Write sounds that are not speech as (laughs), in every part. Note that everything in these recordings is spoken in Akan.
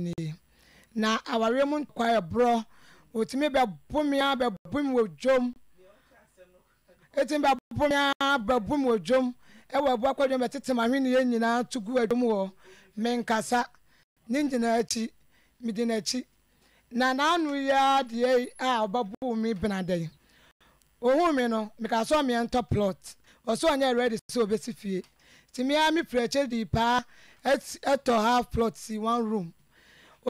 ni na awareɛ mu nkwaeɛ borɔ otumi bɛbome a bɛbome wɔ dwom etumi bɛbome a bɛbome wɔ dwom ɛwɔ abu akɔdwom bɛtete ma ahwene yɛ nyinaa to gu adwom wɔ menkasa ne nyinaa akyi medi n'akyi na n'ano yi adeɛ a ɔbɛbu mi benadɛ ohun mi no mika sɔ mi ntɔ plot ɔsɔ ɔnyɛ ready sɛ obesi fie tìmí ami pèrè akyɛ di paa ɛtɔ half plot si one room.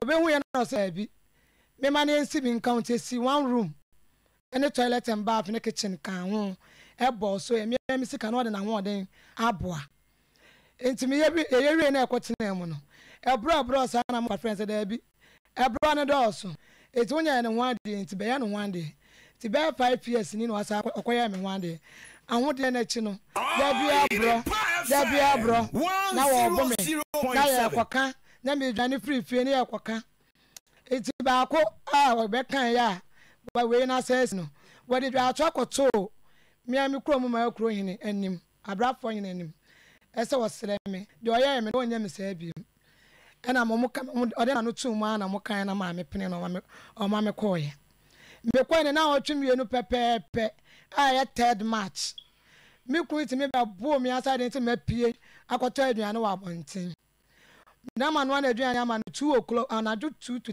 obehu ya na ɔsɛ ɛbi mmɛma no yɛn si bi nka nti esi one room ɛne toilet and bath ne kitchen ka ho ɛbɔ so mmɛma mi sika na ɔde n'ahoɔden aboa nti bi na ɛkɔ tena mu no ɛburo ɛburo saa na mo fa dị dɛbi ɛburo ne dɔɔso eti wonya ne ho adeɛ nti bɛyɛ ne ho nti five years na na na na medwane firi fie ne yɛkɔka nti baako a wɔbɛkan yɛ a wei no asɛsi no wɔde dwaatɔ kɔtoo mmea me kurom ma kuro hene anim abrafoɔ hene anim ɛsɛ wɔsrɛ me deɛ ɔyɛ me na ɔnyɛ me saa biem ɛna mo mo ka ɔde na no tum mu ana mo kan na maame pene na ɔma me kɔɔyɛ mekɔɛ ne na ɔtwe mmienu pɛpɛɛpɛ a ɛyɛ third march me kuru tumi bɛboɔ me asa de nti mapie akɔtɔ aduane wɔ abɔnten na ama no anadwa anya ama na two o'clock anadwo ah, two to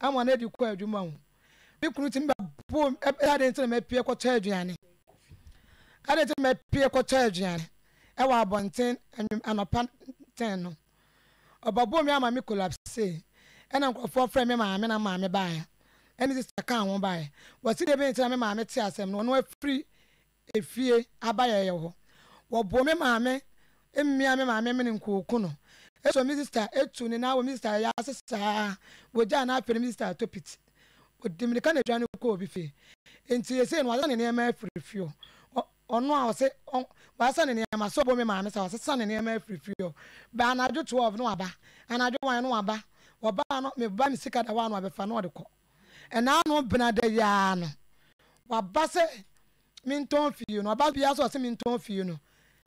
ama adwuma ho kunu ti ade na mapie kɔtɔ aduane ade nti na mapie kɔtɔ aduane ɛwɔ abɔnten anɔpa ten no ɔbɛbo mi ama mi kolapse ɛna nkurɔfoɔ mi maame na maame baeɛ ɛne sista kan ho baeɛ wɔsi de bi na mi maame te asɛm no ɔno afiri efie hɔ mi emia ɛsɔ mi sista etu ne na wɔ mi sista ya ase saa wogya na apɛ ne mi sista ato piti odimirika na edwani kɔ obi fie nti ese no wasa ne nneɛma afiri fie ɔno a ɔse wasa ne nneɛma so ɔbɔ mi maame sa ɔse sa ne nneɛma afiri fie ba anadwo twelve no waba anadwo wan no aba ɔbaa no mi ba mi sika da wa no abɛfa no ɔde kɔ ɛnaa no bena de yaa no waba sɛ mi ntɔn fie no ɔba bia so ɔse mi ntɔn fie no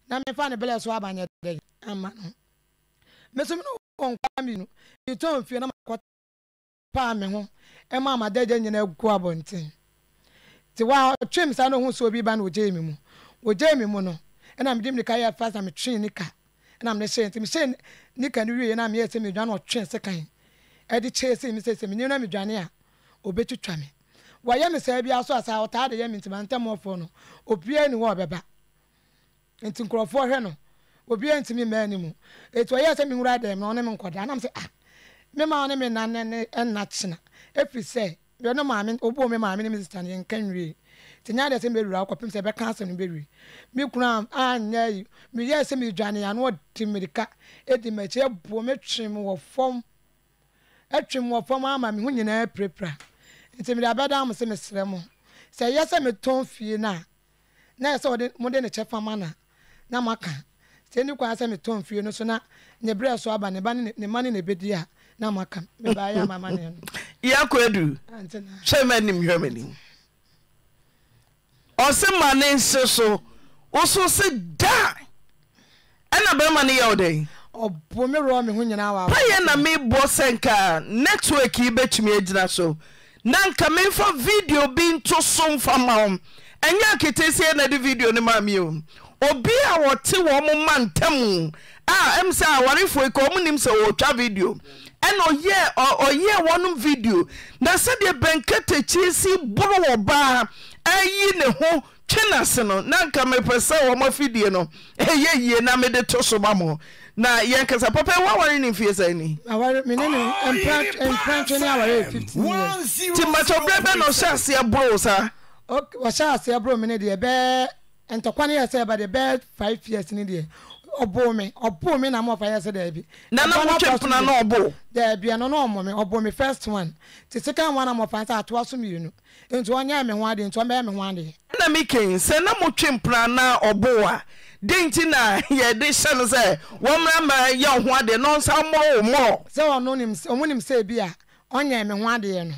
na mi fa ne bɛlɛ so aba nyɛ dɛ ama no mɛsɛm no wɔ nkwa mi no metɔn fie na makɔ paa me ho ɛma ama dɛgya nyina gu abɔnten nti wa ɔtwe mi saa na ohun sɛ obi ba na ogye mi mu ogye mi mu no ɛna mede mirika yɛ fa na metwe nika ɛna mede hyɛ nti mehyɛ nika no wie na meyɛ sɛ medwane na ɔtwe sekan ɛde kyee sɛ mi sɛ sɛ menim na medwane a obɛtwitwa me wɔyɛ me saa biara so asa ɔtaa de yɛ me ntimantamɔfoɔ no obiara ni hɔ ɔbɛba nti nkurɔfoɔ hwɛ no obi ntumi mmaa ni mu etu ɔyɛ sɛ mi dɛm na ɔne mi nkɔda anam sɛ ah mi maa ɔne mi nna ne ɛna kyena efi sɛ bɛn no maame obuo mi maame ne mi sita ne nka nwie te nya de sɛ mi wura akɔ pem sɛ bɛka asɛm no bɛwie mi kura anya yi mi yɛ sɛ mi dwane ano di mirika edi mɛkyi ebuo mi twem wɔ fam etwem wɔ fam ama mi ho nyinaa pirapira nti mi de abɛda amu sɛ mi srɛ mo sɛ yɛ sɛ mi tɔn fie na na yɛ sɛ ɔde mo de ne kyɛ fama na na mo aka. sɛ ne kwaa sɛ metɔn fie no so na ne berɛ so aba ne ba ne ma ne na ɛbɛdi a na maka mebaayɛ amama ne no yɛakɔ adu hwɛ ma anim hwɛ m'anim ɔse ma ne nse so wo so se da ɛna bɛrima no yɛ wo dɛn ɔbo me rɔ me ho nyinaa wapa yɛ na mebɔ sɛ nka network yi bɛtumi agyina so na nka memfa video bi nto so mfa ma wo ɛnyɛ aketesie na de video no maa mi obia wɔte wɔ mo ma ntam o a m sɛ awarefo i kɔ ɔ mnim sɛ wɔtwa video ɛna ɔyɛɛ wɔnom video na sɛdeɛ bɛnkɛ ta kyiesi borɔɔ baa ayi ne ho twe n'a se no na anka mepɛ sɛ ɔ mɔafidie no (laughs) ɛyɛ yie na mede to so ma mɔ na yɛkɛsa papai woaware ne mfie saninti mmatɔ berɛ bɛ na ɔhyɛaseɛ borɔ sa ntɔkwa no yɛ sɛ ɛbɛde bɛɛ five years ni deɛ ɔboo me ɔboo me na mo ɔfa yɛ sɛ na nana mo twɛ mpona na ɔboo. daabi ɛno na ɔmo me ɔboo me first one te second one na mo fa nsa atoa so mmienu nti ɔnyɛ me ho adeɛ nti ɔmɛyɛ me ho adeɛ. ɛna mi kɛn sɛ na mo twɛ mpona na ɔboo a den ti na (laughs) yɛde hyɛ no sɛ wɔn mmerɛ mmerɛ yɛ ɔho adeɛ na ɔnsa mɔ ɔmɔ. sɛ ɔno nim ɔmo nim sɛ ebi a ɔnyɛ me ho adeɛ no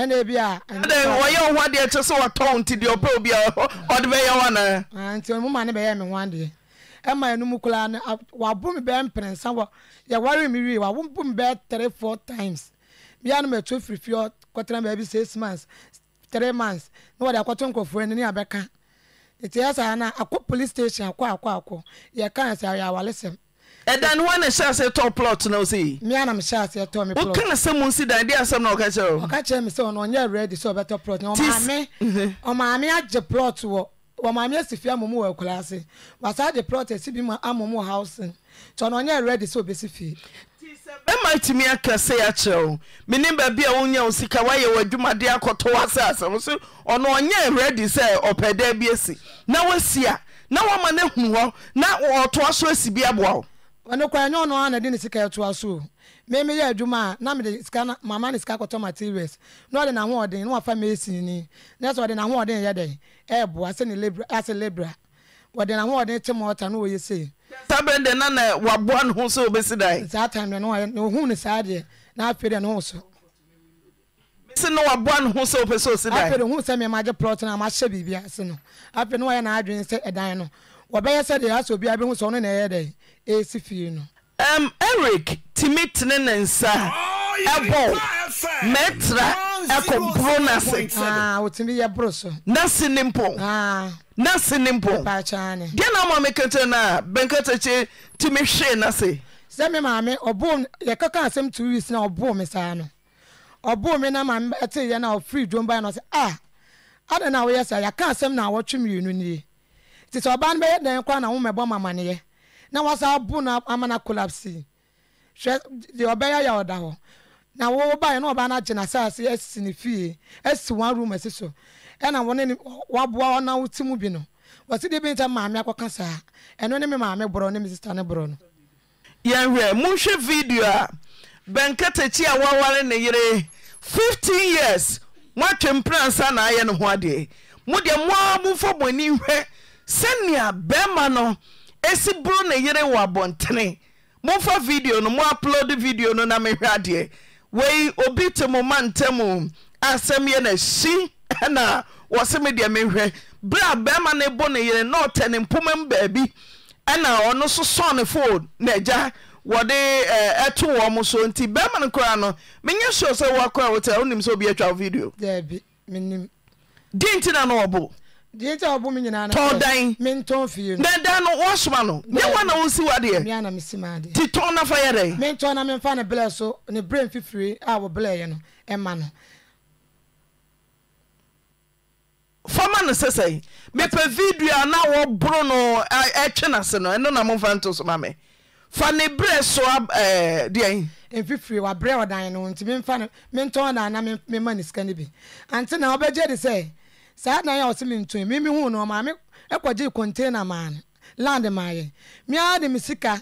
ɛna ebi a. ɛna wɔyɛ ɔho adeɛ kyɛ sɛ wɔtɔn ti deɛ ɔpɛ obi a ɔde bɛyɛ wa na. Ah, nti mo maa ne bɛyɛ mi ho adeɛ ɛma enum koraa no wabo mi bɛyɛ mpɛrɛnsa wɔ yɛwari mi wie wabo mi bɛyɛ three four times bia no ma etu firifiri kɔtena baabi six months three months na wɔde akɔto nkɔfoɔ ani ne abɛka nti yɛ saa na akɔ police station akɔ akɔ akɔ yɛ kan sɛ yɛ awalesɛm ɛda no wane hyɛ ase tɔ plot na ɔsɛ mea na mehyɛ ase tɔ plot wokana sɛ mu nsi dan deɛ asɛm na ɔka kyerɛ ready sɛ ɔbɛtɔ plot na ɔmaame ɔmaame agye plot wɔ ɔmaame asi fie amomu wɔ akura ase wasa agye plot asi bi ma amomu wɔ nti ɔno ɔnyɛ ready sɛ ɔbɛsi fie ɛma tumi akɛse akyerɛ wo menim baabi a wonya wo sika woayɛ w'adwumade akɔtɔ wase asɛm so ɔno ɔnyɛ ready sɛ ɔpɛ da bi asi na wasi a na woama no ahunu hɔ na ɔtoa so asi bi aboa wo ɔno kora ɛnyɛ ɔno ara na ɛde sika ɛtoa so mmɛmi yɛ adwuma a na mede sika mama ni sika kɔtɔ materials na ɔde n'ahoɔden na wafa mesin ni na sɛ ɔde n'ahoɔden yɛ dɛ ɛɛboa sɛ ne lebra ase lebra ɔde n'ahoɔden te ma ɔta na ɔyɛ sei. sábẹ́ de na na waboa ne ho sɛ obesi da yi. saa time na na ohun ni saa deɛ na afei de ne ho so. bisi na waboa ne ho sɛ opɛ sɛ osi da yi. afei de ohun sɛ mɛma agye plɔt na ama hyɛ biribi ase no afei na ɔyɛ n'adwene sɛ ɛdan no wɔbɛyɛ sɛ deɛ asɛ obi abɛhu sɛ ɔno na ɛyɛ dɛ ɛsi fie no um, eric tumi tene ne nsa ɛbɔ mɛtra ɛkɔboro no asewotumi yɛ boro so na si ne mpɔ ah. na si ne mpɔ deɛ na ma mekɛkyerɛ no a bɛnkɛkyɛkye tumi hwee na se sɛ me maame ɔboo yɛkɛka asɛm two weeks na ɔboo me saa no ɔboo me na maame ɛteyɛ na ɔfiri dwom ba na ɔsɛ a ah, adɛn na woyɛ saa yɛka asɛm na awɔtwe mmienu nie nti sɛ ɔbaa no bɛyɛ dɛn koraa na womɛbɔ mamaneyɛ na wasa abu na ama na collapse hwɛ deɛ ɔbɛyɛ yɛ ɔda hɔ na wɔba yɛ na ɔbaa n'agye n'asase esi ne fie esi wɔn room esi so ɛna wɔn ne waboa ɔna wɔte mu bi no wɔsi de bi nkyɛn maame akɔka saa ɛno ne mi maame borɔ ne mi sista ne borɔ no. yɛn hwɛ monhwɛ video a bɛnkatakyi a wɔware ne yere fifteen years moatwe mperansa na ayɛ ne ho adeɛ mo deɛ mo a momfa mo ani hwɛ sɛnea bɛrima no ɛsi boro ne yere wɔ abɔntere momfa video no mo appload video no na mehwɛ deɛ wei obi te mo ma ntamu asɛm yɛ na si (laughs) na wɔ seme deɛ menhwɛ bere a bɛrima no bo ne yere na ɔtɛne mpomam baabi ɛna ɔno sosɔne fo ne agya wɔde eh, ɛto wɔ m so nti bɛima no kora no menyɛ suo sɛ woakora wot oni sɛ obitwaw videodintina n deɛ nti a ɔbɔ mi nyinaa tɔn dan mi ntɔn fie no dandan no wɔsoma no ne wa na wosi wa deɛ mi ana mi si ma deɛ ti tɔn nafa yɛ dɛ mi ntɔn na mi nfa ne blɛ so ne brain fifiri a wɔ blɛ yɛ no ɛma no. fama no sɛsɛe mepɛ video a na wɔboro no ɛtwe no ase no ɛno na momfa nto so ma me fa ne berɛ so deɛn mfifiri wabrɛ ɔdan no nti memfa no mentɔn dan na mema ne sika no bi ante na wɔbɛgye de sɛ saa na dan a ɔsɛ mi ntu mi mi hu no amị ɛkɔgye kọntena ma no land maa yɛ mia de mi sika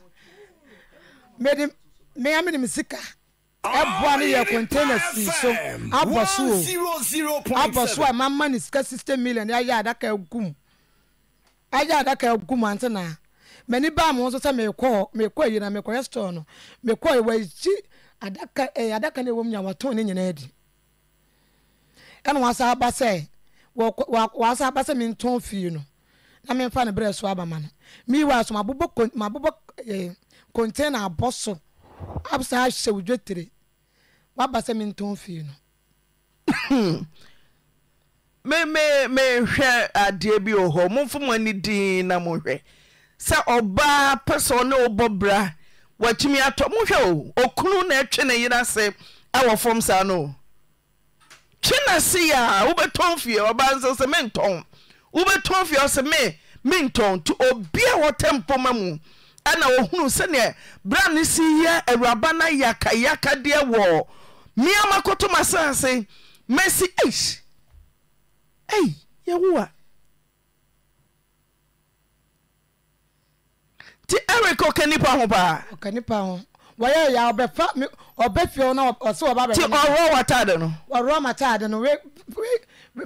mede mia mi de mi sika ɛboa no yɛ kɔntena si so abɔ so o abɔ so a mama ne sika sixty million ayɛ adaka egum ayɛ adaka egum antena mɛni baa mu nso sɛ mɛkɔ mɛkɔ eyi na mɛkɔ yɛ store no mɛkɔ ewa ekyi adaka ɛɛ adaka na ewu mu nyawatɔn ne nyinaa di ɛna wɔn asa aba sɛ. wasa apasa mi ntɔn fii no na mi nfa ne brɛ so aba ma no mi wa so ma bobɔ kon ma bobɔ ɛɛ eh, kɔntɛna abɔ so abisa ahyɛ o dwetire waba sɛ mi ntɔn fii no. mmemme (coughs) mmehwɛ adeɛ bi wɔ hɔ momfa mo ani din na mohwɛ sɛ ɔbaa pɛ sɛ ɔne bra watumi atɔ o okunu na ɛtwe ne yera sɛ ɛwɔ fam saa no yena se yɛa wobɛtɔn fie ɔbanssɛ mentɔn wobɛtɔn fie ɔ sɛmentɔn nti obia wɔta mpoma mu ana ohunu sɛdeɛ berɛ a ne si yia awuraba no yakayakadeɛ wɔ meama kotomasaase masi a yɛwoanti rk kanipa ho baa ọbẹ fie na ọsẹ ọba bẹ. ti ọrọ wa taade no. ọrọ ma taade no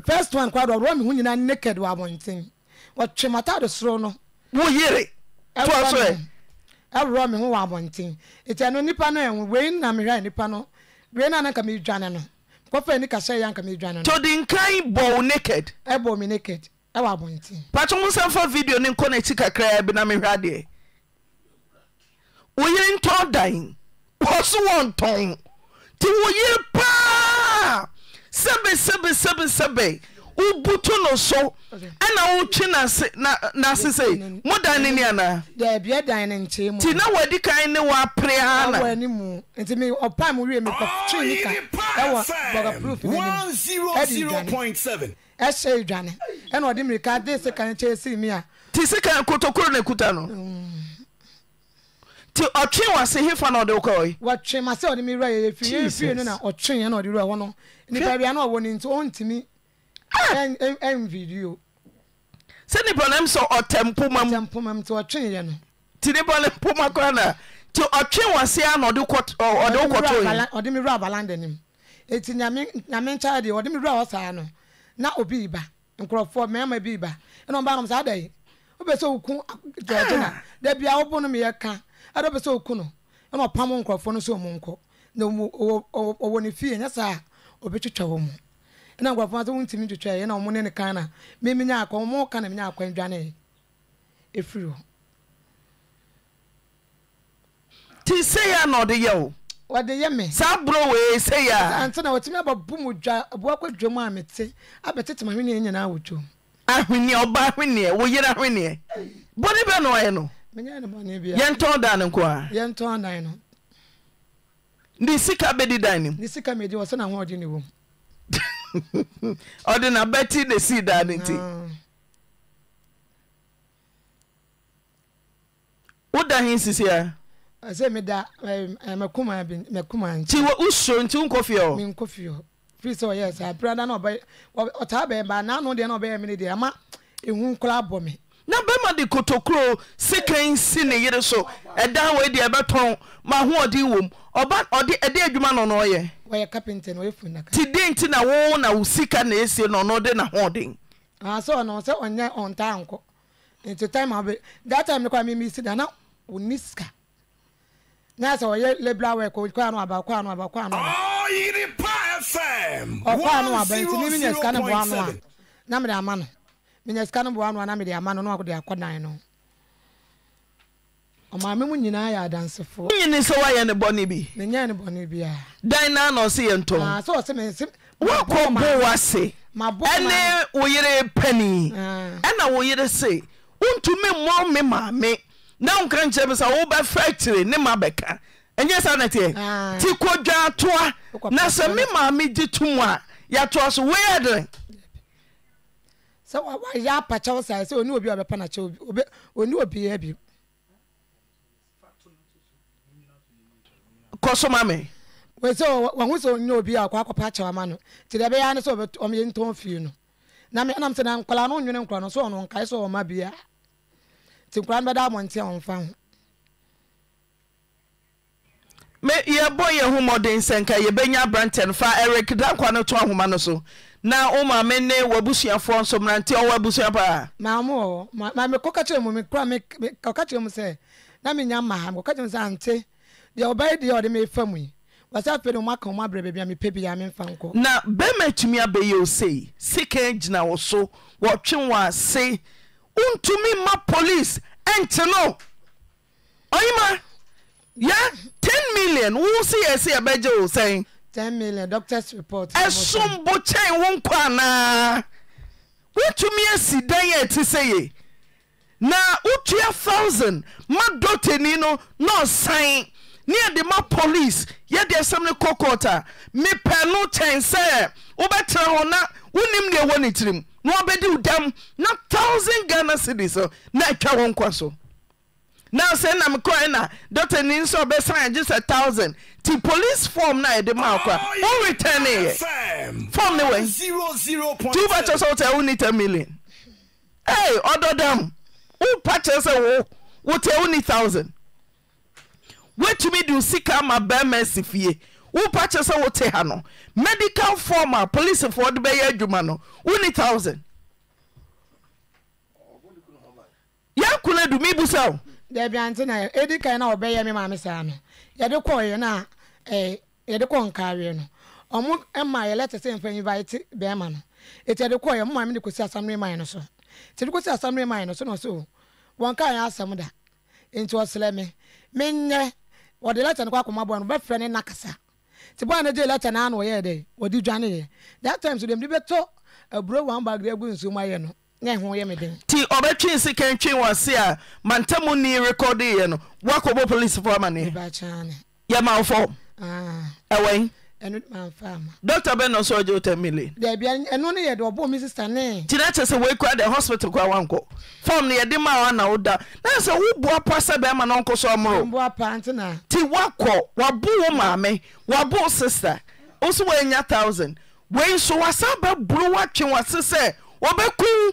first one kwado ọrọ mi hu nyinaa naked wọ abọnten ọtwe ma taade soro no. wo yere to ọsọ yẹ. ɛworɔ me ho wɔ abɔnten nti ɛno nipa no ɛwo wei na mehwɛ nipa no wei na anka medwane no kɔfa ni kasɛ yɛ anka medwane no tode nkan bɔw naked naked ɛwɔ abɔnten mo bi pɔ so wɔ ntɔn nti wo yere paa sɛbesɛbesɛbesɛbe wobutu no so ɛna wotwe n'ase sɛ modan ne ni anaa nti na wɔadi kan ne wɔapere a na ɛhyɛ dwane ɛna ɔde mmirika de sekan kyɛ sii mi a nti sekan kotokoro na ɛkuta no mm nti ɔtwe wase hefa na ɔde wokɔe wɔtwe ma sɛ ɔde me wura yɛfiri yɛfiri no na ɔtwe ɛna ɔde wura hɔ no nipa bia na ɔwɔ ne nti ɔntumi ɛnvidio sɛ nipa nam sɛ ɔtɛ mpoma mu mpoma mu nti ɔtwe yɛ no nti nipa ne mpoma kora na nti ɔtwe wase a na ɔde wokɔtoe ɔde me wura abalanda nim eti nyame nyame nkyɛn deɛ ɔde me wura hɔ no na obi ba nkurɔfoɔ mmarima bi ba ɛna ɔbaa nom saa da yi wobɛ sɛ woku gyɔɔgye na da bia wobo no meyɛ ɛdɛ pɛ okunu oku no ɛna nso nkurɔfoɔ nkọ na na ɔwɔ ne fie nyɛ saa ɔbɛtwitwa wɔ ɛna nkurɔfoɔ sɛ wontumi twitwa ya na ɔmo ne ne na mimi nya akɔ ọmụ ka na menya akɔ ndwane ɛfiri hɔ ti sɛ na o wɔde yɛ me saa borɔ wei sɛ na wɔtumi abɛbu mu dwa a mete dwom na yɛntɔn dan no nko a yɛntɔn dan no ne sika bɛdi dan no ne sika mɛdi wɔ sɛ na hoɔden ne wɔ mu (laughs) ɔde na bɛti na sii dan no nti ah. woda he sisi a sɛ meda makoma nti wosuro nti wonkɔ fie hɔ menkɔ fie hɔ firi sɛ ɔyɛ saa berɛ da na ɔtaa bɛɛ baa naano deɛ na ɔbɛyɛ me ne deɛ ama ɛhu koraa bɔ me na bɛma de kotokuro sekan si ne yere so ɛdan wei deɛ ɛbɛtɔn ma ahoɔden wom ɔba ɔde ɛde adwuma no no ɔyɛ. wɔyɛ kapinta na ɔyɛ naka. ti den ti na wo na wo sika na esie na ah, ɔno de na ahoɔden. asɔ ɔnà sɛ ɔnyɛ ɔntaa nkɔ nti time abe that time kɔ mi mi si da na oni sika na sɛ ɔyɛ labourer work kɔ ano aba kɔ ano aba kɔ ano aba. ɔyiri pa fm one zero zero point seven. ɔkɔ ano aba nti mi mi nya sika ne bɔ ano a na mi de ama no menya sika no boa no ana mede ama no na wode akɔ dan no ɔmaame mu nyinaa yɛ adansefoɔ nyini sɛ woayɛ ne bɔne bi menyɛ ne bɔne bi a dan naa na ɔse yɛ ntɔm ah, sɛ ɔse me woakɔ bo wase ɛne wo yere pani ah. ɛna wo yere se wontumi mmɔ me maame na nka nkyerɛ me sɛ wobɛfrɛ kyire ne ma bɛka ɛnyɛ sa na teɛ ah. ti kodwa atoa na sɛ me maame gye to mu a yɛatoa so wei ɛdene sɛ wayɛ apakyɛw saa sɛ ɔne obi a ɔbɛpa nakyɛ ɔne obiaa bi kɔ so me sɛ wahu sɛ ɔnyɛ obi a ɔkɔ akɔpa akyɛw ama no nti deɛ ɛbɛyɛ ne sɛ ɔmyɛ ntɔn fie no na menam sɛ na nkwalaa no nwene nkora no sɛ ɔno nkae sɛ ɔma bia nti nkora no bɛda amɔnte a ɔmfa ho yɛbɔ yɛ ho mmɔden sɛ nka yɛbɛnya aberantɛ no fa eric da nkwa no to ahoma no so na womame ne w'abusuafoɔ nso mmeranti ɔwɔ abusua paa maamo mekɔka kyerɛ mu mekora ɔka kyerɛ mu sɛ na nya ma ha mekɔka kyerɛ mu sɛ ante deɛ ɔbɛyɛ deɛ ɔde mefa mu yi wɔsɛ afei de ɔmaka ɔm abrɛ baabi a mepɛ bia memfa nkɔ na bɛma abɛyɛ sika gyina so wɔtwe ase ma no ɔyima ya 10 million wo yɛ ɛsombokyɛn wo nka anaa wotumi asi dɛn ɛ ɛte sɛyɛ na wotua housan0 ma dɔteni no na ɔsan ne ɛde ma police yɛde asɛm ne kɔkɔtaa mepɛ no kyɛn sɛ wobɛtra ho na wonim deɛ wɔ ne tyirim na wɔbɛdi wo dɛm na tousand ghana cidie so na atwa wɔ nkwa so na sɛ nam na dɔta ni nso ɔbɛsan agye sɛ thousand ti police form na yɛde maa kora oh, wɔn return yɛ form ne wɛn two bàtɛ sɛ ɔtɛ ɛwɔ ni ten million ɛy ɔdɔ dam wɔn pàtɛ sɛ wɔ wɔtɛ ɛwɔ ni thousand wɔatumi de sika ama bɛrima si fie wɔn pàtɛ sɛ wɔtɛ ha no medical form a ah, polisifoɔ de bɛyɛ adwuma no wɔn ni thousand yɛ akuna dumi busaw. dabi ante na edi kan na ɔbɛyɛ me maame eh, saa no yɛde kɔɔyɛ no a ɛɛ yɛde kɔ leta no ɔmo ɛma yɛ ete no eti yɛde kɔɔyɛ ɔmo maame de kɔsi asamre man no so de kɔsi asamre man no so na ɔso wɔn kaa yɛ da nti ɔsrɛ wɔde no kɔ akɔma bɔ no bɛfrɛ ne nakasa bɔ no dɛ yɛ that time so dem de bɛtɔ aburo wɔn baagi ti ɔbɛtwen se ken twen wɔ se a mantamu ni rekɔdɛ no woakɔ bɔ police fo maneymaotinakɛ ah. sɛ waehospital s woboa pasɛ bma nnti wo wboo maame bo systa swanya000 is wsa ba bro woatwe wse sɛ ɔbɛkum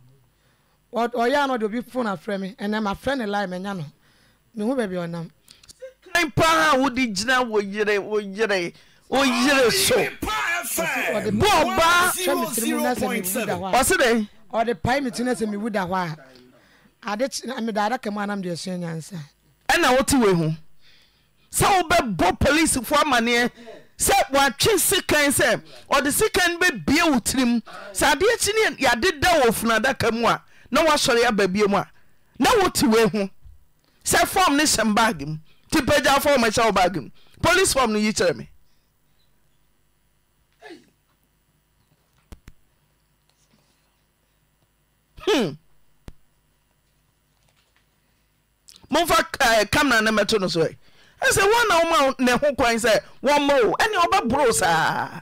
ɔyɛ ano de obi na afrɛ mi ɛnɛ ma frɛ ne line ma nya no mi hu baabi ɔnam. sikiri paa wòde gyina wòyere wòyere wòyere so bó ɔba ɔsi de. ɔde pae mi ti na sɛ mi wu da hɔ a ade mi da adaka mu anam deɛ sua nyansa. ɛna wote wei ho sɛ wobɛbɔ polisifo amaneɛ sɛ wɔatwe sekan sɛ ɔde sekan bɛbie wo tirim sɛ adeɛ kyi ne yɛadeda wɔ funadaka mu a na woasɔre aba biom a na wote woahu sɛ fam no hyɛm bag mu nti pagya fam ɛhyɛ wo bag mu police fam no yi kyerɛ me hmm. momfa kamera eh, no mɛto no so ɛ sɛ wona woma ne ho kwan sɛ wɔmmrɛ o ɛne wɔbɛborɔo saa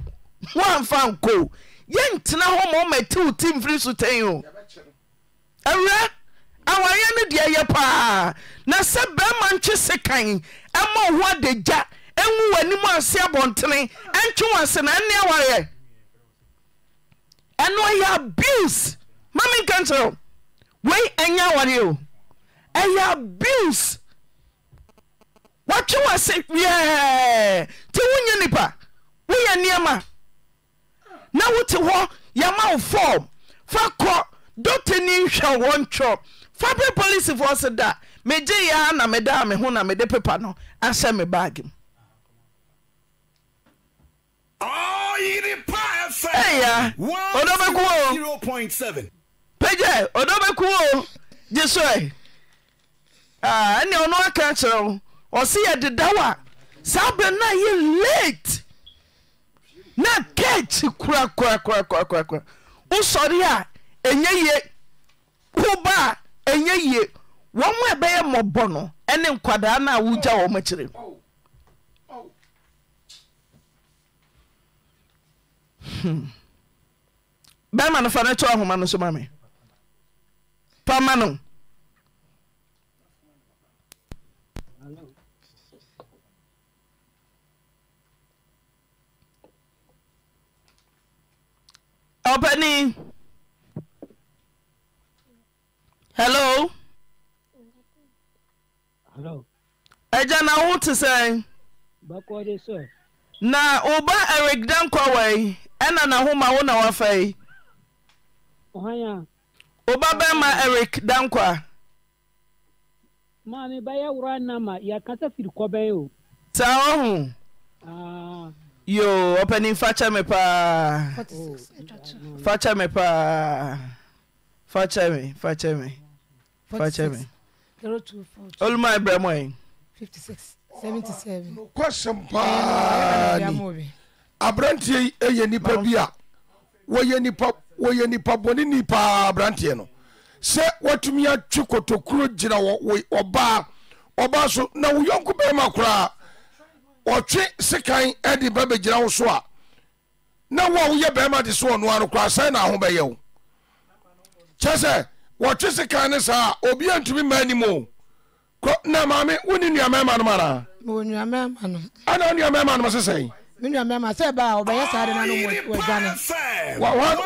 woamfa nkoo yɛntena hɔ ma ɔma tiwo ti mfiri so tan o awura awareɛ no deɛ yɛ paa na sɛ bɛrima ntwe sekan ɛma wo ho adagya ɛnwu w'anim ase abɔntene ɛntwe w ase na ɛne awareɛ ɛno ɔyɛ abuse mamenka nkyerɛ wei ɛnyɛ awareɛ o ɛyɛ abuse wɔtwe w se, wiɛɛ nti wonyɛ nnipa woyɛ nneɛma na wote hɔ yɛma wo fam fa kɔ doteni nhwaw wɔ ntwɛ faberɛ policyfoɔ se da megye ya a na meda a me ho na mede pepa no asɛ me bag mupɔdɔbɛko gye sɔ ɛnnea ɔno aka kyerɛ ho ɔse yɛdedaw a saa bɛ no a yɛ lete na keki korakorakorakorakora wosɔre a ɛnyɛ yie woba a ɛnyɛ yie a na wɔ makyire bɛima ahoma no so ọpẹni hello hello ẹja na wo te sɛ na wo ba eric dankwa wei ɛna n'ahoma wo na wafa yi wo ba bɛrima eric dankwa maame bɛyɛ nama firi kɔbɛn o yo ɔpanin fakyɛ me paa facha me paa facha me fakyɛ me fakyɛ me oluma brɛ mɔ yi kwasɛm paani aberanteɛ ɛyɛ nipa bi a wɔyɛ nipa wɔyɛ nipa bɔne ni paa aberanteɛ no sɛ watumi atwe kotokuro gyina wɔ ɔbaa ɔbaa so na wo yɔnko bɛrima koraa wɔtwe sekan de ba bɛgyina wo so a na wo a woyɛ bɛrima de so ɔno ano koraa sɛn na aho bɛyɛ wo kyɛ sɛ wɔtwe sekan ne saa a obi antumi ma anim o na maame wo ne nuamɛma nom anaa ana nuamɛma nom sesɛe menuamɛma sɛ ɛbaa wɔbɛyɛ saa de ma no wɔdwane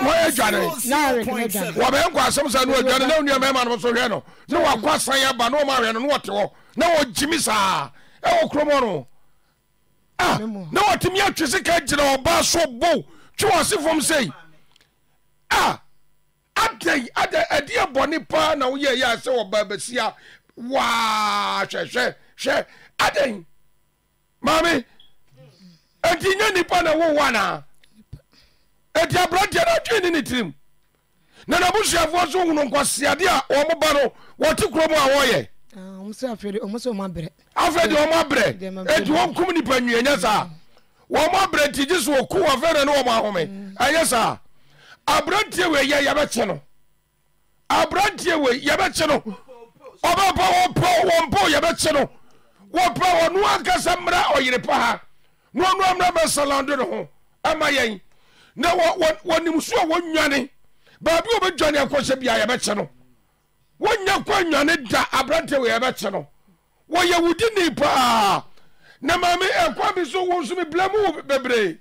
wɔyɛ dwane wɔbɛyɛ nkɔ asɛm saa ne wɔdwane na nuamɛma nom so hwɛ no ne wakɔ asan aba na ɔma hwɛ no na wɔte hɔ na wɔgyimi saa ɛwɔ kurom hɔ no Ah, na wɔtumi atwe sika gyina ɔbaa so bo twe wɔ se fam sei ah, adai ada adeɛ bɔne paa na woyɛ yɛ sɛ wɔbaa bɛsi a waa hwɛhwɛ hwɛ adɛn maame enti nyɛ nipa na wowo anaa enti aberanteɛ no atwee ne ne tirim na nabusuafoɔ so hunu nkwaseadeɛ a wɔmoba no wɔte kurom a wɔyɛ ɔmo ah, sɛ afei de ɔmo sɛ ɔmo abrɛ. afei de ɔmo abrɛ eti wɔn kum nipa nwi ɛnyɛ saa mm. wɔn abrɛ ti gye so oku wɔn fɛn na ne wɔn ahome mm. ɛnyɛ saa aberanteɛ wei yɛ yɛbɛkye no aberanteɛ wei yɛbɛkye no ɔbɛpa wɔn pɛ wɔn pɛ yɛbɛkye no wɔn pɛ ɔno ankasa mmira ɔyere pa ha na ɔno amuna bɛ salando ne ho ama yɛn na wɔ wɔ wɔnim so a wɔnwane baabi a wɔbɛdwane akɔhyɛ bi a yɛbɛkye no wonya kɔ nwane da aberante wɔ yɛbɛkye no wɔyɛ wo di ni paa na maame ɛkwa bi so wo nso mebla mu wo bebree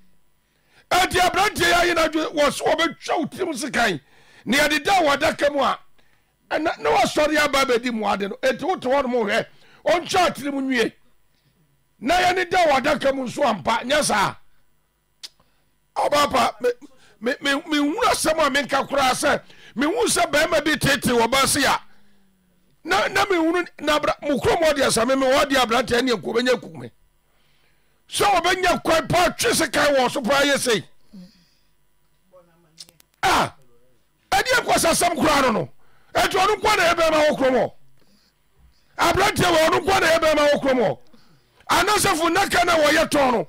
ɛnti aberante yɛ ayi nadwe wɔ so wɔbɛtwa wo tirim sekan ne yɛde da wɔ adaka mu a ɛna na wasɔre aba bɛdi mmoade no ɛnti wote hɔ nom hwɛ ɔntwa atirim nwie na yɛne da wɔ adaka mu nso ampa nyɛ saa ɔbaapa mehunu asɛm a menka koraa sɛ mewu sɛ baima bi tetee wɔba seya na eokodesamede abrannya me sɛ wɔbɛnya kwpaa twe se kae wɔ so pa yɛsei adeɛ kɔ sasɛm kora no no tɔnwaɛmawɔ brantɔnaɛawoɔ anasɛ fo na ka na wɔyɛ tɔ no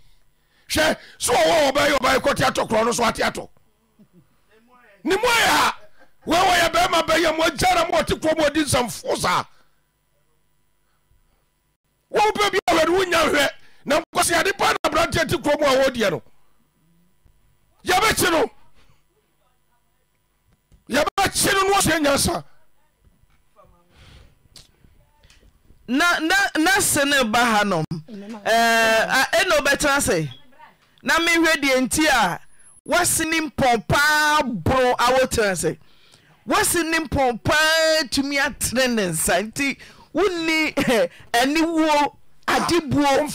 ɔene muaɛ ha wɔwɔ yɛbɛma bɛyɛmogyana mate k nsɛmfo saa wowɛb hɛ no onyahɛ nakane anaantee u awɔ no yɛbɛkye noyɛɛkena sene ba ɛeasɛ na mehwɛ deɛ nti a wɔse ne mpɔn paa boro awotena sɛ wɔse ne mpɔn paa tumi atene ne nsa nti wonni (laughs) aniwuo adebuo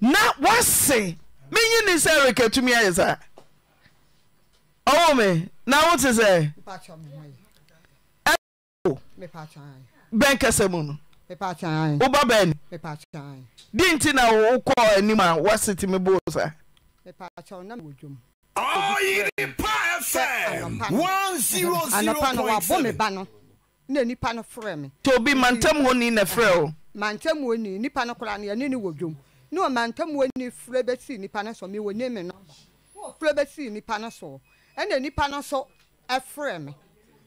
na wɔse menyi ne sɛ reka tumi ayɛ saa ɔwo me na wote sɛ bɛnkasa mu no woba bɛn di nti na wokɔ anim a wɔsete me boo sa ɔyipa fm 100.7 na nipa no frɛ me. tí obi mantam wo ni na frɛ o. mantam wo ni nipa no kora no yɛne ne wɔ dwom ne wɔ mantam wo ni frɛ bɛsi nipa no so mi wɔ ne mi no wɔ frɛ bɛsi nipa no so ɛna nipa no so ɛfrɛ me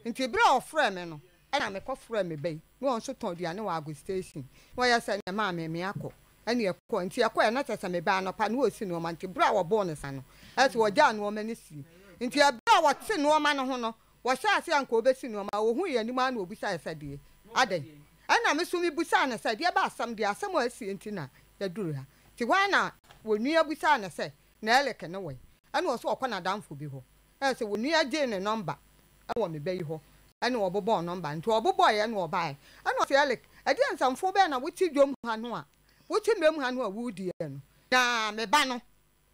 nti bere a ɔfrɛ me no ɛna mekɔfrɛ me bɛyi na wɔn nso tɔn aduane wɔ ago station na wɔyɛ sɛ ne maa mɛmɛ akɔ ɛna ɛkɔ nti ɛkɔ yɛ n'asɛ sɛ mɛbɛn anɔpa na wɔsi nneɛma nti bere a wɔbɔɔ ne no ɛsɛ wɔgya nneɛma ne si nti ɛbere wɔte nneɛma no ho no wɔhyɛ ase a nka wɔbɛsi nneɛma wɔhu yɛn anim ana obisa ɛsɛ deɛ adɛn ɛna me so mi busa ne sɛ deɛ ba asɛm deɛ asɛm a ɛsi nti na yɛduru ha nti wɔn na wɔnua busa ne sɛ na ɛlɛkɛ ne wɔ ɛna wɔso wɔkɔ n'adamfo bi hɔ ɛsɛ wɔnua gye ne nɔmba ɛwɔ bɛyi hɔ ɛna ɔbobɔ nɔmba nti ɔbobɔ yɛ na ɔbaeɛ ɛna felix ɛdi nsamfo bɛɛ na wote dwom ha no a wote mmam ha no a wodiɛ no na me ba no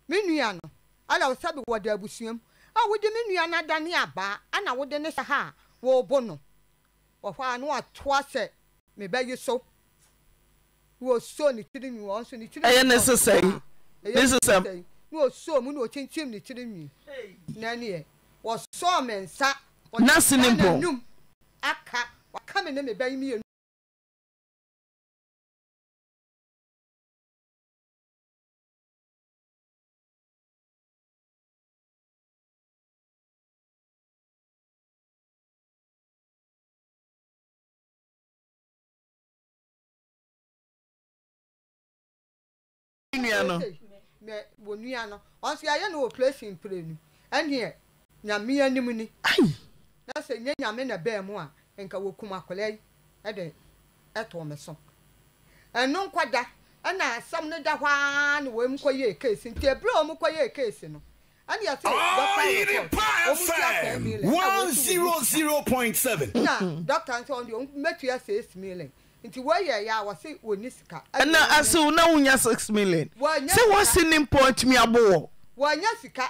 me nua no ɛna ɔsɛbi wɔde abusuam a wode me nua no adane abaa ɛna wode ne sɛ ha a wɔrebo no ɔhɔ a na watoa sɛ me bɛyi so wɔsuo ne tiri nwi wɔn so ne tiri nwi ɛyɛ ne sisɛn ne sisɛn na wɔsuo mu na wɔkyinkyim ne tiri nwi na neɛ wɔsɔɔ me nsa nurse ni mpɔ. aka waka mi ne mi bɛyi mi yɛ. nua no. wɔ nua no ɔnso yɛayɛ no wɔ place mpire nu ɛneɛ nyame ni na sɛ nye nyame na bɛn mu a nka wokum akwadaa yi ɛde ɛtɔ me so ɛno nkwadaa ɛna asɛm no da hwaa na wɔn kɔ yɛ keesi nti ebire a wɔn kɔ yɛ keesi no ɛna yɛ sɛ dɔkta yɛ kɔ wɔn ti asɛ miili one zero zero point seven na dɔkta nso ɔn de wɔn mɛtua six million nti wɔyɛ yɛ a wɔsi wɔn ni sika. ɛna asew na wonya six million sɛ wɔn si ne mpɔn tumi aboɔ. wɔnya sika.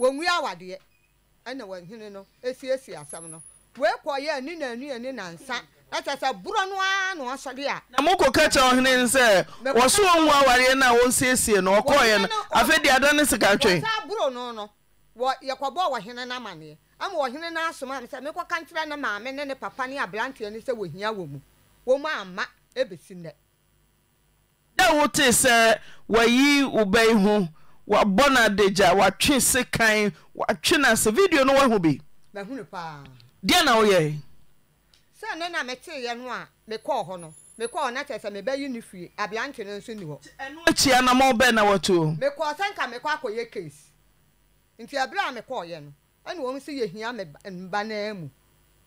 wɔnwi awadeɛ ɛna wɔhene no esiesie asam no wee kɔyɛ ne nanu ne nansa ɛsɛ sɛ borɔ no ara na ɔsɔre a. na mo kò kẹ́kẹ́ ɔhene sɛ wɔso wɔn mu awareɛ no siesie na no ɔkɔɔyɛ no afei de ada ne sika twɛn. wɔsa borɔ no no wɔ yɛkɔbɔ wɔhene no amaneɛ ama wɔhene no asom a sɛ mekɔ kankyerɛ ne maame ne ne papa ne aberanteɛ no sɛ wɔhia wɔ mu wɔn ama ebesi nnɛ. dɛ wote sɛ wɔyi wo bɛyi ho wabɔ no adagya watwe sekan watwe no asɛ video no woahu bi deɛ na woyɛ sɛ ne na meteeɛ no a mekɔɔ hɔ no mekɔɔ na kyerɛ sɛ mebɛyi ne fie abeante no nso ni hɔ akyia na ma wobɛn na watuo mekɔɔ sɛ nka mekɔ akɔyɛ case nti ɛberɛ a mekɔɔyɛ no ɛne wɔm sɛ yɛhia mba naa mu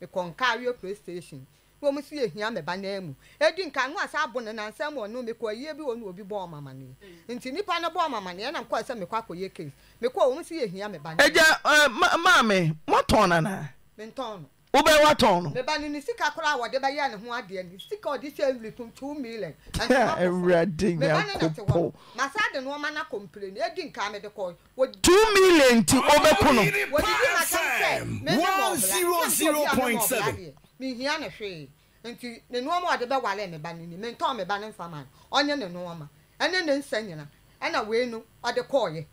mekɔnkaa wiɛ playstation wɔn si ehia mɛba nan mu edi nka no asa abo ne nansɛn mu ɔno mekɔ ayie bi wɔ no obi bɔ ɔmama ne nti nipa no bɔ ɔmama ne ɛnam kɔ sɛ mekɔ akɔyɛ case mekɔ wɔn si ehia mɛba nan. ɛgya ɛɛ maame mɔtɔn nana. mentɔn no. wobɛ watɔn no. mɛba ni ni sika kora a wɔde bɛyɛ ne ho adeɛ ni sika ɔde sɛ ɛwuli tum two million. (laughs) ɛwurade nyakopo. masa de no ɔma na complain edi nka mi de kɔ. two million ti ɔbɛko no. wɔdidi ma sɛ sɛ mɛ ne mɔ ɔbla ne mihia ne hwee nti ne nneɛma ɔde bɛwale ne ba ne ni mentɔn me ba ne nfa ma ɔnye ne nneɛma ɛne ne nsa nyina ɛna wei no ɔde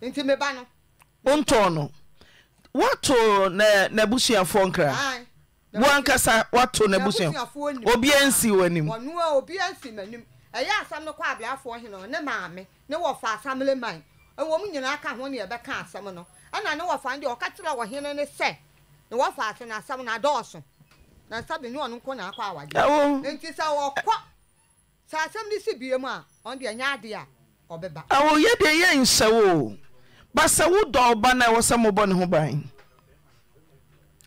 nti me ba no. no wato na n'abusuafoɔ nkira wankasa wato n'abusuafoɔ obiara nsi wɔn anim. ɔnua obiara nsi wɔn anim ɛyɛ asam no kɔ abeafoɔ ne maame ne wɔfa asam no ɛna ne wɔfa deɛ na wɔfa na asam na adɔɔso na nsa bi ne ɔno nko na akɔ awadeɛ ɛwɔ nti sɛ wɔkɔ sɛ asɛm ne mu a ɔno deɛ nyɛ adeɛ a ɔbɛba ɛwɔ yɛ deɛ yɛ nsɛwo ba sɛ wodɔ ɔba na ɛwɔ sɛ mobɔ ne ho ban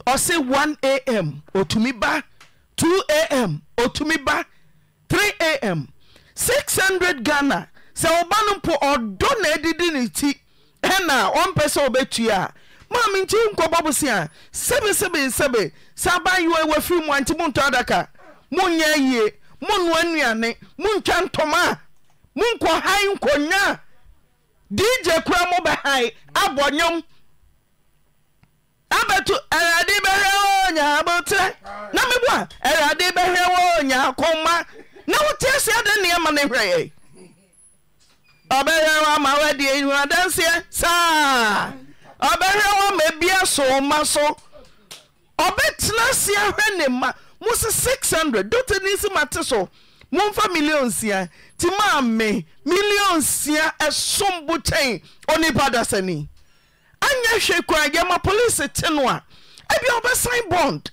ɔse 1 am ɔtumi ba 2 am ɔtumi ba 3 am 600 ghana sɛ ɔba no mpo ɔdɔ na adidi ne ti ɛna ɔmpɛ sɛ ɔbɛtua a maamenkyi nkɔbɔ bo se a sɛbesɛbesɛbe sɛ aba yoa wafiri mu a nti montɔ adaka monnyɛ ayie monnoa nnuane montwa ntɔma mu monkɔ hae nkɔnya digye kora mobɛhae abɔ nwom abɛto awurade bɛhwɛ wɔ nyaa boterɛ na mebo a awurade bɛhwɛ wɔ na se nneɛma wɔ ama saa ɔbɛhwɛ wɔ ma bia soo ma so ɔbɛtena se ahwɛ ne ma mo se 600 dɔtɔ ni si mate so nfa million sia nti maa me million sia ɛsom bo kyɛn onipa da sani anyɛ hwɛ kora yɛma polise te no a ebia ɔbɛsan bond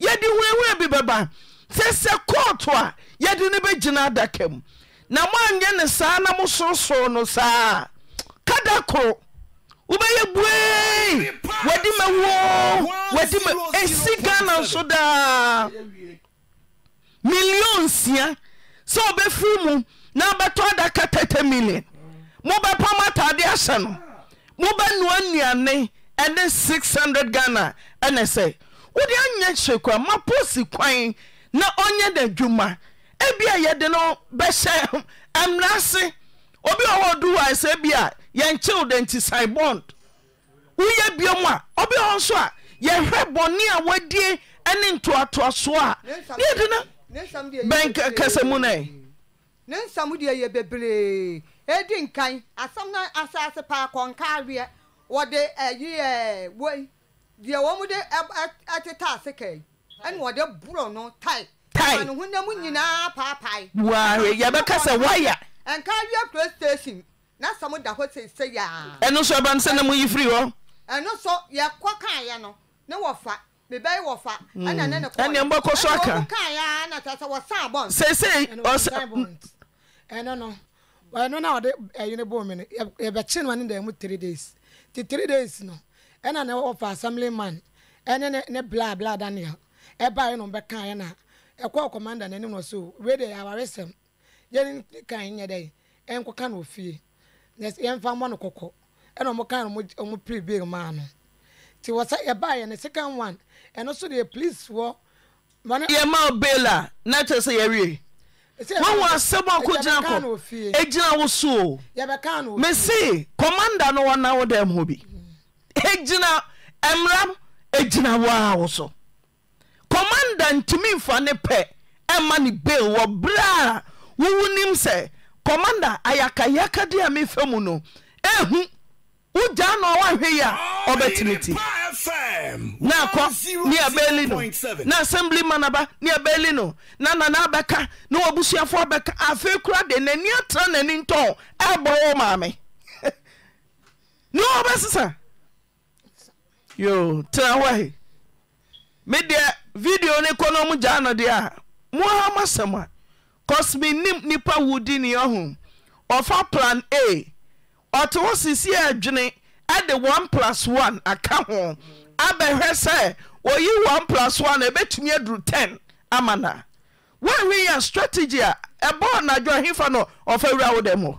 yɛde hurahura bi bɛba sɛ sɛ kɔɔto a yɛde ne bɛgyina adaka mu na moanyɛ ne saa na sọsọ no saa kada koro wobɛyɛ buee wadi mɛ woo wadi m ɛsi ghana nso daa million nsia sɛ obɛfiri mu na bɛtɔ ada ka tatɛ million mobɛpa m ataade ahya no mobɛnoa nnuane ɛne 600 ghana ɛnɛ sɛ wode anyɛ hyerɛ ko a mapo si kwan na ɔnyɛ n'adwuma ebia yɛde no bɛhɛ (laughs) mra ase obi wɔhɔ ɔduruai sɛ bia yɛnkyew dɛ nti saibond woyɛ biom a ɔbɛ hɔ nso a yɛhwɛ bɔne a woadie ne ntoatoasoɔ a ne yɛde no bɛn kɛsɛ mu no ne nsɛm deɛ yɛ bebree ɛdi nkan asɛm no asase paa kɔnkaaweɛ wɔde ɛyi wei deɛ wɔn mu de ɛteta ase kɛi ɛna wɔde borɔ no tae tae ɔno honam nyinaa paapae waare yɛbɛka sɛ waya nkaaweɛ kuro station na sɛ mo da hɔ sese yaa. ɛno nso ɛba nsɛn na yi firi hɔ. ɛno nso yɛ kɔ kan yɛ no ne wɔ fa bibɛyi wɔ fa hmm. ɛna ne ne kɔ yɛ ɛna mbɔkɔ so aka ɛna wɔn kan yɛ ɛna tɛ sɛ wɔ san bɔnt. sese ɔsɛ ɛno no ɛno na ɔde ɛyini bɔ omi no yɛbɛkye no ɛne da mu three days ti three days no ɛna ne wɔ fa assembly man ɛne ne ne bla bla daniel ɛba yɛ no bɛka yɛ na ɛkɔ commander n'anim na wei de awaresɛm yɛn kan yɛ dɛ ɛnkɔka yɛmfa mmɔ no kɔkɔ ɛna ɔmo kan ɔmo piri bill maa no nti wɔ sɛ yɛbaayɛ ne second one ɛno so deɛ police wɔ. yɛma bail a na kyerɛ sɛ yɛwie wọn wọn asẹmu akogyina kọ egyina wosuo mesi kọmanda no wọn na wọn dẹ mu bi egyina mmeram egyina waa woso kọmanda ntumi nfa ne pẹ ẹma ne bail wọ bere a nim sẹ. kọmanda ayakayaka de a mefa mu no ehu wogyaa na ɔwɔahwɛ yi a ɔbɛtene ti na akɔ ne abɛɛli no na assembly manaba ne abɛɛli no na nana abɛka na wabusuafo abɛka afei kora de n'ani atra n'ani ntɔn ɛbɔ wɔ maame ne e (laughs) wɔbɛsesa yo tena hɔ he medeɛ video ne kɔnɔ mu gyaa no a moa ha masɛm a kɔsminim nnipa wodi ni ɔho ɔfa plan a ɔte wo sisi adwene ɛde 1 +1 aka ho abɛhwɛ sɛ oyi 1 +1 a ɛbɛtumi aduru 10 ama na woahwe yɛ strategy a ɛbɔɔ nadwo ahefa no ɔfa wura wo dɛ mɔ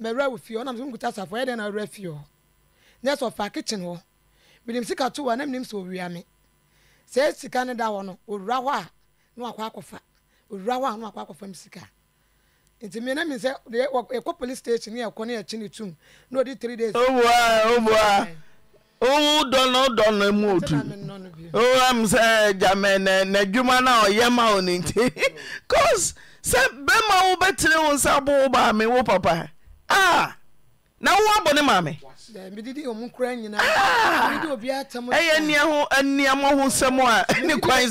mɛwura wɔ fie so nkuta ɛyɛ na awura fie hɔ nyɛ sɛ ɔfa kitchen hɔ mìlìm sika to mi sɛ sika ne da hɔ no owura a na wakɔ akɔfa owura hɔ a na wakɔ akɔfa mi sika nti mi na mi sɛ ɛkɔ police station yɛ ɛkɔ ne ne tum na odi three days. owua owua owu mu otu na na na ɔyɛ ma nti (laughs) cause sɛ bɛma wo wo Ah! na wowa bɔne mameɛyɛ nnuamɔ ho nsɛm a ne kwan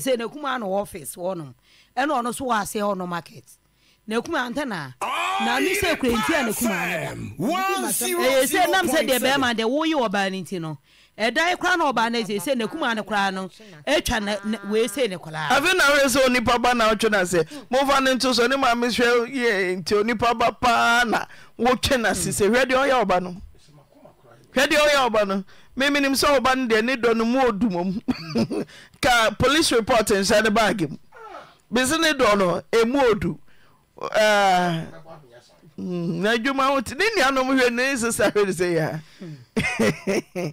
sɛ nakum ana office wɔnom ɛne ɔno so wɔ aseɛ ɔno market nakum ante naa na no sɛ kuranti a nakum ana da ɛyɛ sɛ nam sɛ deɛ bɛrima deɛ woyɛ ɔbaa no nti no ɛdan koraa na ɔbaa no sɛsɛ na kuma no koraa no ɛtwa na wei sei ne koraa afei na wɛ sɛ onipa ba na wotwe no sɛ momfa no nto so ne maame hwɛ yɛ nti onipa ba paa na wotwe no se sɛ hwɛ deɛ ɔyɛ ɔba no hwɛ deɛ ɔyɛ ɔba no memenim sɛ ɔba no deɛ ne dɔ no mu ɔdumam ka police report nhyɛ ne baage mu bisi ne dɔ no ɛmu ɔdu na ho te ne nuanom hwɛ ne sesa hwɛ ne sɛ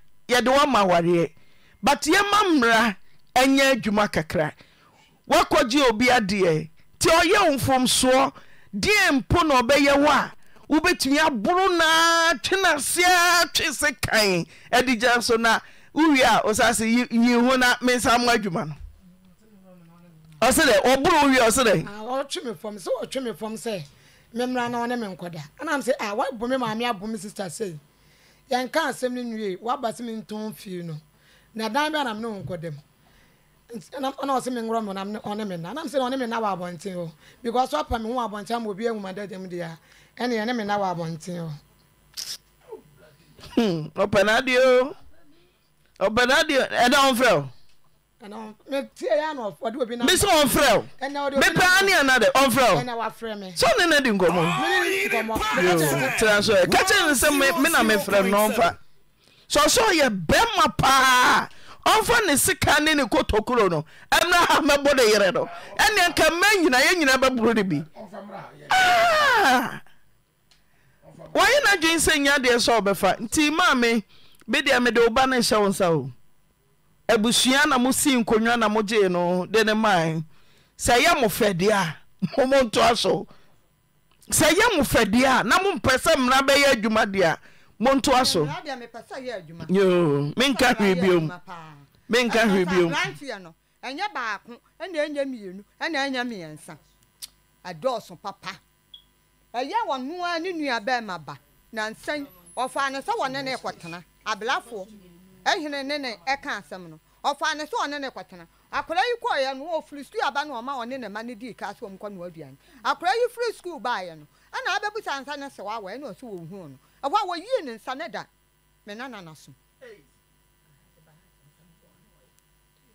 yɛde woama awareɛ but yɛma mmara ɛnyɛ adwuma kakra woakɔgye obi adeɛ nti ɔyɛ wo mfomsoɔ deɛ mpo na ɔbɛyɛ wo a wobɛtumi aboro naa twe naseɛa twe se kae ade gya so na wowie a ɔsase yi ho na mensa mo adwuma no ɔse dɛ ɔboro wowie ɔse dɛɔtwe ah, me fam sɛ memra na ɔne menkɔda anam sɛ ah, wabɔ me maame abɔ me sister sei yɛn asɛm no nwie waba sɛ na dan bi anam ne ho nkɔ dɛm ɛna ɔsɛ mi nworɔ mu ɔne na anam sɛ ɔne mi na wɔ abɔnten hɔ because ɔpa mi ho abɔnten ama obi ehum adada mu deɛ ɛna yɛne mi na wɔ abɔnten hɔ. Hmm, ɔpɛ n'adeɛ o mɛ so ɔfrɛ w ɛɛaneanade fɛ sɛ ne no dimɔa no sɛ me na mefɛ m nɔɔfa s ɔsɛyɛ bɛrima paa ɔmfa ne seka ne ne kɔtokuro no ɛmra ha mɛbo de yere no ɛnne nka ma nyina yɛ nyina bɛboro de bi wyɛ no dwene sɛ nyadeɛ sɛwobɛfa nti maame edea mede woba no hyɛ wo sao oh. abusua na mo si nkonnwa na mo gyee no de ne man sɛ ɛyɛ mo fɛdeɛ a (laughs) mo mo ntoa so sɛ ɛyɛ mo fɛdeɛ a na mo mpɛ sɛ mmara bɛyɛ adwuma deɛ a mo ntoa so yoo menka hwee biom menka hwee biom. ɛnyɛ baako ɛna ɛnyɛ mmienu ɛna ɛnyɛ mmiɛnsa ɛdɔɔso papa ɛyɛ wɔn nua ne nua bɛrima ba na nsɛn ɔfa ne sɛ wɔne ne kɔtena abelafoɔ. ehene ne ne ɛka asɛm no ɔfa ne so ɔne ne kɔtena akwadaa yi kɔɔyɛ no wɔfiri sukuu aba no ɔma ɔne ne ma ne dii kaa so ɔmo kɔ no aduane akwadaa yi firi sukuu baayɛ no ɛna abɛbusa nsa ne sɛ wawɔ ɛna ɔso wɔn hu no ɛhɔ a wɔyie ne nsa ne da mɛ nana na so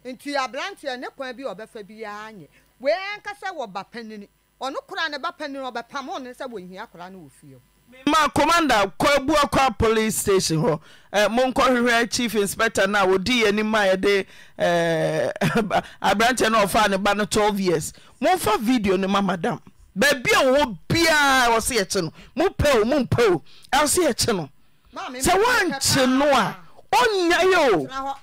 nti aberanteɛ ne kwan bi ɔbɛfa biara nyɛ wɛn kasa wɔ ba panini ɔno kora ne ba panini ɔbɛpam ɔne sɛ wɔn hia akwadaa no wɔ fie hɔ. ma komanda kɔabu akɔa police station hɔ eh, monkɔhwehwɛ chief inspector no a wɔdii yɛanim ma yɛde eh, (laughs) aberantɛ no ɔfaa ne ba no 12 years momfa video no ma madam baabi a wɔwɔ biaa wɔ se yɛkye no no sɛ no a ɔnya yɛ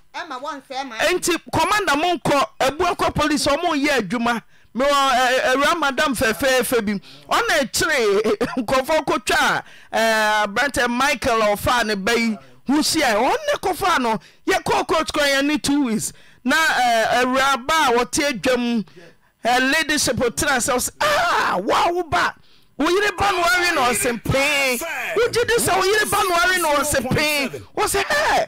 o police adwuma mewɔ awura eh, eh, eh, madam fɛfɛɛfɛ bi ɔna ɛkyeree nkɔfoɔ kɔtwa a berantɛ michael ɔfaa ne ba yi ho hyia ɔne kɔfaa no yɛkɔɔ kɔtukɔyɛ ne two weeks na awuraba a wɔte adwam leadership tena sɛ sɛ a ah, woa wo ba wo yere ba no ware na ɔse pee wogye di sɛ wo ba no ware na ɔse pee wɔ sɛ ɛ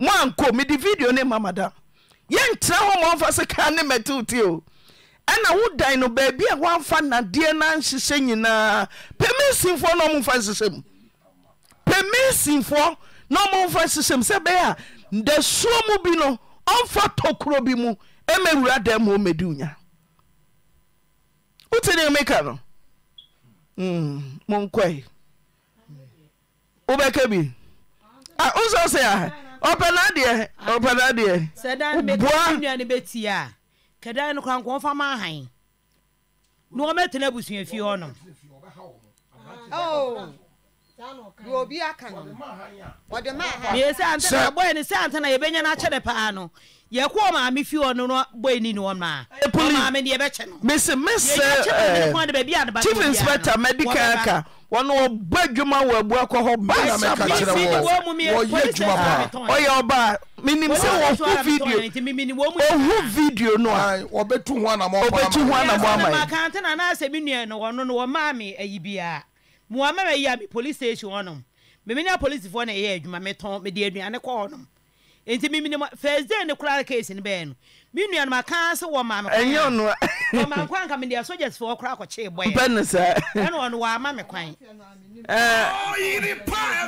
moanko mede video ne ma madam yɛntera hɔ ma ɔmfa sekaa ne mɛtewte o ɛna wo dan no baabi a woamfa nadeɛ no nhyehyɛ nyinaa pɛmi na ɔmomfa nhyehyɛ mu pɛmi na ɔmomfa nhyehyɛ mu sɛ ɛbɛyɛ a da suo mu bi no ɔmfa tɔkoro bi mu mɛwura da mu ɔmɛdi nya wote ne meka no hmm, monkɔe wobɛka bi ah, wosɛ sɛ ah, ɔpɛ n'adeɛ ɔpɛ n'adeɛ. sɛ dan bɛ tẹ nua ni bɛ ti a kɛ dan no kora nkɔn fa ma han ni wɔn bɛ tẹnɛ busua fi hɔ nom. obi aka no wɔde maa ha. yɛ sɛ antena bɔyɛ ni sɛ antena yɛ bɛ nya n'akyɛ de paa no yɛ kɔ maame fi hɔ no no bɔyɛ ni ni wɔn maa maame ni yɛ bɛ kyɛ no. mesi mesi ɛɛ chief inspector medical aka wɔn ɔbɔ adwuma wɔ abu akɔ hɔ baasa ɔyɛ ɔbaa minim sɛ wɔhu video ɔhu video no a ɔbɛtu ho anamɔ ɔbɛtu ho anamɔ ama yi. kante na anaasɛ mi nua no wɔn no wɔn maa mi ayi eh, biara mu wɔn maa mi ayi a mi police station hɔ nom mɛmi ni a polisifoɔ na eh, ɛyɛ adwuma mɛtɔn mɛdi aduane kɔ hɔ nom nti miminim thursday ne koraa case no bɛyɛ eh, no me nuanom aka sɛ wɔ maame ɛnyɛ ɔno ɔma nkwa anka mede asogya sfoɔ kora kɔkyee bɔɛ mpɛ no saa ɛne ɔno wɔama me kwan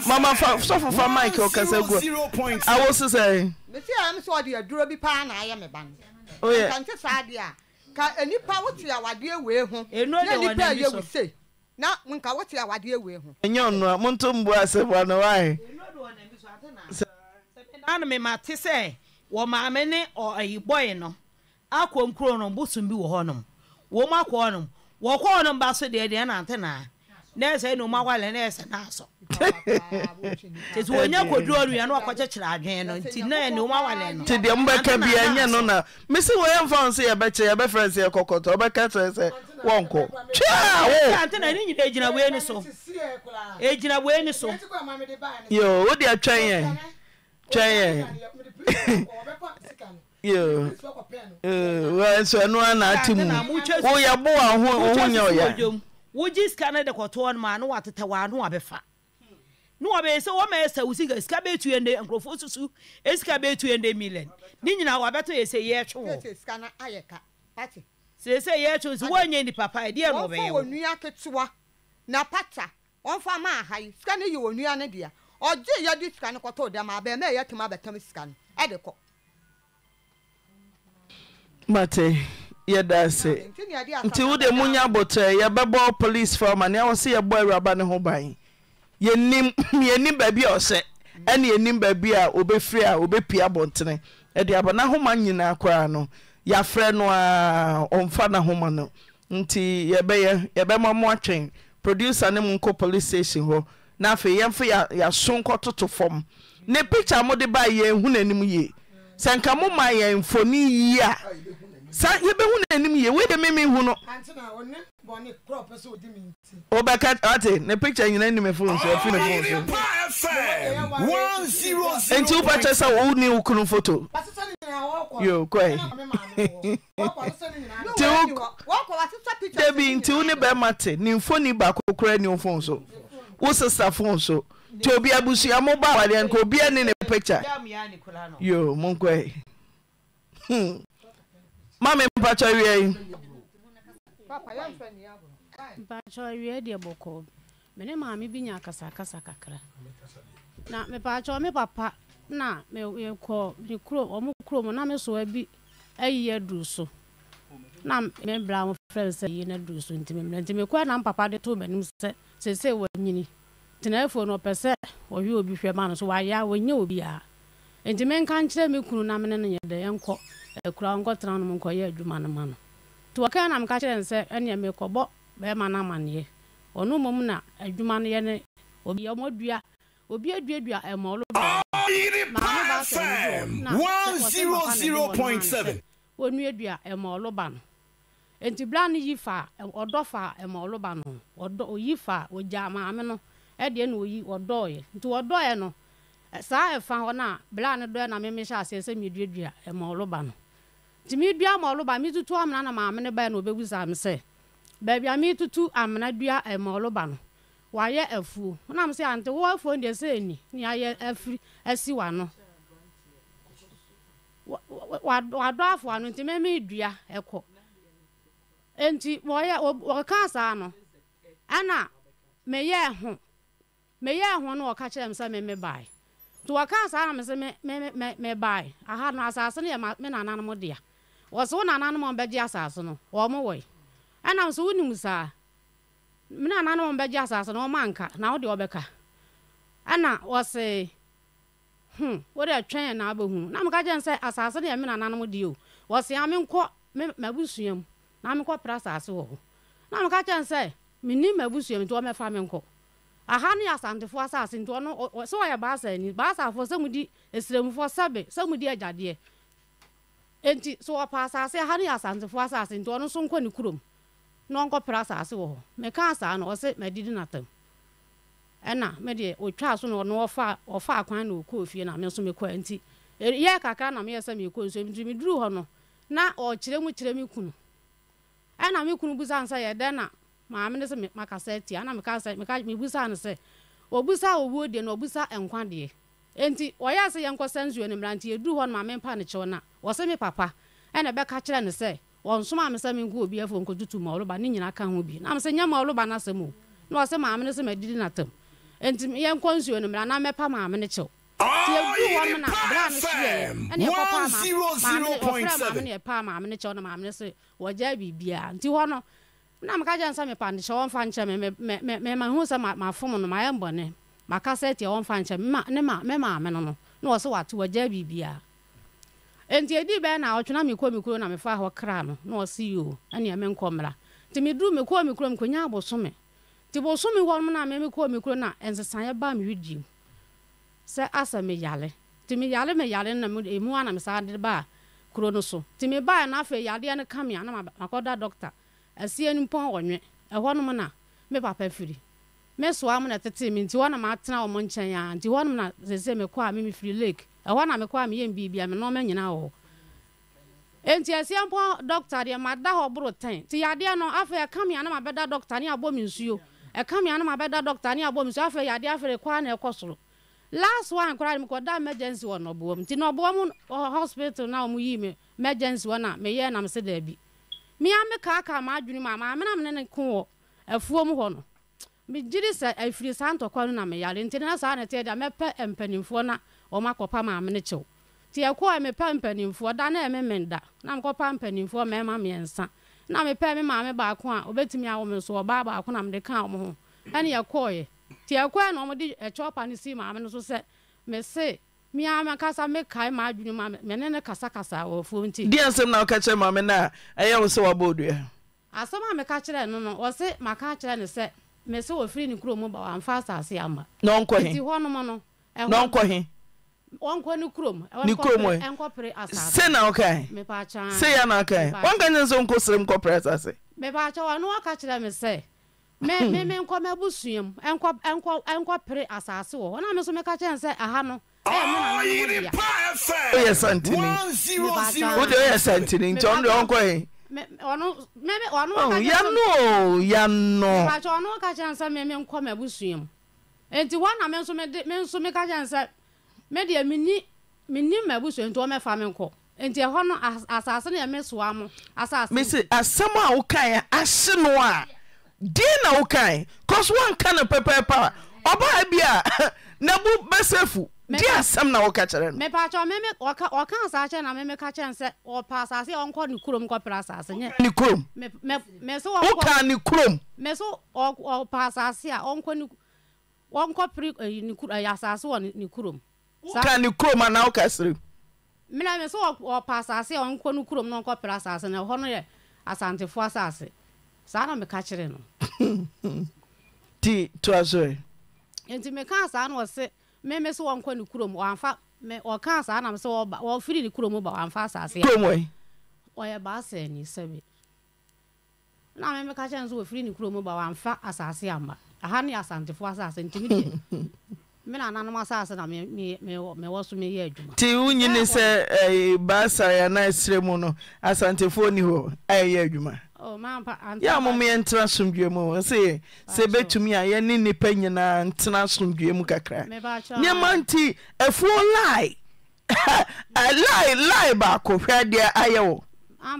mama sɔfo fa mike ɔkasa gu awo so sɛ mesi a m sɛ aduro bi paa na ayɛ me ba no kante saa deɛ a ka nipa wote awadeɛ wei ho na nipa a yɛwu se na nka wote awadeɛ wei ho ɛnyɛ ɔno a monto mboa asɛm ano na memate sɛ wɔ maame ne ɔyibɔe no akɔ nkuro no bosom bi wɔ m wɔm akɔ hɔnom wɔkɔ hɔnom ba so deɛ deɛ nante naa nɛɛsɛ na ɔmu awale nɛɛsɛ naasɔ nti wɔnya kɔduru ɔnua na (laughs) wakɔkyekyere adwene no nti na no deɛ bia no na sɛ na wei ni so wei ni so twɛn yɛ nso ɛno ana ate mu woyɛ bo a ho nyɛ ɔyɛ wogye sika no de kɔtoɔ oh, no ma na wateta wɔ ano wabɛfa na wɔbɛyɛ sɛ wɔma ɛsɛ wo sika sika bɛtu yɛn de nkurɔfoɔ susu sika bɛtu yɛn de million ne nyinaa wɔabɛtɔ yɛ sɛ yɛtwe wɔ sese yɛ to nso papa nipa pa ɛdeɛ na ɔbɛyɛ wɔ wɔn fa wɔn nua ketewa na pata wɔn fa ma aha yi sika ne yɛ wɔn nua ne dea ɔgye yɛ de sika no kɔtɔ dɛm abɛn mɛ yɛ tuma abɛtɛm sika no ɛde kɔ. mate da ase nti wode munya abotire yɛbɛbɔ police fɔ ma nea wɔsi yɛbɔ awuraba ne ho ban yɛnim yɛnim baabi a ɔhyɛ ɛne yɛnim baabi a obɛfiri a obɛpi abɔntene ɛde aba n'ahoma nyinaa koraa no yɛafrɛ no a ɔmfa n'ahoma no nti yɛbɛyɛ yɛbɛma mo atwɛn producer ne mu nkɔ police station hɔ na afei yɛmfa yɛaso nkɔ toto fam ne mo de ba yɛnhu n'anim yie sɛ nka moma yɛ mfoni yie a sa yɛbɛhu n'anim yie wei de mimi hu no wobɛka ate ne pikta nyina nim fo nso afi oh, ne fo nso enti wopɛ kyɛ sɛ wo ne wo kunu foto yo kɔe nti wo dabi ne bɛrima te ne mfoni baako koraa ne wo nso wo sesafo so nti obi abusua moba awadeɛ nka obia ne ne picture yo monkɔe hmm. ma me mpatɔ wiei mpatɔ wie deɛ bɔkɔɔ me ne maame bi nya akasakasa kakra na mepatɔ me papa na mekɔ ne kurom ɔmo kurom na me soa bi ayi aduru so na me bra mo frɛ me sɛ yi no aduru so nti memmerɛ nti na mpapa de too m'anim sɛ sɛsɛ wɔanyini tenaafo no ɔpɛ sɛ ɔhwɛ obi hwɛ ma no so wayɛ a wɔnyɛ obiaa nti menka nkyerɛ me kunu na mene no yɛ dɛ ɛnkɔ akura ɔnkɔtena nom nkɔyɛ adwuma no ma no nti na meka kyerɛ no sɛ ɛneɛ mekɔbɔ bɛɛma no amanneɛ ɔno mmom na adwuma no yɛ ne obi ɔmɔdua obi aduadua ɛma ɔlo maame ba ɔnuadua ba no nti bla no yi fa ɔdɔ fa ɛma ɔloba no ɔdɔ oyi fa ogya maame no ɛdeɛ na oyi ɔdɔɔyɛ nti ɔdɔɔyɛ no saa ɛfa hɔ na bla no dɔɛ na meme hyɛ aseɛ sɛ meduadua ɛma ɔloba no nti medua ma ɔloba metutu amena na maame no bɛɛ na ɔbɛbusa me sɛ baabi a metutu amena dua ɛma ɔloba no wayɛ afuo na mo sɛ ante wo afuo deɛ sɛ ɛni ne ayɛ afiri asi wa no wadɔ afoa no nti mɛmɛ dua ɛkɔ nti wɔyɛ wɔkeka saa no ɛna meyɛ ho meyɛ ho no wɔka kyerɛ sɛ meme bae nti wɔka saa na mese me bae aha no asase no yɛ me nananom dea wo nananom ɔmbɛgye asase no wɔe ɛnam wonim saa me nananom ɔmbɛgye asase no ɔma na wode ɔbɛka ɛna wɔse hmm wode twɛn na na meka kyerɛ sɛ asase no yɛ me nananom deɛ o wɔse a menkɔ na mekɔpra asase wɔ hɔ na meka kyɛn sɛ menni mabusua me nti ɔmɛfa me nkɔ aha ne yɛ asantefoɔ asase nti ɔno sɛ ɔyɛ baasa ani baasafoɔ sɛ mudi esiremfoɔ sɛbe sɛ mudi agyadeɛ enti sɛ ɔpa asase aha ne yɛ asantefoɔ asase nti ɔno nso nkɔ ne kurom na ɔnkɔpra asase wɔ hɔ meka saa no ɔsɛ madidi natam ɛna medeɛ ɔtwa so no ɔno ɔfa kwan na ɔkɔɔ fie na me nso mekɔa nti yɛ kakra na meyɛ sɛ mekɔ nsuo nti meduru hɔ no na ɔkyerɛ mu kyerɛ me kunu ɛna me kunu busa nsa yɛ dɛ na maame ne sɛ makasa atia na mekasa meka mebusa ne sɛ obusa owuo deɛ na obusa nkwa deɛ enti wɔyɛ sɛ yɛnkɔsɛ nsuo no mmra nti ɛduru hɔ no maame mpa ne kyew no wɔsɛ me papa ɛna ɛbɛka kyerɛ ne sɛ wɔnsoma me sɛ menkɔ obi afo nkɔtutu ma ɔloba ne nyina ka ho bi na mesɛ nyɛ ma ɔloba no asɛm na wɔsɛ maame no sɛ madidi natam enti yɛnkɔ nsuo no mmra na mɛpa maame no kyew wɔgya biribiaa nti hɔ no na meka gya nsa mepa ndekyɛ wɔmfa nkyɛ memahu sɛ mafom sɛ asɛ meyale nti meyale meyale na emu eh, ana mesaa de baa kuro no so nti mebaeɛ no afei yadeɛ no ka mea na makɔda dɔkta asie no mpɔn wɔnwe ɛhɔ nom na me papa firi me soa mu na ɛtete me nti hɔ na matena ɔmo nkyɛn a nti hɔ nom na sese mekɔ a meme firi lake ɛhɔ na mekɔ a meyɛ biribia me nɔɔma nyinaa wɔ hɔ enti asie mpɔ dɔkta deɛ mada hɔ boro tɛn nti yadeɛ no afei ɛka mea na dɔkta ne abɔ me nsuo ɛka mea na dɔkta ne abɔ me nsuo afei yadeɛ afei kɔa na ɛkɔ soro last one koraa mi kɔ da emergency wɔ nɔboɔ mu nti nɔboɔ mu hospital na ɔmo yi mi emergency wɔ na mi yɛ nam se daabi mia mi kaaka maa adwene mu a maame na mi ne ne ko wɔ afuom hɔ no mi gyiri sɛ efiri saa ntɔkwa no na mi yare nti na saa na teɛ da mɛpɛ mpanimfoɔ na ɔmo akɔpa maame ne kyɛw te ɛkɔ a mepɛ mpanimfoɔ oh, da na ɛmi mi da na mi kɔpa mpanimfoɔ mɛɛma mmiɛnsa na mepɛ mi maame baako a obetumi awɔ mi nso ɔbaa baako na mi de ka ɔmo oh, ho ɛne nti ɛkɔɛ na ɔmde ɛkyɛ ɔpa no si maame no so sɛ mese mia mekasa mekae maadwene ma mene ne kasakasa wɔfuo nti di asɛm na woka kyerɛ maame no a ɛyɛ wo wabɔ odua asɛm a meka kyerɛ no no ɔse maka kyerɛ ne sɛ mese wɔfiri ne kuro mu ba wɔamfa asase ama na ɔnkɔhe nti hɔ nom no na ɔnkɔhe ɔnkɔ ne kurom ne kurom ɛnkɔpere asase se na wokae se ya na wokae wɔnka nyɛ sɛ wonkɔ serem kɔpere asase mepaakyɛ ɔno waka kyerɛ me sɛ memenkɔ mɛbosua m ɛnkɔpere asase wɔ ɔna me so meka kyɛn sɛ aha no woyɛ santene nti ɔno deɛ ɔnkɔe yano oh, yano ɔno ka kyɛn sɛ memenkɔ mɛbosua m enti wɔna me nso me nso meka kyɛn sɛ medeɛ menni menni mɛbosua nti ɔmɛfa me nkɔ nti ɛhɔ no asase no yɛ mesoa mo asase mese asɛm a wokae ahye no a deɛ na wokae cause woanka no pɛpɛɛpɛ a ɔbaa bi a nabu bɛsɛfu deɛ asɛm na woka kyerɛ noɔka saa kyɛ na memeka kyɛne sɛ ɔpɛ asase ɔnkɔ ne kurom kɔprɛ asasewoka ne kurom me so ɔpɛ asase a ɔnkɔpere eh, eh, asase wɔ ne kurom woka ne kurom anaa woka serɛ mena me so ɔpɛ asase a ɔnkɔ ne kurom na ɔnkɔprɛ asase na ɛhɔ no yɛ asantefoɔ asase saa na meka kyerɛ no nti toa seɛ enti meka asaa ne ɔ se meme se wɔnkɔ ne krom ɔka asaa namsɛɔfiri ne kuromu ba wamfa asase ɔyɛ baa sɛane sɛbe na memeka kyɛ so wɔfri ne kuromu ba wɔamfa asase amma aha ne yɛ asantefoɔ asase ntimide (laughs) nti wo nyini sɛbaasare ana asirɛ mu no asantefoɔ ni hɔ ayɛyɛ adwumayɛ a momeɛ ntena somdwa mu se sɛ bɛtumi a yɛne nnipa nyinaa ntena somdwea mu kakraaneɔma nti afuo lili (laughs) baakohwɛ deɛ ayɛ wɔ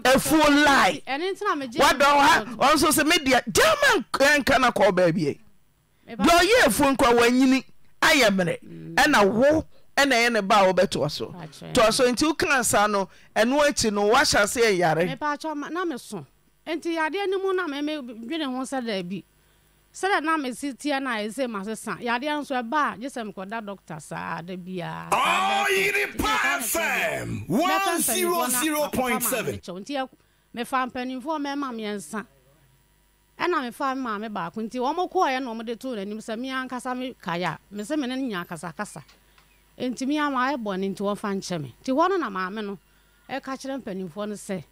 afuo liwodɔha ɔsos medea gyama ɛnka no kɔɔbaabiade ɔyɛ afuo nko a wɔanyini ayɛ mmerɛ ɛna wo ɛna ɛyɛ ne ba a wobɛtoa so toa so nti wokra saa no ɛno akyi no woahyɛ se ɛyarena meso nti yadeɛ no mu na medwene ho sɛ daabi sɛdɛ na mesi tia no a ɛsɛ ma sesa yadeɛ nso ɛba a gye sɛ mekɔda dɔkta saa da biaa nti mefa mpanimfoɔ mɛma miɛnsa ɛna mefa maa me baako nti wɔn kɔɔɛ na wɔn de too n'anim sɛ mmea nkasa me kaeɛ a mesɛ me ne no nya akasakasa nti mmea maa ɛbɔ ne nti wɔmfa nkyɛ me nti hɔ no na maame no ɛka kyerɛ mpanimfoɔ no sɛ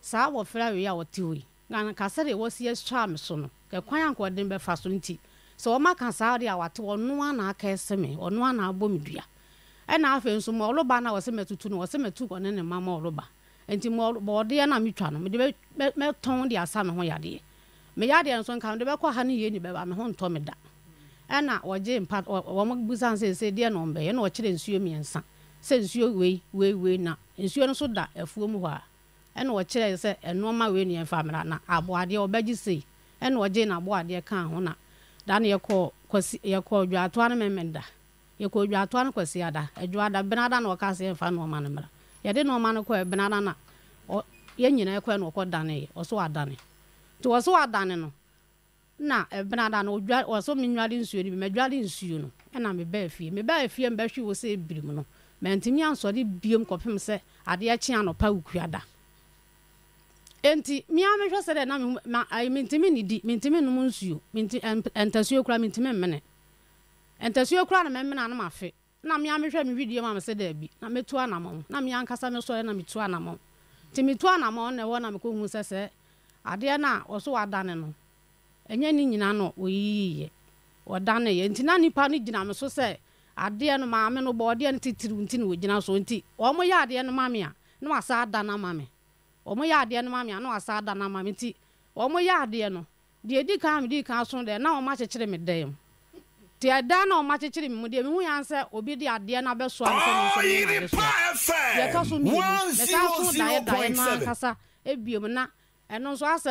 saa wɔfra wei a wɔte hɔ yi nkasa deɛ wɔsi atwa me so no ɛkwan akɔden bɛfa so nti sɛ wɔn aka saa deɛ a wɔate ɔno ana aka ɛsɛ me ɔno ana abɔ me dua ɛna afei nso ma ɔloba na wɔsɛ tutu no wɔsɛ mɛtu ɔne ne mma ma ɔloba nti ma ɔdeɛ na metwa no mede mɛtɔn de asa me ho yadeɛ meyɛ adeɛ nso nka mede bɛkɔ ha no yie ni bɛba me ho ntɔ me da ɛna wɔgye mpa wɔn busa sɛ sɛ deɛ na ɔmbɛyɛ na wɔkyerɛ nsuo mmiɛnsa sɛ nsuo wei wei wei na nsuo no so da afuo mu hɔ a ɛna wɔkyerɛ sɛ nneɛma wei ne yɛmfa mmra na aboadeɛ ɔbɛgye sei ɛna wɔgye na aboadeɛ kaa ho na da na yɛkɔ kɔsi yɛkɔ dwatoa no mɛmɛ da yɛkɔ dwatoa no kɔsi ada adwa da benada na ɔka sɛ yɛmfa nneɛma no mmra yɛde nneɛma no kɔ benada na yɛn nyinaa kɔ ɛna ɔkɔ dane ɔso adane nti wɔ so wadane no na ɛbena da no wɔ so menwale nsuo no bi madwale nsuo no ɛna mebaa fie mebaa fie mbɛhwe wɔ sɛ birim no mantumi ansɔre biom kɔpem sɛ adeɛ kye anɔpa wokua da enti mia mehwɛ sɛ dɛ na mentumi nidi mentumi nom nsuo ntasuo kora mentumi mmene ntasuo kora na memmene anom afe na mia mehwɛ me hwidie ma me sɛ daabi na metu anamɔm na mea nkasa mesɔre na metu anamɔm nti metu anamɔm na ɛwɔ na mekɔhu sɛ sɛ adeɛ no a ɔso wadane no ɛnyɛ ne nyina no ɔyiyiiɛ ɔdaneɛ nti na nipa no gyina me so sɛ adeɛ no maame no bɔ ɔdeɛ no na wɔgyina so nti ɔmo adeɛ no na wasa ada no ọmụ ya adeɛ no a na wasa nti adeɛ no deɛ di kan kan na ɔmo akyekyere me dan mu ɛdan na akyekyere mu deɛ yan sɛ obi adeɛ sɛ ɛno nso asɛ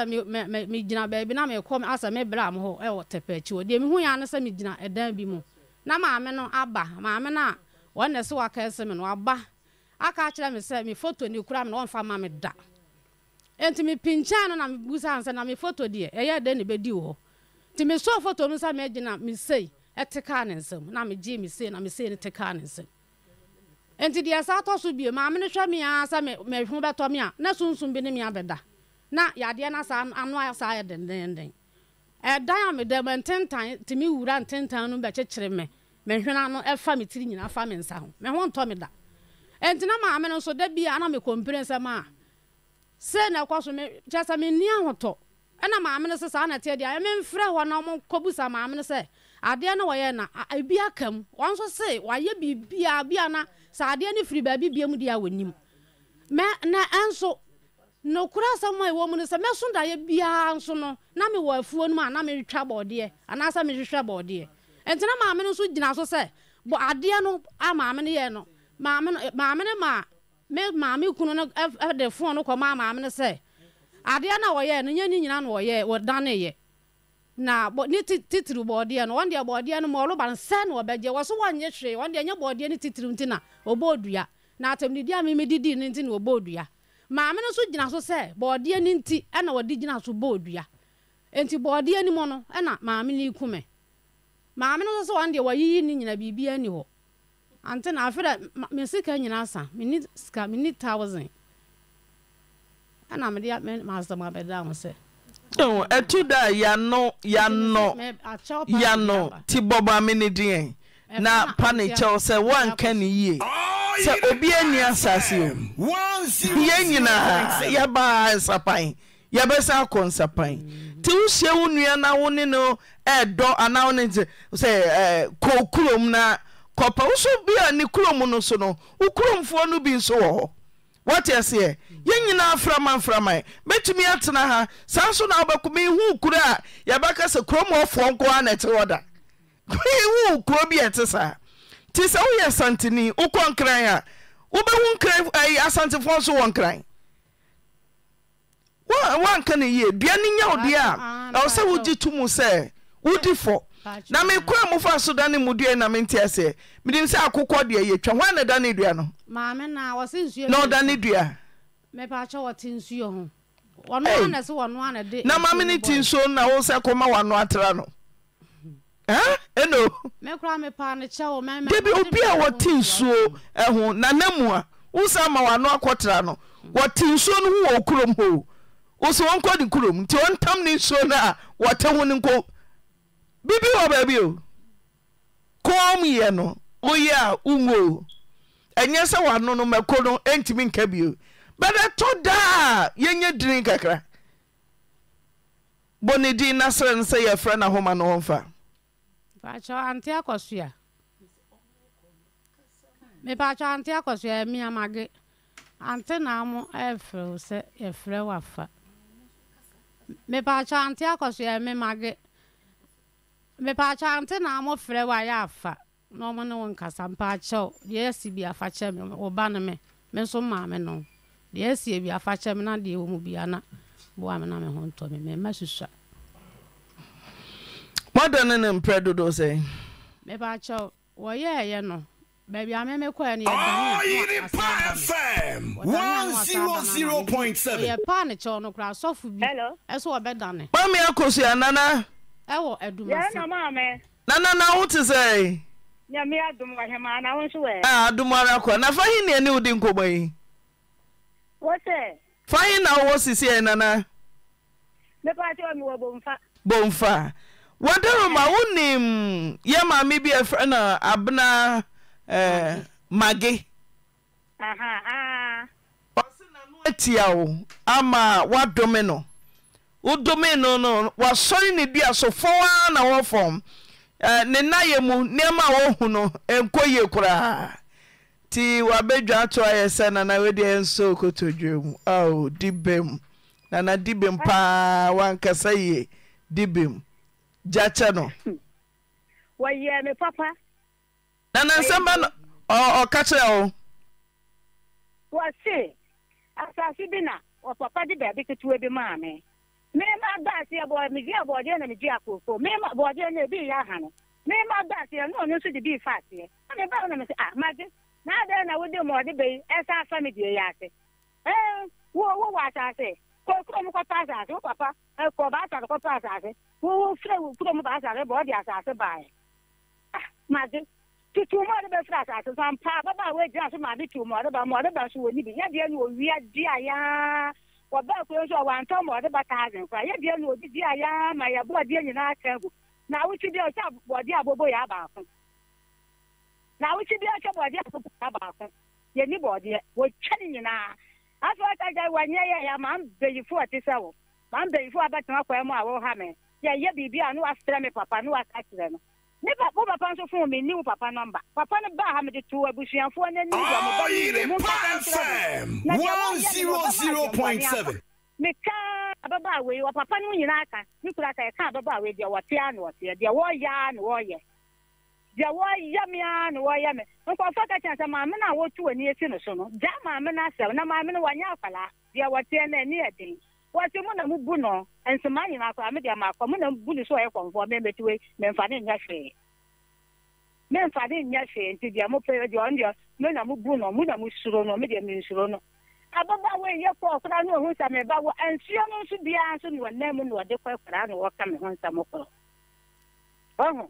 megyina baabi na mekɔ asɛ mebrɛ m hɔ ɛwɔ tɛpɛakyi hɔ deɛ mehu ya no sɛ megyina ɛdan bi mu na maame no aba maame no a ɔnɛ se wakɛse mi no waba aka kyerɛ me sɛ me foto ni kura me na ɔmfa ma mi da enti mepinkyɛn no na mi busa sɛ na mi foto deɛ ɛyɛ dɛn ne bɛdi hɔ nti mesoo foto mu sɛ megyina mesei ɛte kaa ne nsɛm na mi megye mesei na mesei no te kaa ne nsɛm enti deɛ saa tɔ so bio maame no hwɛ mi a sɛ me ho na sunsum bi ne me abɛda na yadeɛ no saa ano ayɛ saa yɛ dendenden ɛdan a meda ma ntentan tumi wura ntentan no bɛkyekyere me mehwena no ɛfa me tiri nyinaa fa me nsa ho me ho ntɔ me da ɛnti na maame no nso da bi a na mekɔmpire nsɛm a se na ɛkɔ so kyɛ sɛ menni ahotɔ ɛna maame no sɛ saa na ɛteɛ deɛ memfrɛ hɔ na ɔmɔkɔbusa maame no sɛ adeɛ no wɔyɛ na ebi aka mu wɔn nso se wɔayɛ biribiaa bia na sɛ adeɛ no firi baabi bia mu deɛ a wɔnim mɛ na ɛnso nokora asɛm a ɛwɔ mu no sɛ mɛso daeɛ nso no na mewɔ afuo no a na bɔɔdeɛ anaasɛ mehwehwɛ bɔɔdeɛ nti na maame no nso gyina so sɛ bɔ adeɛ no a maame no yɛ no maame no ma me maame kunu no ɛde fon no kɔma maame no sɛ adeɛ no a wɔyɛ no nyɛ ne nyina no wɔyɛ na ne titiri bɔɔdeɛ no wɔn deɛ bɔɔdeɛ no ma ɔloba na wɔbɛgye wɔ so hwee wɔn deɛ nyɛ bɔɔdeɛ no titiri nti na na a na maame no nso gyina so sɛ bɔɔdeɛ no nti ɛna wɔde gyina so bɔɔ dua nti bɔɔdeɛ no mu no ɛna maame no kume maame no nso sɛ wɔn deɛ wɔyiyi ne nyina biribi ani hɔ ante na afei dɛ me sika nyinaa sa me ni sika me ni thousand ɛna me de me ma asɛm abɛda ho sɛ. ɛtu da yanɔ yanɔ yanɔ ti bɔ ba mi ni diɛ na pa ne kyɛw sɛ wɔn anka ne yie. sɛ obi ani asase o yɛn nyinaa yɛbaa nsapan yɛbɛsa akɔ nsapan nti wohyia wo nnua na wo ne no ɛdɔ anaa wo ne nti sɛ kɔ kurom na kɔpa wo bi a ne kurom no so no wo kuromfoɔ no bi nso wɔ hɔ wɔteɛseɛ yɛn nyinaa frama mframa mɛtumi atena ha saa nso na wobɛkɔ mehu kuro a yɛbɛka sɛ kurom hɔfoɔ nko a na ɛte hɔ da (laughs) mehu kuro bi ɛte saa nti sɛ woyɛ santeni wokɔ nkran a wobɛhu nkran asantefoɔ so wɔ nkran woanka no yie dua no nya wodeɛ a ɛwɔ sɛ wogye to mu sɛ wodi fɔ na mekora mofa so dane mudua na mente aseɛ menim sɛ akokɔ deɛ yɛtwa ho a na dane dua no na ɔdane dua na mame no te nsuo na wo sɛ kɔma wano atra no Eh? debi obi a wɔte nsuo ho na na mu a wosa ma w'ano akɔtra no wɔte nsuo no ho wɔ kurom hoo wo so wɔnkɔ ne kurom nti ɔntam ne nsuo no a wɔte ho no nko bibi wɔ baabi o kɔm yɛ no woyɛ a wowo o ɛnyɛ sɛ w'ano no mɛko no ɛntimi nka bio bɛdɛ daa a yɛnyɛ dini kakra bɔ ne din nasrɛ no sɛ yɛfrɛ no homa no wɔmfa sepaakyo anteaksoa amia mage ante naam frɛo sɛ ɛfrɛ w afa epaakyɛ anteaksoa me mage mepaakyɛ ante naam frɛ wayɛ afa naɔm ne wo kasa mepɛakyɛo deɛ asi biafakyɛ me wo bane me me so maame no deɛ asiabiafakyɛ me nadeɛ wɔ mbiana boamenmhotɔmememma susua moadane ne mpere dodo sɛ mepɛakyɛw wɔyɛɛyɛ no baabi a zero kɔɛ no yɛ paa paanu kyɛw no koraa asɔfo bi ɛsɛ wɔbɛdane mame akɔ sua nana ɛwɔ adumase nana na wote sɛ adom ara kɔ na fa na neane wodi nkɔmmɔ yi fa he na wowɔ sisiɛ nana bomfa wadaroma wonim yɛ maame bi afrɛ no abena eh, mage ah. ɔse nano atia wo ama woadome no wodome no no wasɔre ne dua so fɔw ara na wɔfɔm eh, ne nayɛ mu nneɛma a wɔhu no ɛnkɔ yie koraa nti wabɛdwa ato ayɛ sɛ nana wedeɛ ɛnsɛ okotodwe mu ao di bem nana di paa wankasa yie dibem. gyakyɛ no wɔyɛ me papa na nansɛm no ɔka kyerɛ wo wɔse asase bi na ɔpapa de baabi ketewa bi maa me mema baaseɛ bɔ megye abɔɔdeɛ na megye akoofo mema bɔɔdeɛ na ebi ya aha no mema baaseɛ na ɔno nso de bi fa aseɛ na me baa na me sɛ ah magye na adɛn na wode ma ɔde bɛyi ɛsa afa me deɛ ya ase asase kwekweremkọta asasị ụpapa ka ọ bụ asarakọta asasị wụwe ofekwurem bụ asasị bụ ọ dị asasị baanyị mazi tutu mụ ọdịba fere asasị sa mpa baba wee ji ma dị tu ma ọdịba ma ọdịba so wọ nibi ya dị elu owi ya di aya ọba ekwere ọwa ntọ dị elu ma ya bụ ọdị enyi na egwu na awụchi ọcha bụ ọdị ya aba akụ na awụchi ọcha bụ ọdị afei ɔsagya wɔnyɛ yɛ yɛ maa mbɛyifo a te sɛ wo maa mbɛyifo a bɛtena kwan mu a wɔha me yɛyɛ biribi a ne wasrɛ me papa ne waka kyerɛ no ne pa wo papa nso fun mi ni papa nɔmba papa ne ba ha mi de to abusuafoɔ n'anim wɔ mo bɛ yi mu nka kyerɛ mo na one zero zero point seven. meka ababaawa yi wɔ papa no nyinaa ka ne kura ka yɛka ababaawa yi deɛ wɔte a na wɔteɛ deɛ wɔyɛ a na wɔyɛ deɛ wɔyɛ me a na wɔyɛ me nkɔfo ka kyɛn sɛ maame no a wɔtu w'ani asi no so no gya maame no asɛm na maame no wanyɛ akwalaa deɛ wɔteɛ no ani ɛden wɔte mu na mubu no nsoma nyina akɔ ame deɛ maakɔ mu na mubu no so ɔyɛ kɔnfoɔ mɛmɛti wei memfa ne nyɛ hwee memfa ne nyɛ hwee nti deɛ mopɛ deɛ ɔno deɛ me na mubu no mu na musuro no me deɛ mensuro no ababaawa yi yɛ kɔɔ koraa na ohun sɛ meba wɔ nsuo no nso biara nso na ɔnam mu na ɔde kɔ koraa na wɔka me ho nsɛm korɔ ɔho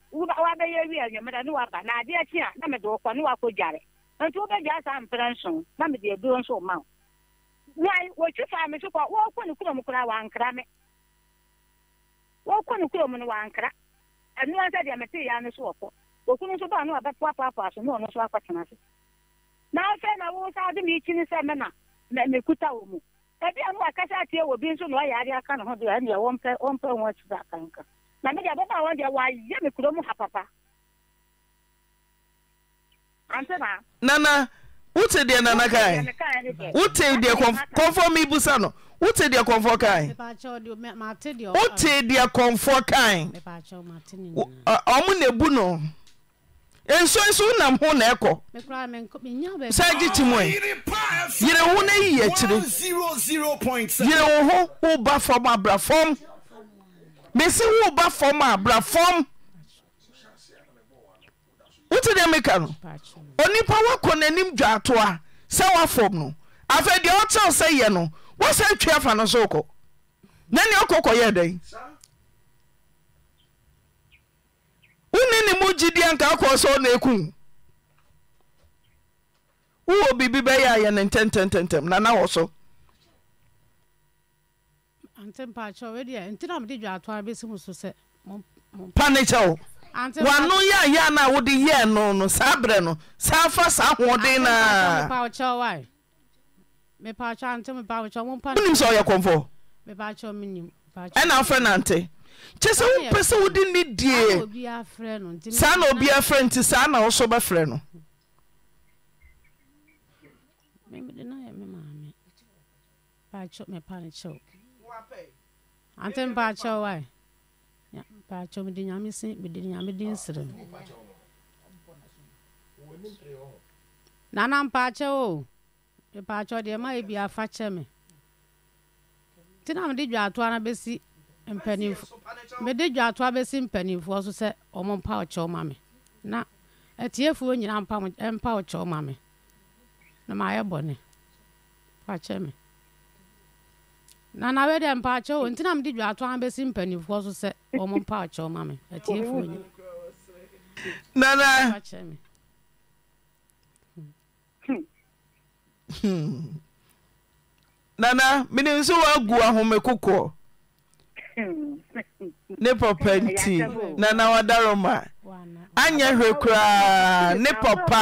wabɛyɛ wi anwummerɛ ne waba na adeɛ kye a na mede wokɔ ne wakɔ gyare nti wobɛgya saa mperɛ nson na mede aduro nso ma wo wae wɔtwi faa me so kɔ wɔkɔ ne kurom koraa wankra me wɔkɔ ne kurom no wankra ɛno ansa deɛ metee no no na ɔno nso akɔtena na afei na wo na mu a no na na mi deɛ abɔfra wɔn deɛ wɔayɛ mi kurom ha papa ante na. nana wote deɛ nana kae wote deɛ kɔnfɔ mi busa no wote deɛ kɔnfɔ kae wote deɛ kɔnfɔ kae ɔmo na ebu no nso nso nam ho na ɛkɔ sɛ agye ti mu ɛ yere ho na yi akyire yere wo ho wo ba fam abra fam. mesi woba fam a bra fam wote deɛ meka no onipa n'anim a sɛ woafam no afei deɛ ɔtew sɛ yɛ no woasɛ afa no so na nea ɔkɔkɔyɛ dɛn wone ne mu gyidia nka akɔɔ sɛ ɔna ɛku wowɔ biribi bɛyɛ a yɛ ne ntɛmtɛmtɛmtɛm nana wɔ pa ne kyɛw w'ano yɛa yaa na wode yɛ no no saa berɛ no saa fa saa hoɔde noawonim sɛ oyɛ kɔmfo ɛna wofrɛ nante kyɛr sɛ wompɛ sɛ wode nne die saa na obia frɛ nti saa na wɔsɔ bɛfrɛ no ante e mpakyɛw e a mpakyɛw mede nyame se mede nyame din serɛ no nana mpakyɛw o mpakyɛw deɛ ma ɛbi afa kyɛ me nti na mede dwaatoa no bɛsi mpanimfo mede dwaatoa bɛsi mpanimfoɔ so sɛ ɔmo mpa ɔkyɛw ma me na atiefoɔ e nyinaa mpa ɔkyɛw ma me na maayɛ bɔne fa kyɛ me nana wɛdɛ mpaakyɛw nti na mede dwaato a bɛsi mpanimfoɔ so sɛ ɔmo mpaakyɛw ma me atiefoɔ nyi nana nana menim sɛ woagu ahome kokoɔ ne papa nti nana wadaroma anyɛ hwɛ koraa ne papa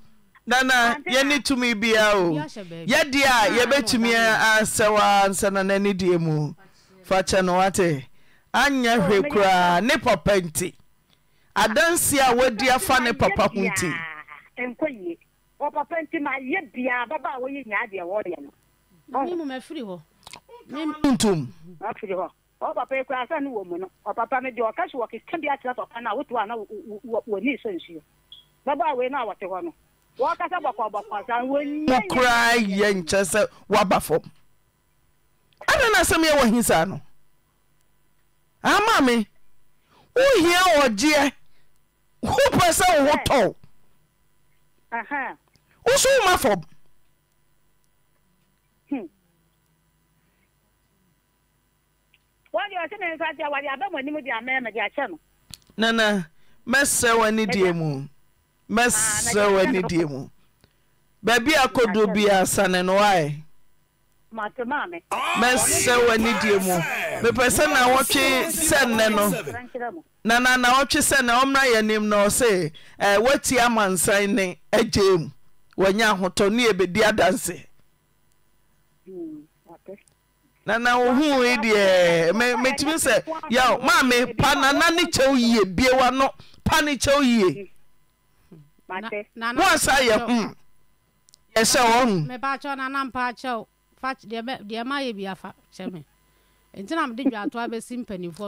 nana yɛne tumi ya o yɛdeɛ a yɛbɛtumi asɛw a nsa na n'ani deɛ mu fa kyɛ no wate anyɛ hwɛ koraa ne papa nti adanse a wadi afa ne papa ho nti ntum ɔpapa yi koraa sɛ ne wɔ mu no ɔpapa me deɛ ɔka hye papa no a wotoɔ a na wɔni so nsuo bɛbɔ a wei no a koraa yɛ nkyɛ sɛ woaba fam ada na asɛm yɛwɔ hinsaa no ama me wohia wɔgyeɛ wopɛ sɛ wo ho tɔw woso na fam nana mɛsrɛ w'anideɛ mu mɛsrɛ ah, w'anidie mu baabi a kɔdoɔ biaa sane no wae mɛsrɛ w'anidie mu mepɛ sɛ nawɔtwe sɛnnɛ no na na nawɔtwe sɛnnɛ ɔmmra yɛ anim na ɔ sɛ woati amansan ne agyee mu wanya ahotɔ ne yɛbɛdi adanse nana wohui deɛ metumi sɛ yaw maame pa nana ne kyɛw yie biewa no pa ne kyɛw yie ho asa yɛ ho ɛsɛ wonum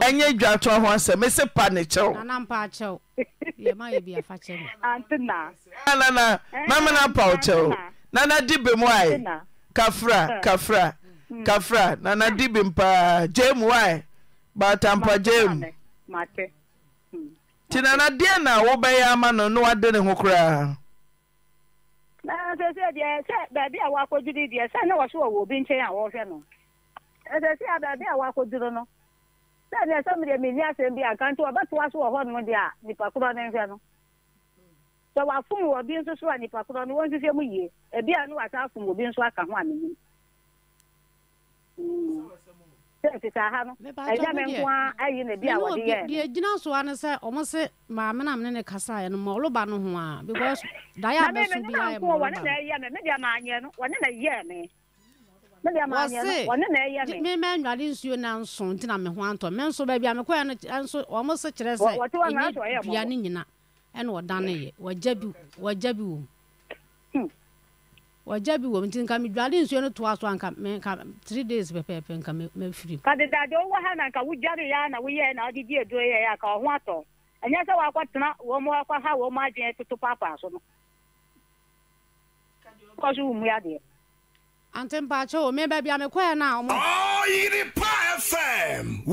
ɛnyɛ dwatea ho asɛ me se pa ne kyɛwnna mama na eh, mpawo kyɛw nana di bi m wa kafra eh. kafra hmm. kafra nana di bi mpa yam a baatampa yemu tina nana deɛ na wobɛyɛ ama no na wade ne ho koraa sɛsɛ deɛ sɛ baabi a wɔakɔduru deɛ sɛ ne wɔso wɔwɔ obi nkyɛn a wɔhwɛ no a baabi a no sɛ sɛ medeɛ menni asɛm bi anka nti wɔbɛtoa so wɔ hɔ a no nhwɛ no sɛ wɔ a no wɔnhwehwɛ yie ebi obi nso aka ho a deɛ gyina soa ne sɛ ɔmo se maame na mene ne kasaeɛ no ma ɔloba no ho a because daeɛ abɛso biaa mema nnwale nsuo no nso nti na me ho antɔ me nso baabi a mekɔɛ no nso ɔmo se kyerɛ sɛ ɛnyɛ dua no nyina ɛne ɔdaneyɛ wagya bi wɔ mu ɔgya bi wɔm nti nka medware nsuo no toa so nka three days pɛpɛɛpɛ nka mafiri ka dedade wowɔ ha na nka wujari ya na woyɛɛ na wode di aduro ya ka ɔho atɔ ɛnyɛ sɛ woakɔtena wɔ ma wakɔ ha wɔ ma adwene toto paapaa so no kɔ so ante mpaakyɛ o meba no pa fm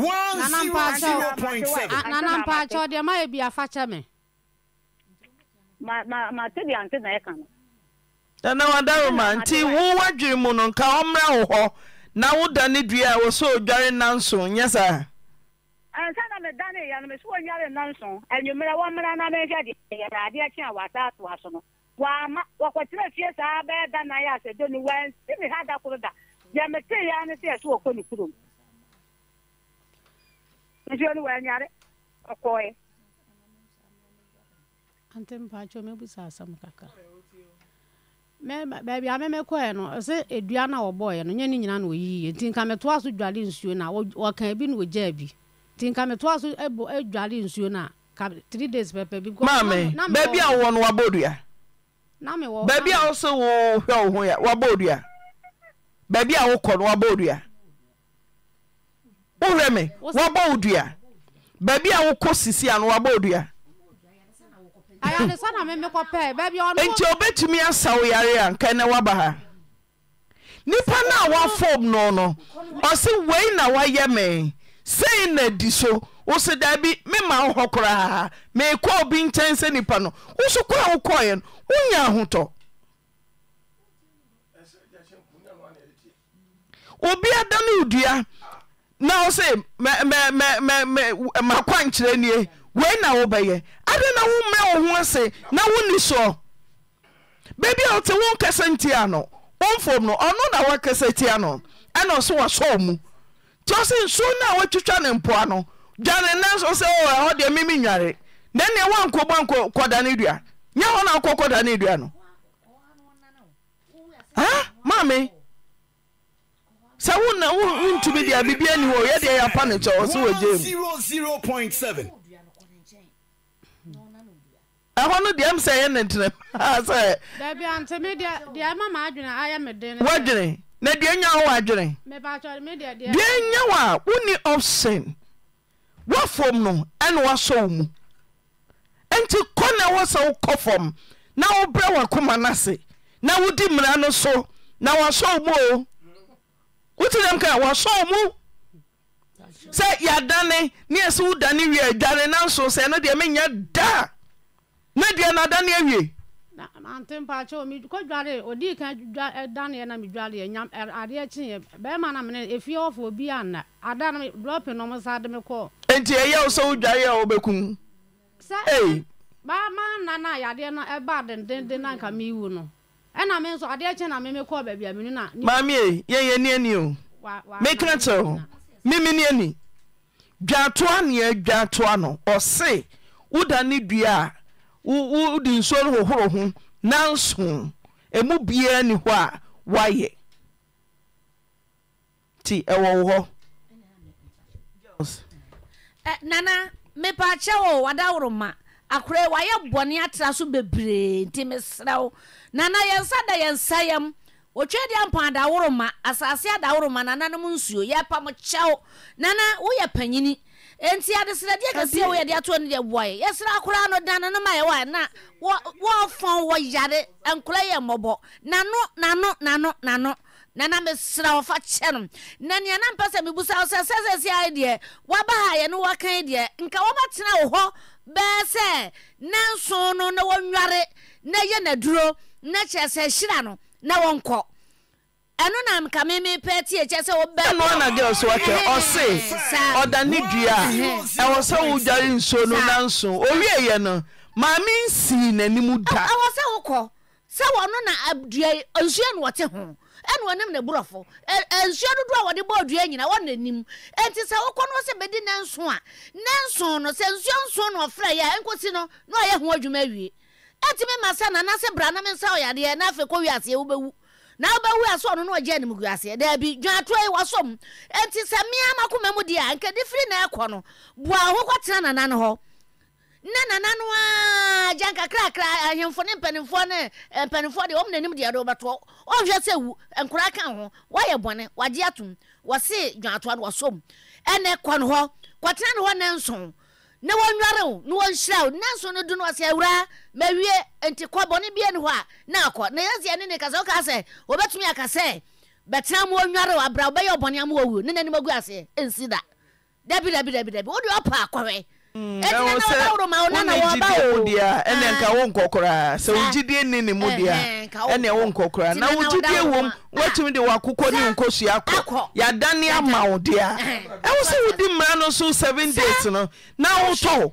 nana mpaakyɛ ma yɛ bi afakyɛ me ma ante na ɛka no ɛna wadaroma nti wo w'adwiri mu no nka ɔmmra wo na woda ne dua a wɔ sɛ odware nanso nyɛ saa na medaneyɛ no mɛsɛ wɔnyare nanso anwummerɛ wɔmmra na mɛhwɛ deɛ yɛraadeɛ kye a so no wɔkɔkyerɛ fie saa bɛyɛ da na yɛ asɛdɛ no wansi ne ha da deɛ sɛ wɔkɔ ne kurom nsuo no ɔkɔɛ asɛm baabi a memekɔɛ no sɛ edua no ọbọ ya no nye ne nyina na ɔyiye nti nka metoa so dwale nsuo na a wɔka bi na wɔgyaa bi nti nka metoa so dwale nsuo na ka three days pɛpɛ bi maame beebi a wowɔ no wabɔ dua na mewɔ baabi a wo so wohwɛ wo ho a wabɔ dua baabi a wokɔ no wabɔ dua wohwɛ me wabɔ wo dua a wokɔ sisi ya no wabɔ dua nti obɛtumi asa wo yare a nkɛ nɛ ha nnipa no a woafom no no ɔse wei na woayɛ me sei na di so wo se daa bi mema wo hɔ koraa meekɔ obi nkyɛn sɛ nnipa no wo so koraa wokɔeɛ no wonya ahotɔ obiada ne odua na wo se makwankyerɛ nnie wee na wobɛyɛ adɛn na wommerɛ wo ho ase na wonni soɔ bebi a wote wo nkɛsɛ ntia no womfom no ɔno na woakɛsɛ tia no ɛna ɔso wasɔɔ mu nti ɔse nsuo no a woatwitwa ne mpoa no dwane nanso sɛ oh, ɛhɔ deɛ meme nnware na nneɛ woankɔbu ankɔdane dua nyɛ hɔ no akɔ kɔdane dua no maame sɛ wontumi deɛ a biribiani hɔ yɛdeɛ yɛapa no kyɛ ɔ sɛ wɔgye mu ahɔ no deɛm sɛ yɛ ne tee sɛ wawee na dua nya wadweedua nya w a wonni obson woafom no ɛne woasɔwo mu nti kɔne ɛwo sɛ wo kɔ fam na wobrɛ w'akoma no ase na wodi mmara no so na woasɔo mu o woti dɛm ka wasɔo mu sɛ yɛdane ne ɛsɛ wo dane wiea adwane nanso sɛ no deɛma ya da ne deɛ na adane ka eh, na medwareɛadeɛ er, na mene ɛfie ɔfo obi anna ada no dɔpe eh, eh, no sa de me kɔɔ enti ɛyɛ sɛ dware a sɛ na no ɛba dendenden na anka mewu no ɛna me nso adeɛ kye na meme baabi a na maame yɛyɛ ni ani o meka kyerɛ ni no ɔse dua wode nsuo no hohoro ho nanso ɔmu biara nni hɔ a woayɛ nti ɛwɔ wo hɔ nana mepɛakyɛ wɔ wadaworo ma akorɛ wayɛ bɔne atra so bebree nti meserɛ wo nana yɛnsa da yɛnsa yam wɔtwa deɛ mpa adaworoma asase adaworoma nananom nsuo yɛpa mo kyɛw nana woyɛ panyini ɛnti adeserɛ deɛkɛsi wo ɛde ato no deɛboaɛ yɛserɛ kora no d no mayɛwna wɔfa wɔyare nkoa yɛ mmɔbɔnanameserɛ wɔfa kyɛ no na neana mpɛ sɛ mebu sa wo sɛ sɛsɛsia deɛ waba ha yɛ no wkae deɛ nka wɔmɛtena wo hɔ bɛɛ sɛ na nsoo no na wɔnware na yɛ n'aduro na kyɛɛsɛ hyira no na wɔnkɔ ɛno na nka meme pɛ tie kyɛ sɛ wobɛ ɛno ana girl so wɔkɛ ɔse ɔda ne dua a ɛwɔ sɛ wodware nsuo no nanso ɔwieyɛ no maame nsii n'anim da ɛwɔ sɛ wokɔ sɛ wɔno na adua nsuo no wɔte ho ɛna wɔnam ne borɔfo nsuo dodoɔ a wɔde bɔɔ dua nyina wɔn n'anim nti sɛ wokɔ no sɛ bɛdi nanso a nanso no sɛ nsuo nso no ɔfrɛ yɛ a nkosi no na ɔyɛ ho adwuma awie ɛtumi ma sɛ nana sɛ bra na me nsa ɔyadeɛ na afei kɔ wi aseɛ wobɛwu na wobɛwu a sɛ ɔno na ɔgya anim gu aseɛ daabi dwaatoa yi wɔsom enti sɛ mmea ma koma mu deɛ a nkɛ de firi na ɛkɔ no boa ho kɔtena nana no hɔ na nana no a gya nkakrakra ahemfo ne mpanimfoɔ ne mpanimfoɔ deɛ ɔm n'anim deɛ de wobɛtoɔ ɔnhwɛ sɛ wu nkora ka ho wɔyɛ bɔne wagye atom wɔse dwaatoa no wɔsom ɛnɛ kɔ no hɔ kɔtena no na wɔnnware wo ne wɔnhyirɛ wo nanso no do no ɔse awuraa mawie nti kɔ bɔne bia ne hɔ a na akɔ ne yɛsi a ne ne ka sɛ wokaa sɛ wɔbɛtumi aka sɛ bɛtena mawɔannware w abra a wobɛyɛ ɔbɔne ama wɔwuo ne no nim gu aseɛ ɛnsi da da bi dabi dabi da bi wode ɔpaa akɔhwɛ Mm. deɛa ɛne ah. nka wo nkɔkoraa sɛ wogyidie nni ne mu eh, deɛa ɛne eh, wo nkɔkoraa na wogyidie wom woatumi de wɔakokɔ ne nkɔsua akɔ yadani ama wo deɛa eh. ɛwo sɛ wodi mmara no so 7 days no na wotɔo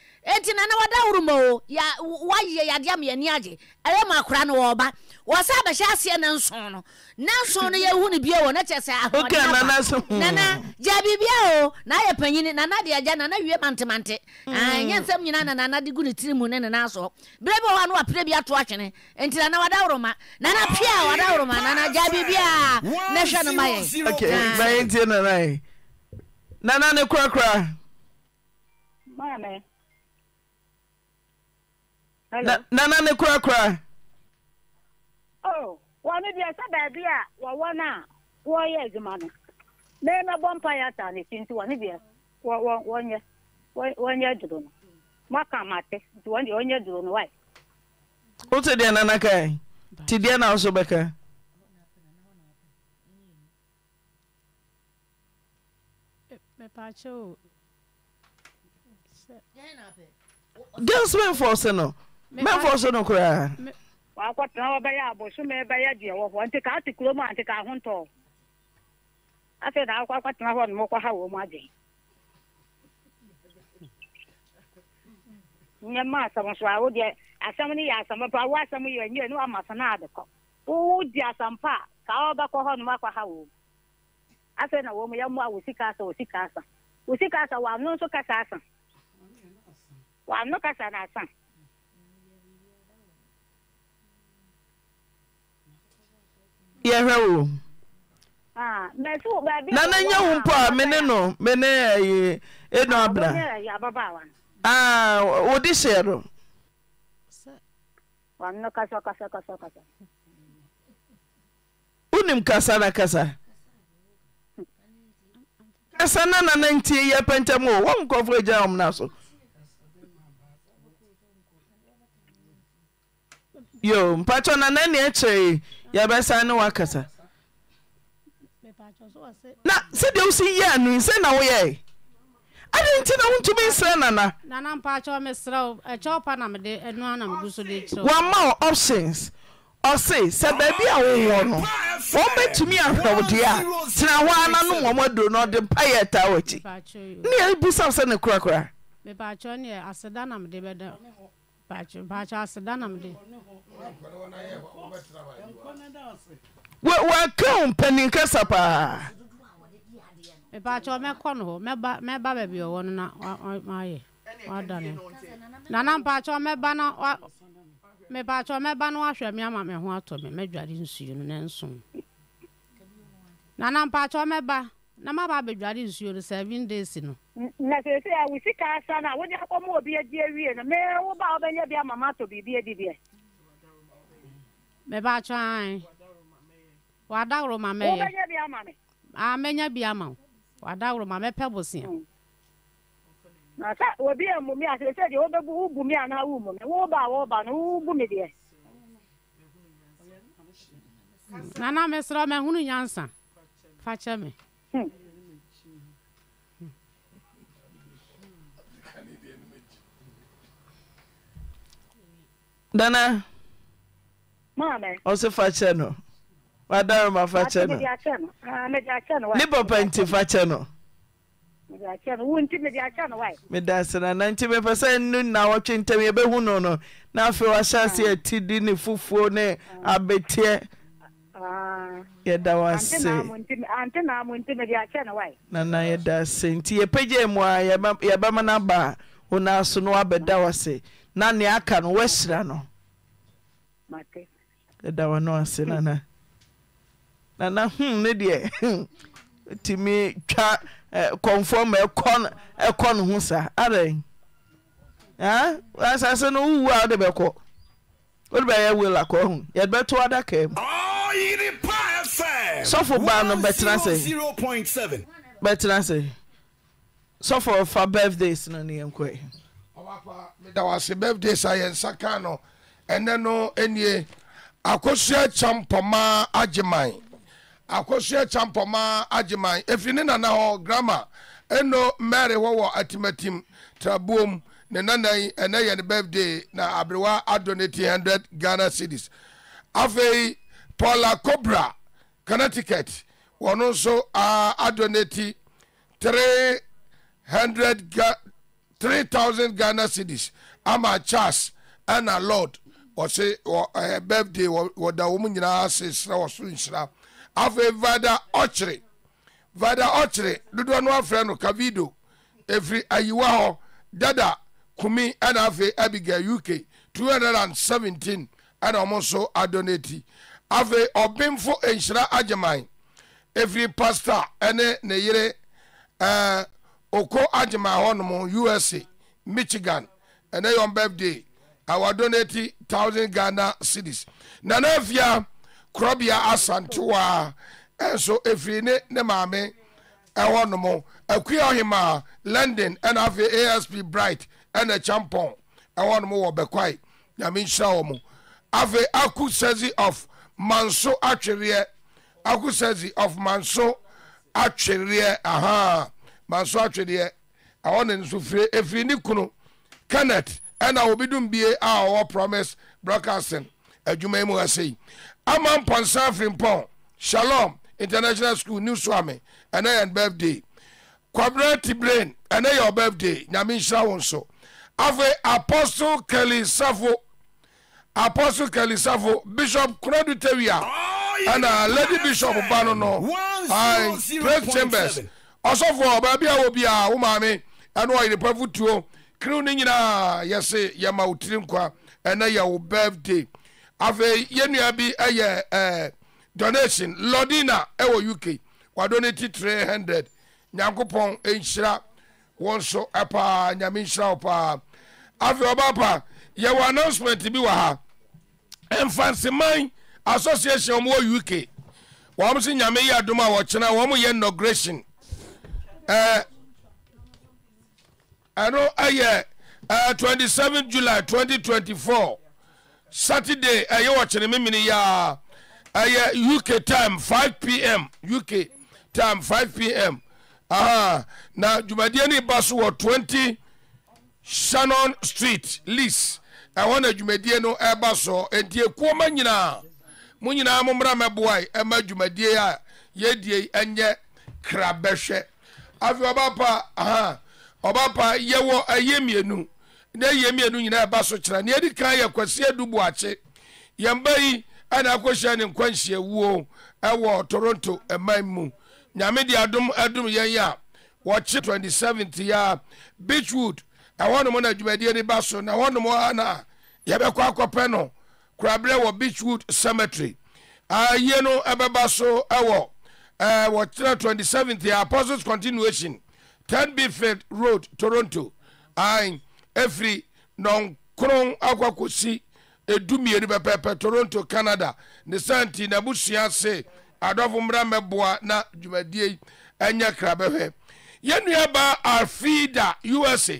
eti na na wada o ya waje ya dia me ani age ɛyɛ mu oba no wɔba wɔsɛ abɛhyɛ aseɛ ne nson no na nso no ye yɛhu ne bio wɔ na kyɛ sɛ ahoɔden nana gya biribia o na ye panyini nana de agya nana wie mantemante ɛnyɛ hmm. ah, nsɛm nyina na nana de gu ne tiri mu ne ne nan so berɛ wa wɔ hɔ a no wapere bi ato atwene nti nana wada woroma nana pia wada woroma nana gya biribia na hwɛ no ma yɛ bayɛ ah. ntie nana nana ne korakora maame na ne korakora wɔno deɛ sɛ baabi a wɔwɔ no a wɔyɛ adwuma na mɛbɔ mpa yɛ asa ne ti nti wɔne deɛ wɔnyɛ wɔnyɛ duro no moaka mate nti wɔn deɛ wɔnyɛ duro no wae wote deɛ nana kae nti na wo eh, so mɛmfo so no koraa wakɔtena wɔbɛyɛ abɔsom ɛbɛyɛ deɛ wɔ hɔ nti ka ate kurom a nti ka ho ntɔɔ afei na akɔ akɔtena hɔ nom kɔha wɔ mu adwen nyɛ ma asɛm so a wodeɛ asɛm no yɛ asɛm pa wo asɛm yɛ anyɛ ne wama so no ade kɔ wowodi asɛm pa a ka wɔbɛkɔ hɔ nom ha wɔ mu afei na wɔ mu yɛmmoa wo sika asa wo sika asa wo sika asa wɔano nso kasa asa wɔano kasa no asa yɛhɛ onana ah, nya wo mpo a mene no mene nu abena wodehyɛo wonim kasa na kasa kasa na nana nti yɛ pɛntɛm o wɔ kɔfo agya wom na so o mpaɛ nana ne kyeɛe yɛbɛsa ne woakasa na sɛdeɛ wo so yɛ ano sɛ na woyɛe adɛn nti na wontumi nsrɛ nanawamma wɔ options ɔse sɛ baabi a wowɔ no a tena hɔ a na no aduro no ɔde mpa yɛ taa wakyi ne sɛ ne korakora wɔaka wo panin kasa paa mepakyɛ mɛkɔ no hɔ mɛba baabi ɔwɔ no na ayɛ wadane nana mpakyɛ mɛba na mepakyɛ mɛba na wahwɛ me ama me ho atɔ me mɛdware nsuo no nanso nana mpakyɛ mɛba na maba abadware nsuo no seven days no. na sese a wusi ka asa na wodi akɔ mu obi edi ewie no mee wo ba ɔbɛnyɛ bi ama ma to biribi edi bi. mɛba atwa anyi wadaworo ma mɛyɛ. wobɛnyɛ bi ama mi. a mɛnyɛ bi ama o wadaworo ma mɛpɛ bosia. Mm. na sɛ obi emu mi a sese deɛ wobɛbu wubu mi anaa wumu mi woba a woba no wubu mi deɛ. nana mesrɛ mɛhunu nyansa fa kyɛ me. Hmm. Dana. Mame. Also fashion no. Wadaro ma fashion no. Ni ah, papa nti fashion no. Me da se na nanti me pese nu na wotwe ntem ye behu no no. Na afi wa chance ye tidi ni fufuo ne ah. abetie. Uh -huh. Ah. yɛdad nti yɛpɛgya mu a yɛbɛmano baa wonoso no wabɛda wo se na ne aka no wasira non de tumi twa kɔnf eh, ma kɔ n ho saaasase ah? no ww wode ɛkwodeɛyɛyodakam sɔfo baa no bɛtena sɛ bɛtena sɛ sɔfo fa birthdays no ne yɛnkɔɛ meda wase birthdays a yɛnsa ka no ɛnɛ no ɛnie akosua kyampɔma agyeman akosua kyampɔma agyeman ɛfiri ne nana hɔ grama ɛno mary wɔwɔ atimatim trabuom ne nanan ɛnɛ yɛ ne birthday na aberewa adonate hundred ghana cities afei paula cobra connecticut wɔno nso adonati 300 3000 ghana cities ama charles a lord wɔse ɛɛ birthday wɔda wɔn nyinaa ase sra wɔso nhyira afei vada ɔkyere vada Ochre, Ludo no afrɛ no kavido every ayiwa dada kumi ɛna afei abigail uk 217 and wɔn nso adonati afei ɔbemfo nhyira agyeman ɛfiri pasta ɛne ne yere ɛɛ eh, oko agyeman hɔnom usa michigan ɛnɛ yɔn birthday awa donate thousand ghana cedis nana afia korɔbea asantewa ɛnso ɛfiri ne ne maame ɛhɔnom eh, akua ɔhemaa london ɛna afei asp bright ɛna champon ɛhɔnom eh, wɔ bɛkwae nyame nhyira wɔn afei aku sɛzi of manso atwereɛ akusazi of manso atwereɛ aha manso atwereɛ ɛhɔ ne nso fire efiri ne kunu kenneth ɛna obi dum bie a ɔwɔ promise broadcasting adwuma yi mu ɛsɛ yi ama mpɔnsa fimpɔn shalom international school new swami ɛnɛ yɛn birthday kwabra tibrain ɛnɛ yɛ ɔbirthday nyame nhyira wɔn so afei apostle kelly safo apostle kelly safo bishop kradutewia ɛna oh, uh, lady bishop ba no no praise chambers ɔsɔfo baabi uh, oh, uh, oh, a Obia, bi a wo maame ɛne ɔyerepa fotuo kiriw no nyinaa yɛse yɛma wo tiri nkwa ɛnɛ yɛ wo birthday afei yɛnnua bi ɛyɛ ɛɛ donation lodina ɛwɔ uk three hundred. nyankopɔn ɛnhyira wɔn so ɛpaa nyame nhyira wo paa afei ɔbaapa yɛwɔ announcement bi wɔ ha mfanseman association ɔmo wɔ uk wɔn nso nyame yi adum a wɔkyena wɔn yɛ inauguration ɛɛ ɛno ɛyɛ ɛɛ twenty seven july twenty twenty four saturday ɛyɛ wɔkyena mímini yaa ɛyɛ uk time five pm uk time five pm aha na dwumadie no ba so wɔ twenty shannon street lease ɛhɔ na dwumadie no ɛba so enti ekuoma nyinaa mo nyinaa mo mmra mɛboa yi ɛma dwumadie a yɛdie ɛnyɛ krabɛhwɛ afei ɔba pa aha ɔba pa yɛwɔ ɛyɛ mmienu na ɛyɛ mmienu nyinaa ɛba so kyerɛ nea yɛdi kan yɛ kwasi edubu akye yɛn ba yi ɛna akɔhyia ne nkwanhyiawuo ɛwɔ toronto ɛman mu nyame de adum ɛdum yɛn a wɔkye twenty seventh yɛ beachwood na wɔnom na adwumadie no ba so na wɔnom a na yɛbɛkɔ akɔpɛ no koraberɛ wɔ beachwood cemetery ayie no ɛbɛba so ɛwɔ ɛɛ wɔkyerɛ 27th year apostles continuation 10 bfield road toronto ae ɛfiri nɔnkron akɔkɔsi edumienu pɛpɛpɛ toronto canada ne santi n'abusua se adɔfo mmra mɛboa na dwumadie yi ɛnyɛ krabɛhwɛ yɛn nua alfida usa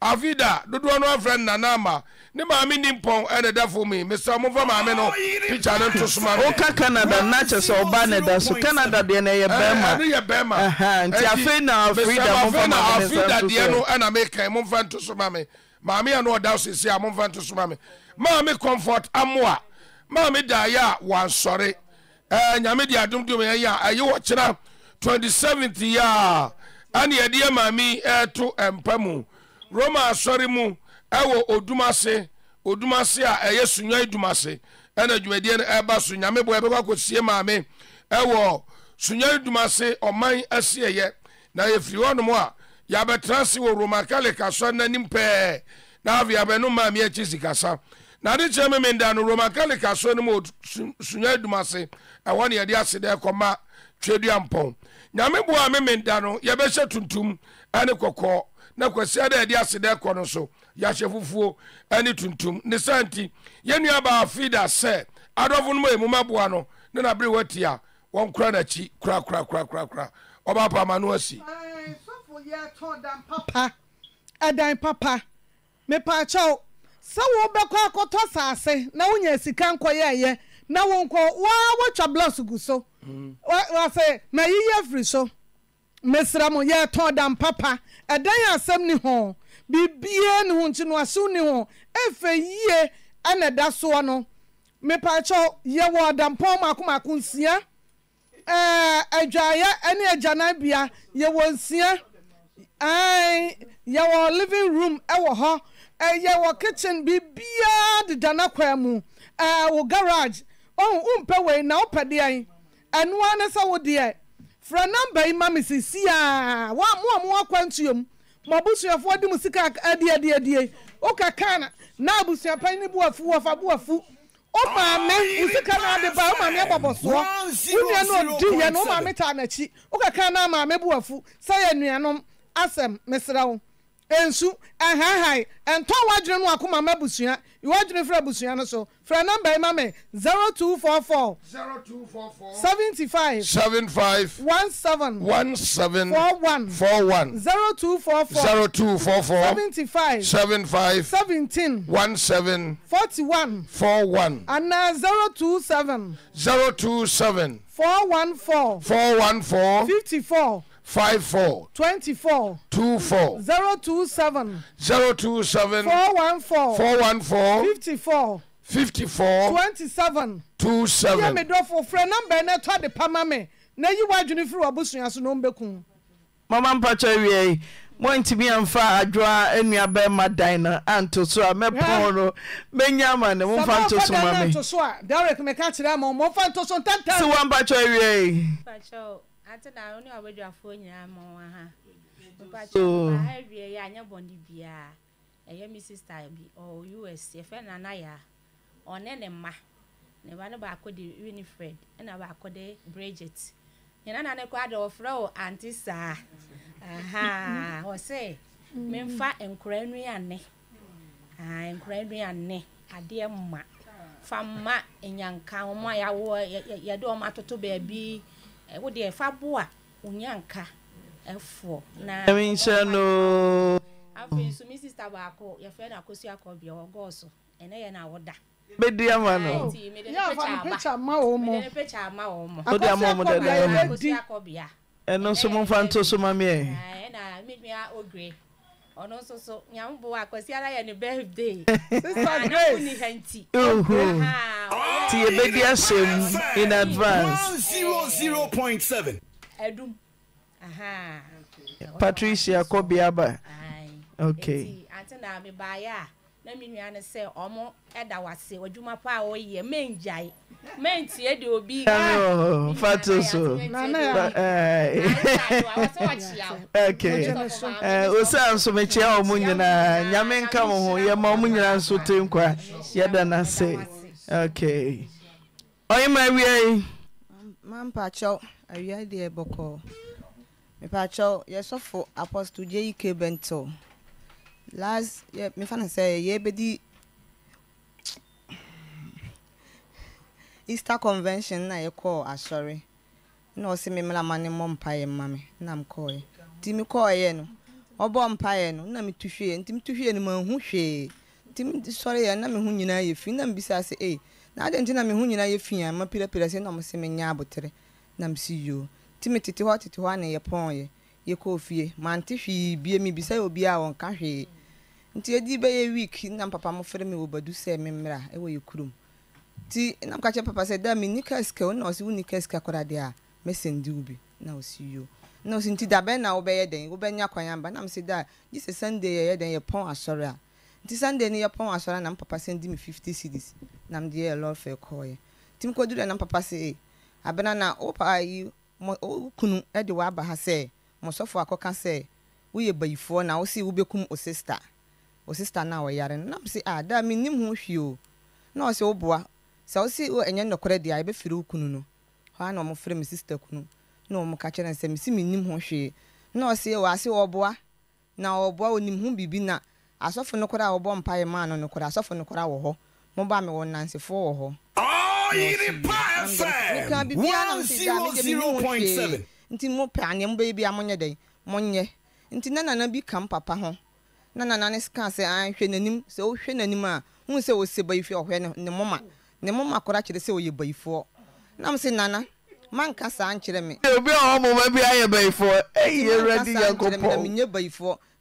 Afida, dodoɔ no afrɛ nana ama ne maame ni mpɔn ɛna ɛda fo mi mesɛ ɔmo fa maame no pikya no nto soma mi. woka canada na kyɛ sɛ ɔba na ɛda so canada deɛ na ɛyɛ eh, bɛrima ɛno yɛ bɛrima nti afei na afida mo fa maame nsa nto so afida deɛ no ɛna mi kan mo fa nto soma mi maame yɛ no ɔda sisi a mo fa nto soma mi maame comfort amoa maame daayɛ a wansɔre ɛɛ eh, nyame deɛ adomdom yɛ yɛ a ɛyɛ wɔ kyerɛ twenty seventh yɛ a ɛna yɛde yɛ maame ɛɛto mpa mu. roma asɔre mu ɛwɔ odumase odumase a ɛyɛ sunwan dumase ɛna dwumadie no ɛba so nyame boa ɛbɛkɔ akɔsie maame ɛwɔ sunwan dumase ɔman asieyɛ na yɛfiri hɔnom a yɛabɛtena se wɔ roma kale kasɔre no anim pɛɛ na afei abɛno maame echi sikasa na ade kyerɛ me menda no roma kale kasɔre no mu wɔ sunwan dumase ɛwɔ ne yɛde ase dɛ ɛkɔma twaduampɔn nyame boa me menda no yɛbɛhyɛ tuntum ɛne kɔkɔɔ na kwasi dɛ ɛde ase dɛ kɔ no so yɛahyɛ fufuo ne tuntum ne sa nti yɛnnua baa fida sɛ adɔfo no ma ɛmu maboa no ne nabere wati a wɔnkora n'akyi korakorakorakorakora ɔba pama no asi ɛdan papa mepaakyɛw sɛ wobɛkɔ akɔtɔ saase na wonya sika nkɔyɛɛyɛ na wonkɔ waa watwa blɔs gu so hmm. wɔsɛ mayiyɛ firi so mesra mo yɛtɔn dam papa ɛdan asɛm ni ho bibie ne ho nkyinoaso ni ho efe yie ɛna ɛda soɔ no mepaakyɛw yɛwɔ ɔdampɔn mako mako nsia ɛɛ adwaayɛ ɛne agyanabea yɛwɔ nsia ɛɛn yɛwɔ living room ɛwɔ hɔ ɛɛ yɛwɔ kitchen bibiaa deda n'akwan mu ɛɛ wɔ garage ɔn mpɛ wei na ɔpɛ deɛ ɛnoa ne sɛ wɔ deɛ frɛ namba yi ma me sisi a wa mo a mo akwantuo mu ma abusuafoɔ de mu sika adi adi adi woka kana na abusuapan ne buafu wɔfa buafu o maame nsika na adi ba o maame ababɔ soɔ wunua na odi yɛ no o maame taa n'akyi woka kana maame buafu sɛ yɛ nuanom asɛm mesrɛ wo nsu ɛhanhan ntɔn wadwene no akoma ma abusua ìwọ́dìní fúra busua no so fúra nọmba yìí mami zero two four four. zero two four four. seventy five. seven five. one seven. one seven. four one. four one. zero two four four. zero two four four. seventy five. seven five. seventeen. one seven. forty one. four one. and na zero two seven. zero two seven. four one four. four one four. fifty four five four. twenty four. two four. zero two seven. zero two seven. four one four. four one four. fifty four. fifty four. twenty seven. two seven. yẹ́n mi dọ́fọ̀ fúrẹ́ nọ́mbà ẹ̀ náà tọ́ de pamá mi na yi wá adwene firi wà bùsùn yàtọ̀ ní òǹbẹ̀kùn. mama mpacha wie yi mo ntumi anfa adwoa enua bɛrima dan na anto so a mɛpɔn no menya ama ne mo nfa nto so ma mi. sábà ɔfɔ dan náà to so a derek mɛka kyerɛ ama ɔmɔ nfa nto so ntɛntɛn. siwa mpacha wie yi. mpacha ate na ɔne abadwafoɔ nyinaa ma wɔn ha mpakyɛ ɔha awie yɛ anyɛ bɔne biara ɛyɛ me sister bi ɔwɔ us yɛfɛ nana yɛ a ne ne mma ne ba no baako de winifred ɛna baako de bridget nyina na ne kɔ adi ɔfrɛ o aunty saa aha ɔsɛ memfa nkora nnuane nkora nnuane adeɛ mma fa mma nyanka wɔn a yɛawo yɛde wɔn atoto baabi wo deɛ fa bo a onyanka ɛfoɔ na ɛminhyɛ no afei nso mi sista baako yɛfrɛ no akosi akɔbea wɔ gɔɔso ɛnɛ yɛ na awoda bɛdi ama no wode ama ɔmo dɛdɛ ɛno nso momfa nto so a meɛ ɔno nso so nyambo akwasi ara yɛ ne birthday (laughs) sister grace ne hɛnti ti yɛbɛdi ahyɛm in advance one zero zero point seven ɛdum patricia kɔbi aba okay nti ante na mebaeɛ a na me nua no sɛ ɔmo ɛda wase adwuma pa a ɔyɛ mengyae mentie di obi ah, fato so osa eh. (laughs) nso mekyia na mo nyinaa nyame nka mo ho yɛma ɔmo nyinaa nso te nkwa yɛda na ase ok ɔyema awiai mampakyɛw awia deɛ bɔkɔɔ mepakyɛw yɛsɔfo apostle gye ike bɛntɛw last yeah, mefa no sɛ yɛbɛdi easter convention na yɛkɔɔ asɔre na ɔse me mmrama ne mmɔ mpaeɛ mma me na mkɔɔɛ nti mekɔɔyɛ no ɔbɔ mpaeɛ no na metu hwee nti metu hwee no manhu hwee nti mesɔreɛ na meho nyinaa yɛ fi na mebisa sɛ e na ade nti na meho nyinaa yɛ fi a mapirapira sɛ na ɔmo se menyɛ abotere na mese yoo nti metete hɔ tete hɔ ana yɛpɔnyɛ yɛkɔɔ fie mante hwee bie mebisa obiaa wɔnka hwee nti edi bɛyɛ week nam papa mo fere mi wɔ badu sɛ mi mmira ɛwɔ yɛ kurom ti nam kakyɛ papa sɛ da mi ni kɛsikɛ na ɔsi wo ni kɛsikɛ akɔda deɛ a mɛsɛndi wo bi na ɔsi yo na ɔsi nti da bɛn na wobɛyɛ dɛn wobɛnya kwan amba nam sɛ da gye sunday yɛyɛ dɛn yɛ pɔn asɔre a nti sunday ni yɛ pɔn asɔre a nam papa sɛ ndi mi fifty cities, nam deɛ yɛ lɔɔre fɛ kɔɔyɛ ti mi kɔ duro nam papa sɛ e eh, abena na o paa yi mɔ o kunu ɛde waba ha sɛ mɔsɔfo akɔka sɛ woyɛ bayifoɔ na wosi wobɛkum o sista o sista no a wɔyare no nam sɛ ah da mennim ho hwee o na ɔsɛ woboa sɛ wo se ɛnyɛ nnɔkorɛ deɛ a yɛbɛfiri wo kunu no hɔ a na ɔmofrɛ me sista kunu na ɔmo ka kyerɛ no sɛ mesi mennim ho hwee na ɔsɛ wɔase wɔboa na ɔboa onim ho biribi na asɔfo no koraa a wɔbɔ mpaeɛ maa no no koraa asɔfo no koraa wɔ hɔ mobaa me wɔ nansefoɔ wɔ hɔ meka biribiaa nam zero gya megya mennim ho hwee nti mopɛ aneɛ mobɛyɛ bi a monyɛ dɛn monyɛ nti na nana bi kam papa ho na nana na sika sɛ ahwɛ n'anim sɛ wohwɛ n'anim a wohu sɛ wɔsɛ bayifi ɔhwɛ ne moma ne moma koraa kyerɛ sɛ bayifoɔ nam sɛ nana manka saa nkyerɛ me obi a ɔmoma bi ayɛ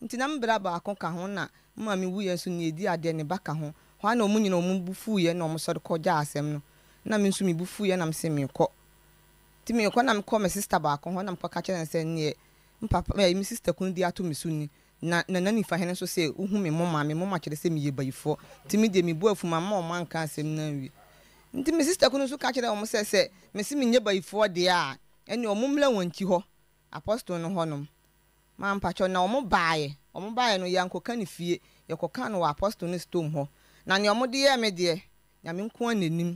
nti na baako ka ho na ma mewuyɛ nso ne ɛdi adeɛ ne ba ka ho a na ɔmu nyina ɔmu bu fuuyɛ na ɔmo sɔre kɔgya asɛm no na me nso mebu fuuyɛ na nti na mekɔ me sister baako na mekɔka kyerɛ sɛ neɛ mpapa di ato nana nifa hene nso sɛ wohu me moma me moma kyerɛ sɛ meyɛ bayifoɔ nti deɛ mebu afuma ma ɔma nka asɛm no awie nti me sister ko no nso ka kyerɛ ɔmo sɛ sɛ mese menyɛ bayifoɔ deɛ a ɛne ɔmo mmla wɔn hɔ apostol no hɔnom mampakyɛ na ɔmo baeɛ ɔmo baeɛ no yɛankɔka ne fie yɛkɔka no wɔ na nea ɔmo yɛ me deɛ nyame nko a n'anim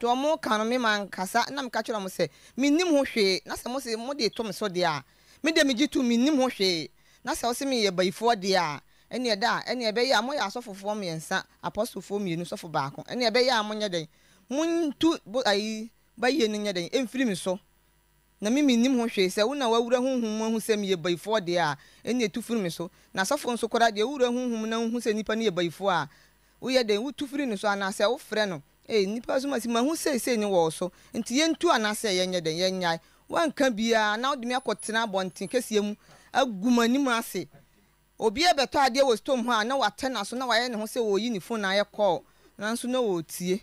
nti ɔmo ka no na meka kyerɛ sɛ mennim ho na sɛ mo se mode na sɛ ɔsi mi yɛ bayifoɔ deɛ a ɛni ɛda a ɛni ɛbɛyɛ a mo yɛ asɔfofoɔ mmiɛnsa apɔsofoɔ mmienu sɔfo baako ɛni ɛbɛyɛ a mo nyɛ dɛn mo ntu bo ayi bayie no nyɛ dɛn so na mi mi nim ho hwee sɛ wona wawura huhum mu ahu sɛ mi yɛ bayifoɔ deɛ a ɛni ɛtu firi mi so na asɔfo nso koraa deɛ wura huhum na hu sɛ nipa no yɛ bayifoɔ a woyɛ dɛn wotu firi ne so anaasɛ wofrɛ no ee nipa so ma si ma ho seesei ne wɔ so nti yɛntu anaasɛ yɛnyɛ dɛn yɛnyae wanka agu m'anim ase obi bɛtɔ adeɛ wɔ stom hɔ a na watɛ n'aso na wayɛ ne ho sɛ wɔyi ne fon na ayɛ kɔɔ nanso na wɔretie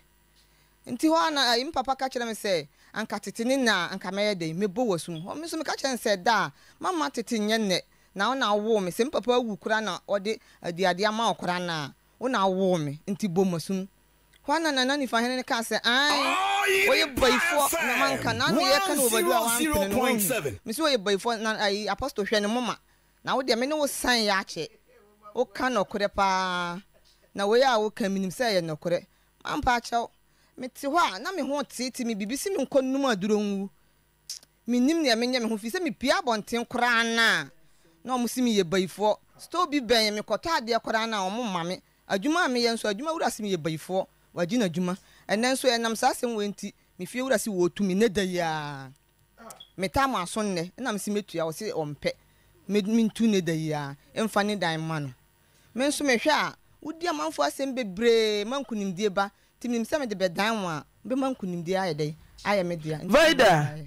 nti hɔ ana ayi eh, mpapa ka kyerɛ me sɛ anka tete ne na anka mɛyɛ dɛ mebo wɔ so hɔ me nso meka kyerɛ sɛ da mama tete nyɛ nnɛ na wo na awo me sɛ mpapa awu kora na ɔde aduade ama wo kora na wo na awo me nti bom wɔ so mu hɔ na nana nifa hene ka sɛ ae wɔyɛ baifoɔ na manka na ano yɛka no wɔbadu a wampene no wahu me sɛ wɔyɛ baifoɔ na ayi apostol hwɛ ne moma na wodeɛ me ne wo san yɛ akyɛ woka nɔkorɛ paa na wɔyɛ a woka minim sɛ ɛyɛ nɔkorɛ mampa akyɛw mete hɔ a na me ho teete me biribi si menkɔ num aduro nwu menim nea menyɛ me ho firi sɛ mepia abɔnten koraa no a na ɔmo si meyɛ baifoɔ store bi bɛn mekɔtɔ adeɛ koraa no ɔmo ma me adwuma a meyɛ nso adwuma wura si meyɛ baifoɔ wagye juma, ɛnɛ nso ɛnam saa asɛm wɔ nti mefie wura si wɔɔtu me ne da yiaa metaa mo aso nnɛ ɛnam si metua ɔse ɔmpɛ mentu ne da yiaa ɛmfa ne dan ma no me nso mehwɛ a wodi amanfo asɛm bebree ma nkonimdie ba nti menim sɛ mede bɛdan mo a bɛma nkonimdie ayɛ dɛn ayɛ me dea vida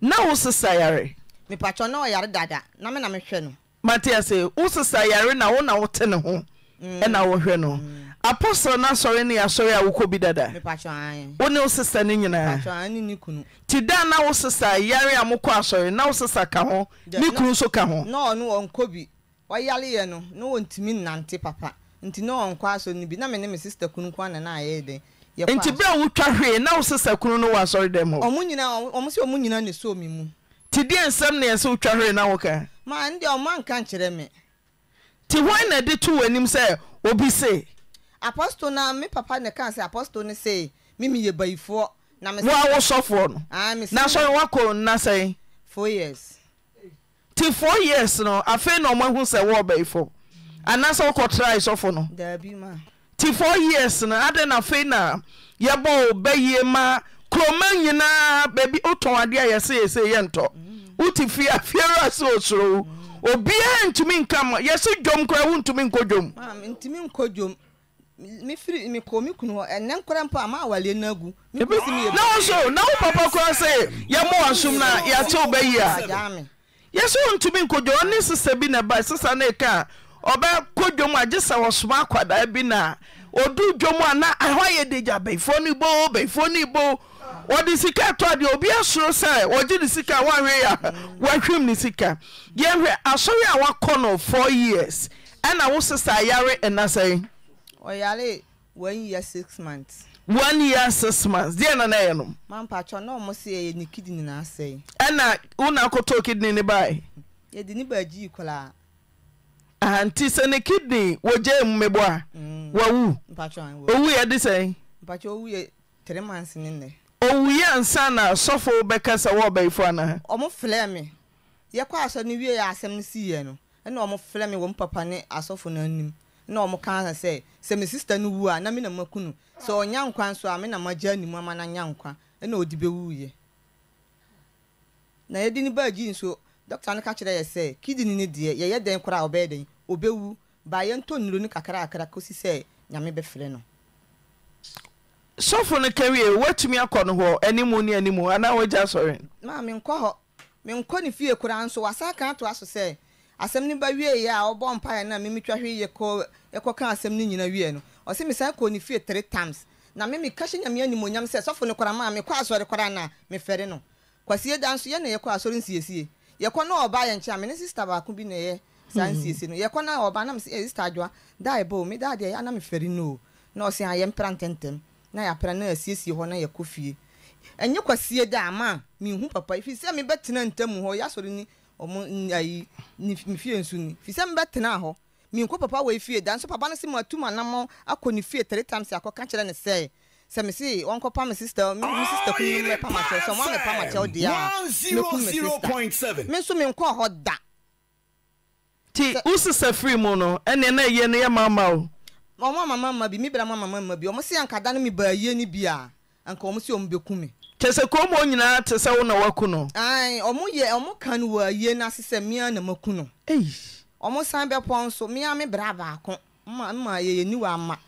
na wo sesa yare mepatwɔ na ɔyare dada na me na mehwɛ no mate ase wo sesa yare na wo na wote ne ho mm. ɛna wohwɛ no mm apostle no asɔre ne yɛasɔre a wokɔ bi dada wo ni wo sesa no nyinaa ti da na wo sesa yare a mokɔ asɔre na wo sesa ka ho ne kunu nso ka ho na ɔno ɔnkɔ bi ɔyareɛ no na wɔntumi nnante papa nti na ɔnkɔ asɔre ni bi na me ne me sister kunu ko ana na ayɛ dɛn nti bere a wotwa hwee na wo sesa kunu no wɔ asɔre dɛm hɔ ɔmo nyinaa ɔmo sɛ ɔmo nyinaa ne so mi mu ti deɛ nsɛm ne yɛn sɛ wotwa hwee na woka ma ndeɛ ɔmo anka nkyerɛ me ti hwan na de to w'anim sɛ obi se woawo sɔfoɔ nonas ah, woakɔ nna sɛ nti fou years no afei na ɔmahu sɛ wɔ bayifoɔ anaasɛ wokɔ traɛ sɔfo no nti fo years no aden no afei na yɛbɔɔ ba yie ma kuroma nyinaa baabi wotɔadeɛ ayɛseyɛsei yɛntɔ mm. wote fiafiɛ rase ɔsuro o mm. obiara ntumi nkama yɛso dwom kora wo ntumi nkɔdwom nwo paa kasɛ yɛmɔ asom no yɛte woba yiyɛsɛ o ntumi nkone sesɛ bi na b sesanoka ɔɛkɔomaye sa wsoma kadaa bino dwomɛa saene sk ne sika yɛhɛ asɔre a wokɔ no f yeas nawo sesa yare nasɛ ɔyare one year six months. one year six months deɛ eh, na na yɛ no. maa mpatwa na ɔmo se kidney na asɛe. ɛna wona akoto kidney ne baae. yɛde ne baagyi koraa. ahanti sɛ ne kidney a. wawu owu yɛ de sɛn. mpatwa owu three months na mi no n'anim. na ɔmo kan sɛ sɛ me sista no wu a na mi na ma kunu sɛ ɔnya nkwa nso a me na ma ni anim ama na nya nkwa ɛna ɔde bɛwu yɛ na yɛde ne baagi nso dɔkta no ka kyerɛ yɛ sɛ kidini ne deɛ yɛyɛ dɛn koraa ɔbɛyɛ dɛn ɔbɛwu ba yɛntɔ nnuro no kakrakra kɔsi sɛ nyame bɛfrɛ no sɔfo no kawie woatumi akɔ no hɔ animu ne animu anaa wagya sɔre maa menkɔ hɔ menkɔ ne fie koraa nso wasa ka to aso sɛ asɛm no ba wie yɛ a ɔbɔ mpaeɛ no a memetwa hwe yɛkɔ yɛkɔka asɛm no nyina wie no ɔse mesan kɔɔ ne fie three times na mimi meka hyɛ nyame animonyam sɛ sɔfo no kora maa mekɔ asɔre kora na mefɛre no kwasie da nso yɛna yɛkɔ asɔre nsiesie yɛkɔ na ɔba yɛ nkyɛn a sista baako bi na ɛyɛ saa nsiesie no yɛkɔ na ɔba na me sɛ ɛ eh, sista adwoa daa ɛbɔ me daa deɛ ana mefɛre no na ɔse a yɛmpra ntɛntɛm na yɛapra na asiesie hɔ na yɛkɔ fie ɛnyɛ kwasie da ama menhu papa ɛfiri sɛ mebɛtena ntam hɔ yɛasɔre ni ɔmo ayi ne fie nsu ni fi sɛ mbɛtena hɔ minkɔ papa wɔ efie da nso papa no si mu atum anam akɔ ne fie three times akɔ kankyerɛ ne sɛ sɛ me se wɔnkɔ pa me sister me me sister kun mi mɛ pa ma kyɛw sɛ wɔn mɛ pa ma kyɛw deɛ a me kun me sister me nso minkɔ hɔ da. ti wosisa firi mu no ɛnna ɛna ɛyɛ no yɛ mama o. ɔmo ama mama bi mi bɛrɛ ama mama bi ɔmo si anka da no mi ba ayie ni bi a anka ɔmo si ɔmo bɛ kun mi. kyɛ sɛ kuromuo nyinaa te wo na woaku no ɔmo ka no wɔaye no ase sɛ mea na maku no ɔmo san bɛpɔn so mea me brɛ baako ma yɛyɛni wɔ ama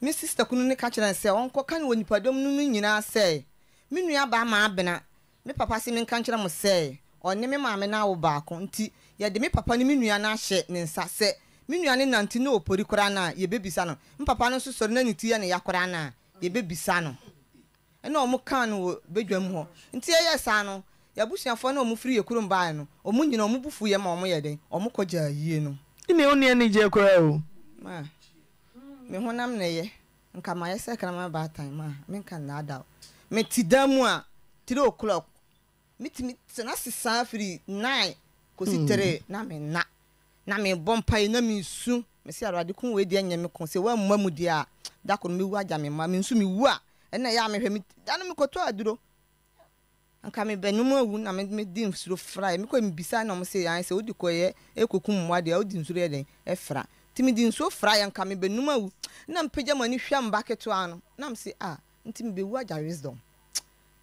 me sista kunu ne ka kyerɛ sɛ ɔnkɔ ka ne wɔ nipadɔm no nyinaa sɛ me nua baa ma abena me papa se menka nkyerɛ mo sɛ ɔne me maame no awo baako nti yɛde me papa ne me nua no ahyɛ ne nsa sɛ me nua ne nante ne ɔpori koraa no a yɛbɛbisa no mpapa no nso sɔre na ne ti yɛ ne ya koraa no a yɛbɛbisa no ɛna ɔmo kan no wɔ badwa mu hɔ nti ɛyɛ saa no yɛabusuafoɔ na ɔmo firi yɛ kurom baa no ɔmo nyina ɔmo bufu yɛ ma ɔmo yɛ den ɔmo kɔ gya yie no. ɛna ɛwɔ nea ne gye koraa o. maa me honam na ɛyɛ nka ma yɛ sɛ karama baatan maa me nka na ada o me ti dan mu a three o'clock me ti mi tena sisan firi nine kosi hmm. tere na me na na me bɔ mpa yi na me nsu me si awurade kun wo edi ɛnyɛ me kɔn sɛ wɔn mu amu deɛ a dakoro mi wu agya me ma me nsu mi wu a ɛna ɛyɛ amehwɛ mi dano mi koto aduro nka mi bɛ numu ewu na mi di nsoro fira yɛ mi kɔ mi bisa na ɔmo se yan sɛ odi kɔ yɛ ekoku mu wa deɛ odi nsoro yɛ dɛ ɛfira ti mi di nsoro fira yɛ nka mi bɛ numu ewu na mi pagya mu ani hwɛ mu ba ketewa na mi se a nti mi bɛ wu agya wisdom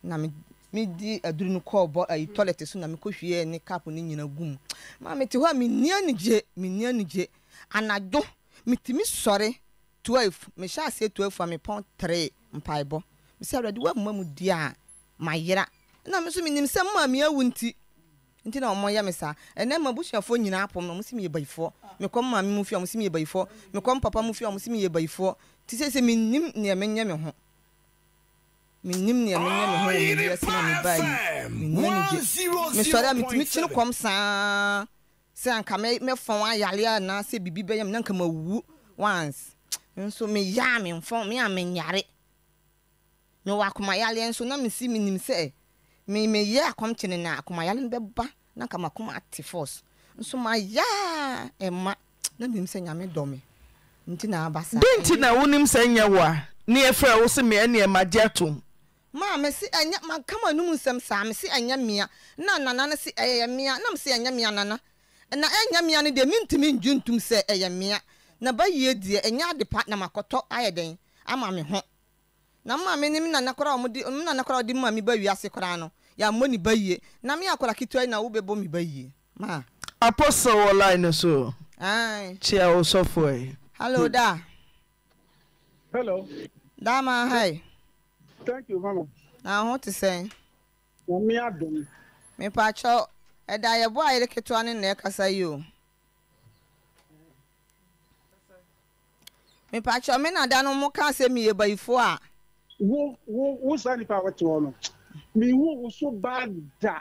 na mi mi di aduru no kɔɔ bɔ ayi toilet so na mi kɔ hwie ne cap ne nyina gu mu maa mi te hɔ a mi nia ne gye mi nia ne anadwo mi ti mi sɔre twelve mi hyɛ aseɛ twelve a mi pɔn three mpaebɔ mesɛ awurade woamma mu di a mayera na me so menim sɛ mma meawu nti nti na ɔmɔyɛ me saa ɛnɛ ma busuafoɔ nyinaa pom no ɔmosɛ meyɛ bayifoɔ mekɔ mma me mu fie ɔmosɛ meyɛ bayifoɔ mekɔ papa mu fie ɔmosɛ meyɛ bayifoɔ nti sɛ sɛ mennim neɛ menyɛ me ho menim neɛ menyɛ me ho wɔmeyɛ sɛ na mebaa yi menya nigye mesɔre a metumi kyene kɔm saa sɛ anka mɛfa wo ayare anaa sɛ biribi bɛyɛ me na anka mawu once nso meyaa memfɔ me a menyare na ɔwɔ akomayale nso na mesi menim sɛ meyɛ akɔmkyene na akomayale no bɛba na nka makoma ate force nso mayɛa ma na menim sɛ nyame dɔ me nti na aba saa dɛn nti na wonim sɛ nyɛ wo a ne yɛfrɛ wo se meɛ ne ɛmagye atom maa me se ɛnyɛ ma kama mu nsɛm saa me se ɛnyɛ mia na nana no se ɛyɛ mia na me se ɛnyɛ mia nana na ɛnyɛ mia no deɛ mentumi ndwe ntum sɛ ɛyɛ mia na ba yie deɛ ɛnyɛ ade pa na makɔtɔ ayɛ dɛn ama me ho na maame ne nana koraa ɔmo de ɔmo nana koraa ɔde maame ba wiase koraa no yammo ne ba yie na me akora ketewa yi na wo bɛbɔ me ba yie maa. apɔsɔ wɔ line no so. kyea o sɔfo yi. hello da. hello. daama hi. thank you mama. na ho te sɛn. mami adum. mipatsɔ ɛda yɛ bɔ a yɛde ketewa ne na ɛkasa yi o. mipatsɔ mi na da no mo ka asɛm yɛ bayifoɔ a wo wo wo saa nipa a wɔte hɔ no mihu woso baa da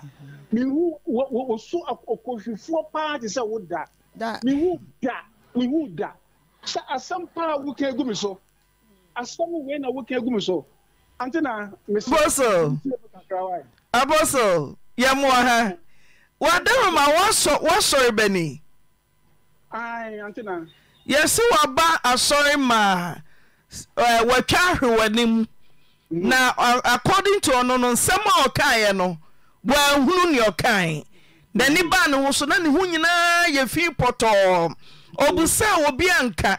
mihu woso akɔhwifoɔ paa te sɛ wo da mihu da mihu da sɛ asɛm paa woka egu mi so asɛm wei na woka egu mi so ante na mesi. boso aboso yamuwa ha wadamu ma wɔsɔ wɔsɔre bɛni. ayi ante na. yɛsi waba asɔre ma ɛɛ eh, wɔtwa ahwewɔ nim. na according to ɔno no nsɛm a ya no wɔahunu ne ɔkae ọka ni na ne ho so na ne ho nyinaa yɛ fii pɔtɔɔ ɔbusaa obi nka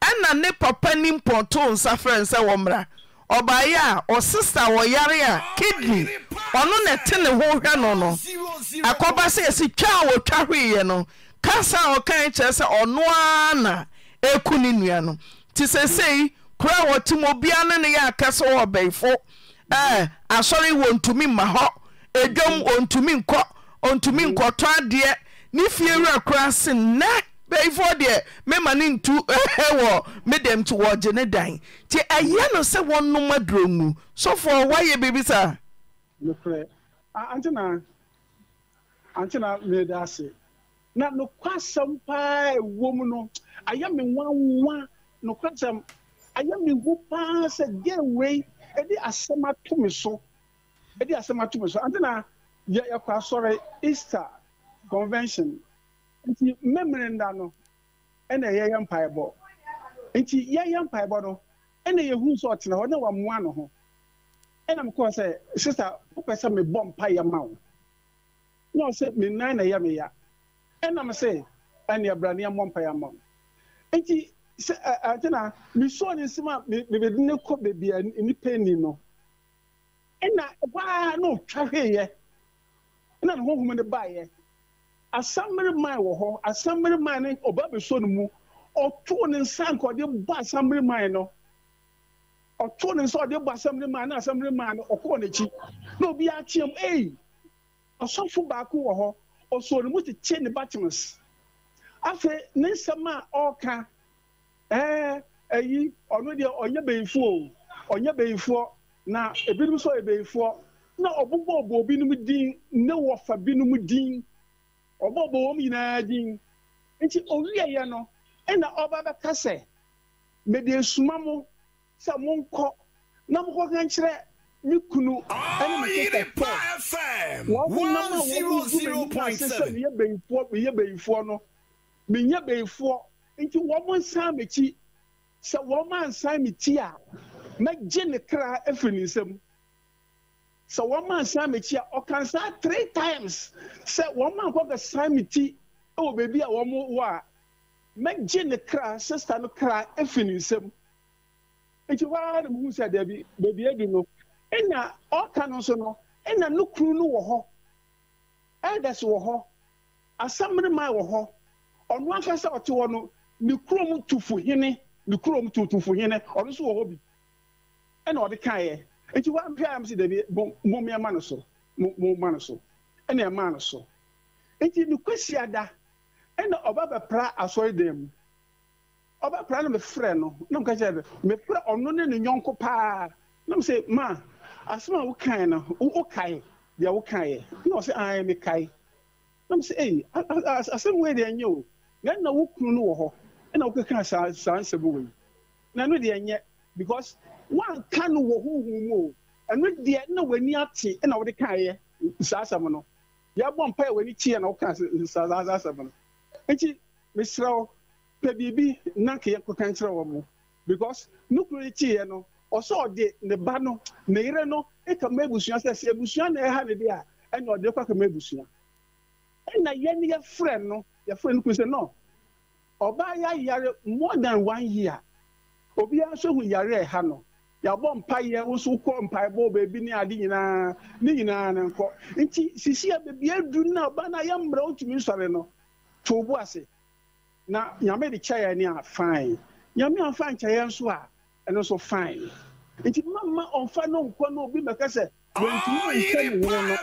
ɛna ne papa nim pɔtoo nsa frɛ n sɛ wɔ mmara ɔbaeɛ a ɔsista wɔyare a kidni ɔno ne te ne ho hwɛ no no akɔba sɛ yɛsi twa a wɔtwa hweeɛ no kasa a ɔkae kyerɛ sɛ ɔno ara na ɛku ne nnua no nti sɛsei koraa wɔte mu obia ne ne yɛ akɛ sɛ wɔ bɛyifo asɔre wɔntumi mma hɔ ɛdwom ɔntumi nkɔ ɔntumi mm. nkɔtɔ adeɛ ne fie wura koraa se nnɛ bɛyifoɔ deɛ mema ne ntu (laughs) wɔ medam nti wɔgye ne dan nti ɛyɛ no sɛ wɔnom aduro mu sɔfoɔ woayɛ biribi saa antena mmeda ase na nokwasɛm paa ɛwɔ mu no ayɛ me nwanwa nokwasɛm ayɛ me gu paa sɛ deɛ wei ɛde asɛm ato me so ɛde asɛm ato me so ante na yɛkɔ asɔre easter convention nti mmemmere nda no ɛna yɛyɛ mpaebɔ nti yɛyɛ mpaebɔ no ɛna yɛhu sɛ ɔtena hɔ na wamoa no ho ɛna mekɔɔ sɛ sista wopɛ sɛ mebɔ mpayɛ ma wo na ɔsɛ me nan na ɛyɛ meya ɛnam sɛ ɛneɛ bra ne ɛmmɔ mpayɛ ma wo nti sɛ agye na mesɔɔ ne nsɛm a bebedi ne kɔ a nipa ni no ɛna waa na ɔtwa hweeɛ ɛna ne honhom baeɛ asammere wɔ hɔ asammere ɔba mu ɔtoo ne nsa nka ɔde bɔ asammere no ɔtoo ne nsa ɔde bɔ asammere asammere no na obi akyeɛ mu ei ɔsɔfo baako wɔ hɔ ne mu tete ne afei ne nsɛm a ɔreka eyi ọno deɛ ɔnyɛ bɛyifoɔ na ebinom nso na ɔbobɔbɔ binom din ne wɔfa binom din ɔbɔbɔ wɔn nyinaa din nti owieɛ no ɛna ɔba bɛka sɛ mede esuma na mokɔka nkyerɛ ne kunu ɛne me sɛ pɛ wɔn a nti wɔn nsan m'akyi sɛ wɔn ansan me ti a mɛgye ne kra afiri ne nsam sɛ wɔn ansan m'akyi a ɔkansa three times sɛ wɔn ankɔ kɛsan me ti ɛwɔ beebi a wɔn wɔ a mɛgye ne kra sista no kra afiri ne nsam nti waa na muhu sɛ dabi beebi edu no ɛna ɔka no nso no ɛna no kuru no wɔ hɔ ɛdɛs wɔ hɔ asamrema wɔ hɔ ɔno ankasa ɔte hɔ no. ne kurom tufohene ne kurom tutufohene ɔno nso wɔ hɔ bi ɛna ɔde kaeɛ nti wahwɛ ayam sɛ dabi mmomia ma no so ma no so ɛna ɛma no so ne ada ɛna ɔba bɛpra mu ɔba pra no mefrɛ no na mka kyerɛ mefrɛ ɔno ne ne nyɔnko paa na msɛ ma asɛm a wokae no deɛ na ɔsɛ aɛ na msɛ ei asɛm deɛ o na wo kunu no wɔ hɔ ɛna wokeka saa saa nsɛm wɔ yi na ɛno deɛ nyɛ because wanka no wɔ honhom mu o ɛno deɛ na w'ani ate ɛna wode kaeɛ saa asɛm no yɛabɔ mpa a w'ani kyeɛ na woka saa asɛm no nti mesrɛ wo pɛ biribi na nka yɛnkɔka nkyerɛ wɔ mo because ne kuro yi kyeɛ no ɔsɛ ɔde ne ba no ne yere no kama abusua sɛ sɛ abusua na ɛha ne deɛ a ɛna ɔde kɔ kama abusua ɛna yɛne yɛfrɛ no yɛfrɛ no kuru sɛ no ɔbaa yɛ ayare more than one year obiara nso hu yare ɛha no mpa ya nso kɔ mpaebɔ beebi ne ade nyinaa ne nyinaa na nkọ nti sisi a beebi edu na ọba na yɛ mmerɛ otu sɔre no to obu ase na nyame de ya ne a fine nyame afa nkyɛɛ nso a ɛno nso fine nti mama ɔnfa no nkɔ na obi mɛka sɛ ah, wɔntumi nkyɛn ne ho no na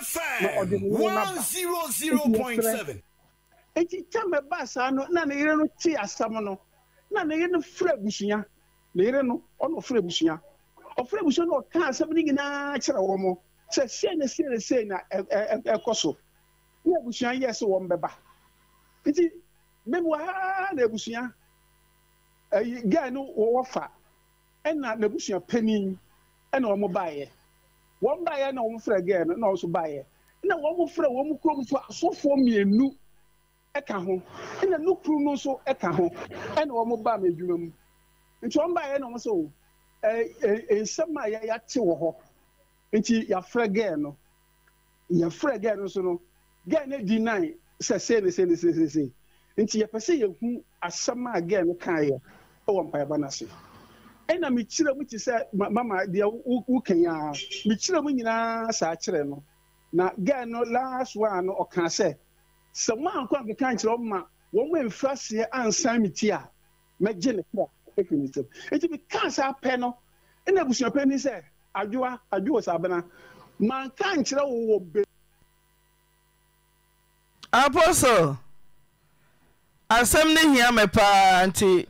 ɔde ne ho na ba nti yɛfrɛ. nti kyɛmɛ baa saa na ne yere no te asam no na ne yere no fura abusua ne yere no ɔna ɔfura abusua ɔfura abusua na ɔka asɛm no nyinaa kyerɛ wɔn mo sɛ sei na sei na sei na ɛkɔ so na abusua yɛ sɛ wɔn bɛba nti bɛbi wɔ ha na abusua ɛyi gaa no wɔwɔ fa ɛna n'abusua panyin ɛna wɔn baayɛ wɔn baayɛ na wɔn fura gaa no na wɔn nso baayɛ na wɔn fura wɔn kurom so asɔfoɔ mmienu. ka ho na nukuru no nso ka ho na wɔn baa m adwuma mu nti wɔn baa yɛ na wɔn sɛ nsɛm a yɛate wɔ hɔ nti yɛafrɛ gɛɛ no yɛafrɛ gɛɛ no nso no gɛɛ no di nan sɛ sei ne sei ne sei sei sei nti yɛpɛ sɛ yɛhu asɛm a gɛɛ no kaeɛ ɛwɔ mpaeɛba no ase ɛna mekyerɛ mu te sɛ mama deɛ wokanyaa mekyerɛ mu nyinaa saa kyerɛ no na gɛɛ no last one no ɔkaa sɛ sɛ mo ankɔ akeka nkyerɛ ɔma wɔn mo mfra seɛ ansan mi ti a mɛgye ne kra efi ne nsam eti mi kaa saa pɛ no ɛna abusua pɛ ni sɛ adwoa adwoa sabena manka nkyerɛ wo wɔ be. apostle asɛm ne hia me paa nti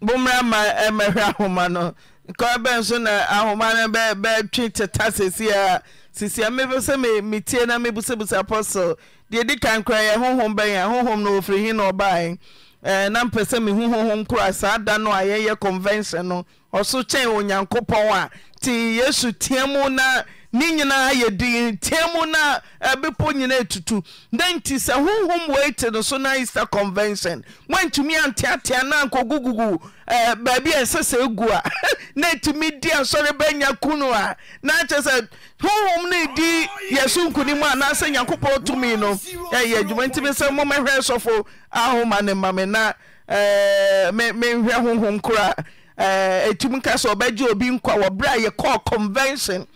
bomra ma ɛmɛhwɛ eh, ahoma no kɔbɛn so na ahoma no bɛ bɛtwi teta sisi a sisi a mebɛ sɛ metie na mebusabusa apostle deɛ di kan kora yɛ hohom bɛnahohom no wɔfirihi no ɔbaɛna mpɛ sɛmeho hohom koroa saa da no a yɛyɛ convention no ɔso kyɛn onyankopɔn a nti yɛsu teamuna ne nyinaa yɛditeɛ mu na eh, bɛpɔ nyina tutu na nti sɛ honhom wti no sonaeaster convention moantumi anteaeankggugu eh, baabi aɛsɛsɛ gu (laughs) ne tumi di asɔre bnya kunu a nakyɛ sɛ honho nod yɛsonkonimu nasɛ nyankopɔn tominodwumatimsɛ mɛhɛ sfo convention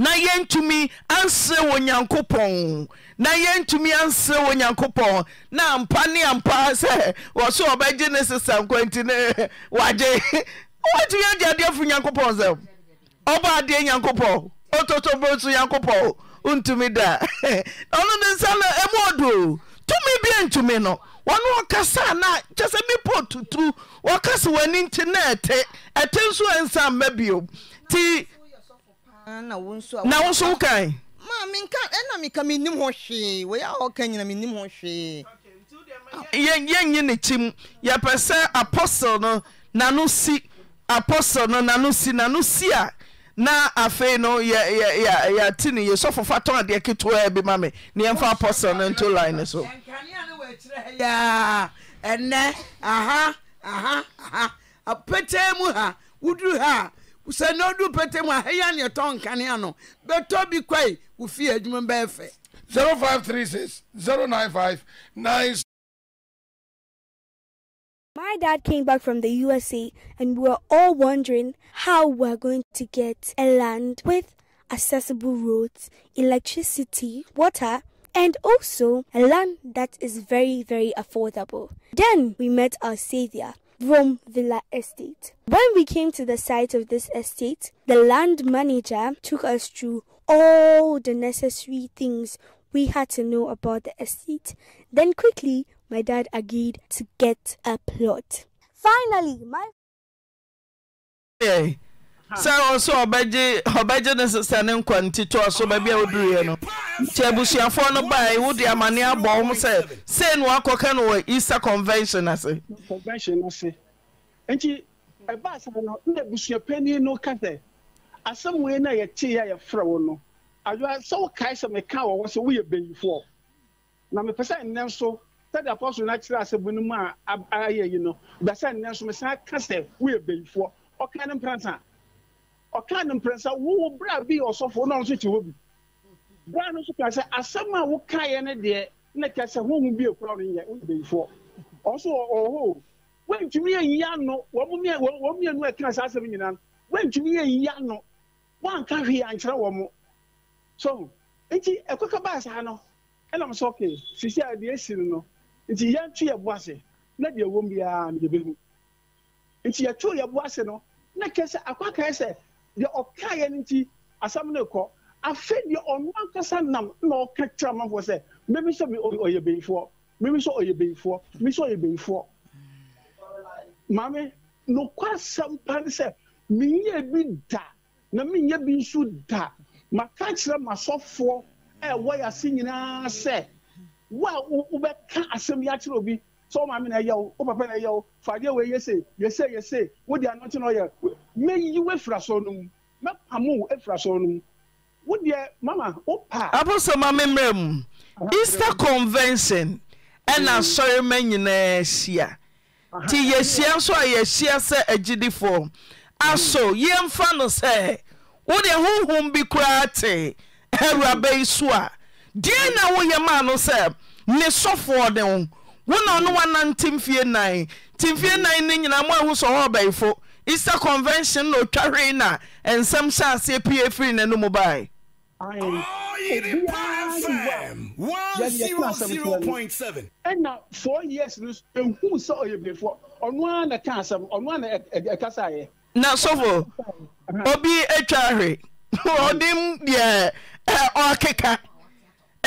na yɛntumi ansrɛ onyankopɔn na yɛntumi ansrɛ onyankopɔn na ampa ne ampaa sɛ wɔ so ɔbɛgye ne sesankwanti ne wagye watumi agye adeɛ fo nyankopɔn sɛ ɔbɔ adeɛ nyankopɔn ɔtotoboro so nyankopɔn ontumi da (laughs) ɔno ne nsa no ɛmu ɔdo tumi bia ntumi no wɔne ɔkasaa na kyɛ sɛ mepɔ tutu wɔka w'ani nti na ɛte ɛte nso ansa mma bio nti Ah, na wo nso wo kan maame nka ɛna meka mennim ho hwee wei a ɔka nyina mennim ho hwee ah, yɛnyi ne kyim yɛpɛ sɛ apostle no n'ano si apostle no n'ano si n'ano si a na afei no yɛate no yɛsɔfo fa tɔn adeɛ ketewaa bi ma me ne yɛmfa apostle no nto line no so ɛnɛ aha aha aha apɛtɛ mu ha woduru ha sɛ na ɔdu pete mu a ne ɛtɔ nkanea no bɛtɔ bi kwae wo fie adwuma bɛyɛ fɛ 0536 My dad came back from the USA and we were all wondering how we're going to get a land with accessible roads, electricity, water, and also a land that is very, very affordable. Then we met our savior. Rom Villa Estate. When we came to the site of this estate, the land manager took us through all the necessary things we had to know about the estate. Then quickly, my dad agreed to get a plot. Finally, my. Hey. sɛ wo so ɔbɛgye ne sesa ne nkwa nti tɔɔ so baabi a woduruiɛ no nti abusuafoɔ no bae wode amanne abɔ wo sɛ sei ne woakɔka no wɔ easter convention ase ase nti ɛbaa no na abusuapani no ka sɛ asɛm wei no a a yɛfrɛ wo no sɛ wokae sɛ meka wɔ sɛ woyɛ na mepɛ sɛ nnɛ nso sɛde no akyerɛ asɛbu no mu a ayɛ yi no bɛ sɛ nnɛ nso mesan ka sɛ woyɛ ɔka ɔka no mprɛnsa wowɔ berɛ a bi ɔsɔfoɔ na ɔnso te hɔ bi berɛ no nso kaa sɛ asɛm a wokaeɛ no deɛ na kyɛ sɛ honhu bi akura no nyɛ woyɛ bayifoɔ ɔso ɔhɔ woantumi ayi ano wɔn mmienu ɛka saa asɛm nyinaa no woantumi ayi ano woanka hwee ankyerɛ wɔ mo so nti ɛkɔka baa saa no ɛnam sɛ ɔke sisi a deɛ asi no no nti yɛnto yɛ bo ase na deɛ ɛwɔ mu biara no yɛbɛhu nti yɛto yɛ bo ase no na deɛ ɔkaeɛ no nti asɛm no kɔ afe deɛ ɔno ankasa nam na ɔka kyerɛ amanfoɔ sɛ mɛmi sɛ ɔyɛ bɛyifoɔ mɛmi sɛ ɔyɛ bɛyifoɔ mɛmi sɛ ɔyɛ bɛyifoɔ maame nokwa asɛm pa ne sɛ menyɛ bi da na menyɛ bi nso da maka kyerɛ masɔfoɔ ɛwɔ yɛ ase nyinaa sɛ wo a wobɛka asɛm yi obi so maame na ɛyɛ wo wo papa na ɛyɛ wo fadeɛ wɔ yɛ se yɛ wo deɛ anointing ɔyɛ mɛyi wo efura sɔɔ no mu mɛpamu wo efura eh, sɔɔ oh, no mu wo deɛ mama wo oh, pa. abosom maame mmerɛ mu easter convention ɛna asɔrima nyinaa ahyia ti yɛhyia nso a yɛhyia sɛ agyidifoɔ aso mm. yɛmfa no sɛ wo deɛ honhom bi koraa te awuraba yi so a deɛ na woyɛ maa no sɛ ne sɔfoɔ ne ho wona ɔno woanan temfie nan temfie nan no nyinaa mo ahu sɛ ɔwɔ ɔbɛyifo easter convention na ɔtwa hwee na ɛnsɛm hyɛ aseɛ pie firi n'ano mu bae ɛna four years no ehu sɛ ɔyɛ bɛfoɔ ɔno ara na ka asɛm ɔno ara na ɛkasa ayɛ. na sɔfo obi atwa ahwe ɔde (laughs) deɛ ɔkeka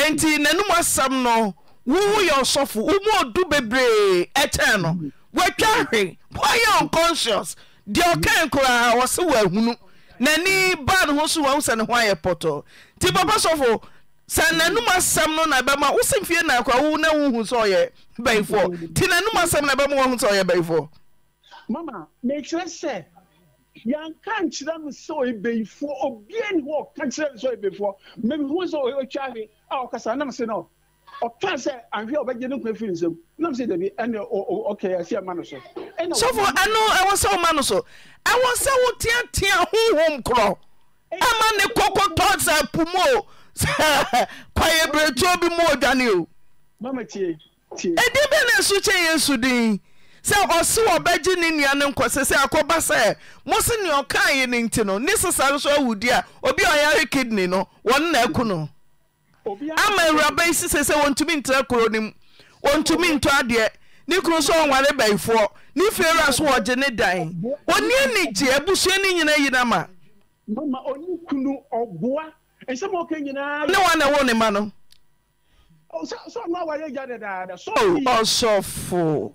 nti n'anum asɛm no wowo yɛ ɔsɔfo wo mu ɔdu bebree ɛkyɛn no mhm. woatwa hwe woayɛ unconscious deɛ ɔkan koraa wɔ se woahunu n'ani baa ne ho so wahu sɛ ne ho ayɛ pɔtɔ mhm. papa sɔfo sɛ n'anom asɛm no na ɛbɛma wosɛ mfie na akora wowu na wohu sɛ ɔyɛ bɛyifoɔ nti n'anom asɛm na ɛbɛma wahu sɛ ɔyɛ bɛyifoɔ mama mekyerɛ sɛ yɛanka nkyerɛ me sɛ ɔyɛ bɛyifoɔ obia ne hɔ ɔka kyerɛ me sɛ ɔyɛ bɛyifoɔ mamehu sɛ ɔyɛ ɔtwa hwe a ɔkasa nam se no ɔtɔn sɛ ahwɛ ɔbɛgye ne nkwa firi nsam nam sɛ dabi ọ ɔkɛ asi ama no so sɔfo ɛno ɛwɔ sɛ woma no so ɛwɔ sɛ woteatea honhom korɔ ama ne kɔkɔ mu o sɛ kwayɛ bi mu o ɛdi bi ne so kyɛ yɛ su din sɛ ɔse ɔbɛgye ne nua ne nkɔ sɛ sɛ akɔba sɛ mo se nea ne nti no ne sesa nso awudi a obi a ɔyare kidney no wɔne na aku no ama awuraba yi sise sɛ wɔntumi ntena kuro no mu wɔntumi ntɔ adeɛ ne kunu sɛ ɔnware bɛyifoɔ ne fewura so wɔgye ne dan ɔni anigye abusua no nyina yi na ma ne wa na ɛwɔ ne ma no oh, ɔsɔfo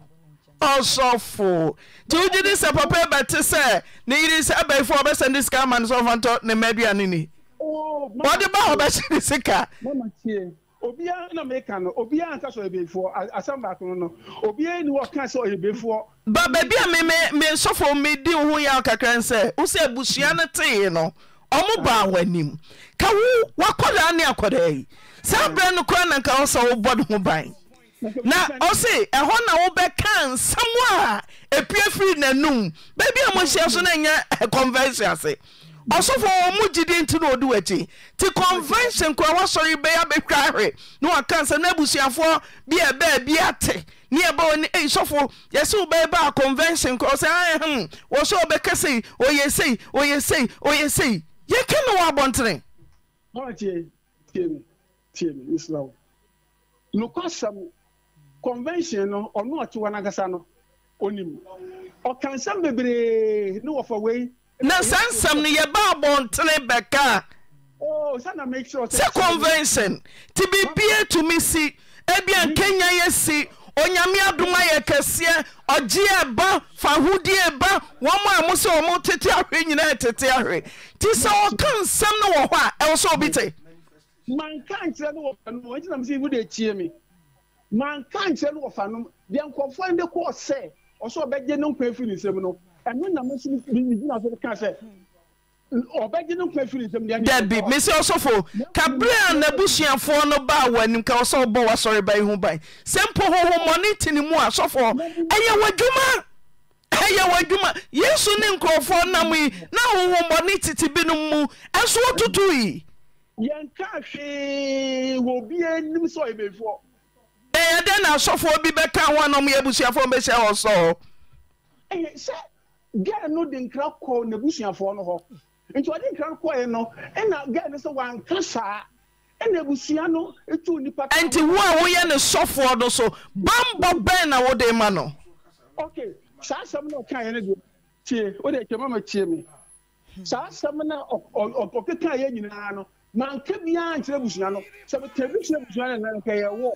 ɔsɔfo nti wogye ne sɛ papa bɛte sɛ ne yere sɛ abɛyifoɔ ɔbɛsɛnde sika ama no sɛ ɔfa ntɔ ne mmaduane ni bọ́dé bá ọbẹ̀ ṣe ní sika. obiara na mi ka no obiara nka sọ ebeefoɔ asɛm baako no obiara ni ọka ka sɛ ebeefoɔ. ba beebi a mi mi nsɔfo mi di ho ya kakra nsɛ ụsọ ebusua na tii no ɔmo ba awɔ anim ka wụ wakɔdaa ne akɔdaa yi saa abirɛ no kora na nka ɔsɛ wobɔ ne ho ban na ɔse ɛhɔ na wobɛka nsɛm a epie firi n'anum beebi a mo mm, hyia so mm. na enye eh, convention asị. ɔsofo wɔ mu gyidi nti na ɔdi w'akyi nti convention koa wɔsɔre bɛyɛ bɛtwa ahwe na wɔka sɛ na abusuafoɔ bi a ɛbɛa bi ate ne ɛbɛ wɔ ne ei sɔfo yɛsɛ wobɛyɛ baa convention koa ɔsɛ ahem wɔ sɛ ɔbɛka sei ɔyɛ sei ɔyɛ sei ɔyɛ sei yɛka no wɔ abɔntene nokwasɛm convention no ɔno ɔte wɔ no ankasa no ɔnim ɔka bebree ne wɔfa wei na saa nsɛm no yɛba abɔntene bɛka oh, sɛ convention nti biribia tumi si ebia mm-hmm. Kenya yɛ si onyame adom ayɛ kɛseɛ ɔgye ba fahodie ba wɔn a mo sɛ wɔn tete ahwɛ nyinaa tete ahwɛ nti sɛ ɔka nsɛm no wɔ hɔ a ɛwɔ sɛ obi te. manka nkyerɛ no wɔfa nom ɛnti nam sɛ ihu de tie me manka nkyerɛ no wɔfa nom deɛ nkɔfoɔ no de ɔsɛ ɔbɛgye ne nkwa afiri ne nsɛm no ɛno na mesina so ka sɛ ɔbɛgye no kwa firi nsɛm dabi mesɛ ɔsɔfo kaberɛ a n'abusuafoɔ no baa wɔ anim ka wɔ sɛ wobɔ w'asɔre ban ho ban sɛ mpo hohommɔne tene mu a sɔfo ɛyɛ w'adwuma ɛyɛ w'adwuma yesu ne nkurɔfoɔ nam yi na hohommɔne tete binom mu ɛso wototo yi yɛnka hwee wɔ bia anim sɛ ɔyɛ bɛfoɔ ɛyɛ dɛn na asɔfoɔ bi bɛka ho a na ɔmo yɛ abusuafoɔ bɛhyɛ wɔ sɔɔ sɛ girl no de nkira kɔ n'abusuafoɔ no hɔ nti ɔde nkira kɔɛ no ɛna girl no sɛ wanka saa ɛna abusua no etu nipa. nti wo a woyɛ ne sɔfoɔ no so bambɔ bɛn na wɔde ma no. ok saa asɛm na ɔka yɛn no tie o de twɛ mama tie mi saa asɛm na ɔkeka yɛ nyinaa no manka biara nkyerɛ abusua no sɛ tɛbi kyerɛ abusua no nana kɛyɛ wɔ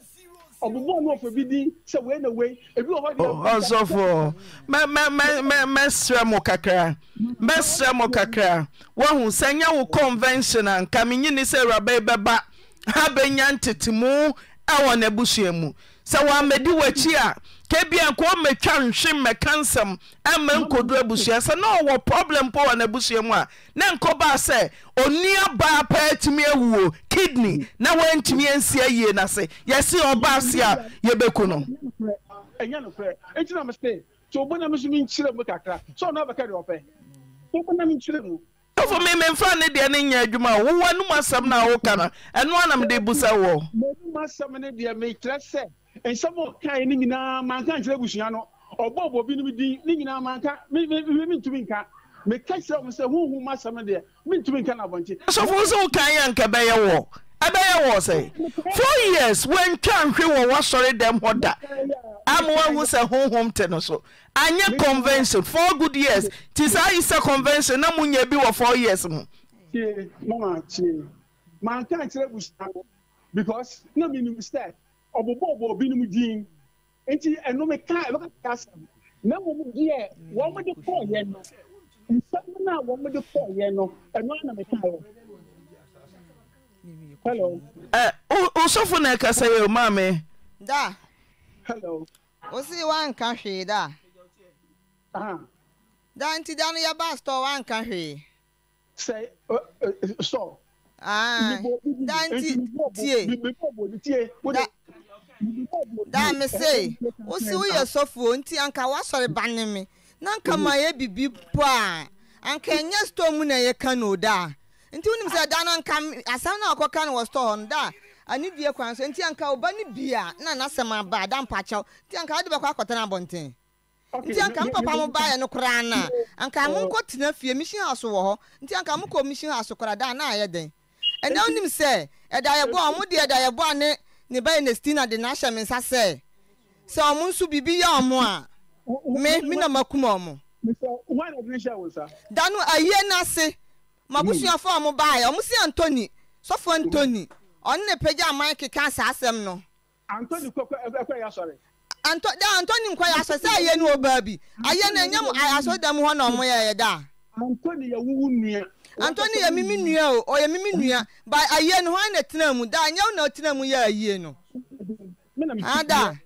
ọbụbụ ọnụ ọfọ bi din sị wee na wee ebi ọhọ dị. ọsọfọ mẹsịrị m kakra mẹsịrị m kakra wọhụ sị nye wụ convention a nka m nye ne sị ewuraba ebeba ha benya mu ɛwɔ n'ebusua mu sɛ wɔn amedi wɔ akyi a ka bia nka ɔmmatwa nhwe mmɛka nsɛm ma nkɔdu abusua sɛ na ɔwɔ problem po wɔ n'abusua mu a ne nkɔbaa sɛ onuabaa paa atumi awuo kidney na woantumi ansi ayie no ase yɛse ɔbaa se a yɛbɛku no ɛnyɛ nokorɛ ɛnti na mese sɛ ɔbɔnam so menkyerɛ mu kakra sɛ ɔno abɛka deɛ ɔpɛ ɔbɔnam nkyerɛ mu ɛfo me memfa ne deɛ ne nyɛ adwuma a wowɔ anom asɛm na a woka no ɛno anam de bu sɛ wɔ manom asɛm no deɛ mekyerɛ sɛ nsɛm ɔkae ne nyinaa manka nkyerɛ abusua no ɔbɔ bɔ bi no din ne nyinaa manka mentumi nka meka kyerɛ m sɛ honhum asɛm deɛ mentumi nka no abɔnkye asɔfo sɛ wokae yɛ nka ɛbɛyɛ wɔ ɛbɛyɛ wɔ sɛ four years woantwa nhwe wɔ woasɔre dɛm hɔ da ama woahu sɛ honhom te no so anyɛ convention four good years nti saa yi sɛ convention na monya bi wɔ four years mu manka nkyerɛ abusua no because na menim sɛ ɔbobɔbɔ binom din nti ɛnum ka ɛbɛkata asɛm na mmom deɛ wɔn mo de kɔɔyɛ no nsɛm no a wɔn de de kɔɔyɛ no ɛno ana meka yɛ hello. ɛ wosɔfo na ɛkasa yɛ o maame. da. hello. o si wanka hwee da. da nti da no yɛba store wanka hwee. sɛ store. aa da nti tie. daame sei wo si woyɛ sɔfoɔ nti anka woasɔre ba ne me na anka ma yɛ bibi po a anka ɛnyɛ store mu na yɛka no da a nti wonim sɛ da no anka asɛm no a wɔkɔka no wɔ store hɔ no da a die kwan so nti anka woba no bi a na n'asɛm aba a da mpakyɛw nti anka wode bɛkɔ akɔtɛ no abɔnten nti anka mpapa mo baeɛ no koraa no a anka monkɔ oh. tena fie mehyia aso wɔ hɔ nti anka mokɔ mehyia aso koraa daa na ayɛ den. ɛnɛ wonim sɛ ɛdayɛbɔ ɔmo deɛ ɛdayɛbɔ ne ne ba na stina de n'ahyɛ me nsa sɛ sɛ ɔmo nso biribi yɛ ɔmo a me me na makum ɔmo. danu ayie n'ase mabusuafo mm. a ɔmo baayɛ ɔmo si antoni sɔfo mm. antoni ɔno na pagya aman keka saa asɛm no. antoni kɔkɔ ɛkɔ yɛ asɔre. anto da antoni nkɔ yɛ asɔre sɛ ayɛ no wɔ baabi ayɛ na enyam asɔre dɛm hɔ na ɔmo yɛ yɛ da. antoni yɛ wuwu nua. antoni yɛ mimi nua o ɔyɛ mimi nua ba ayie no hɔn na tena mu daa nyɛ wɔn na tena mu yɛ ayie no ada.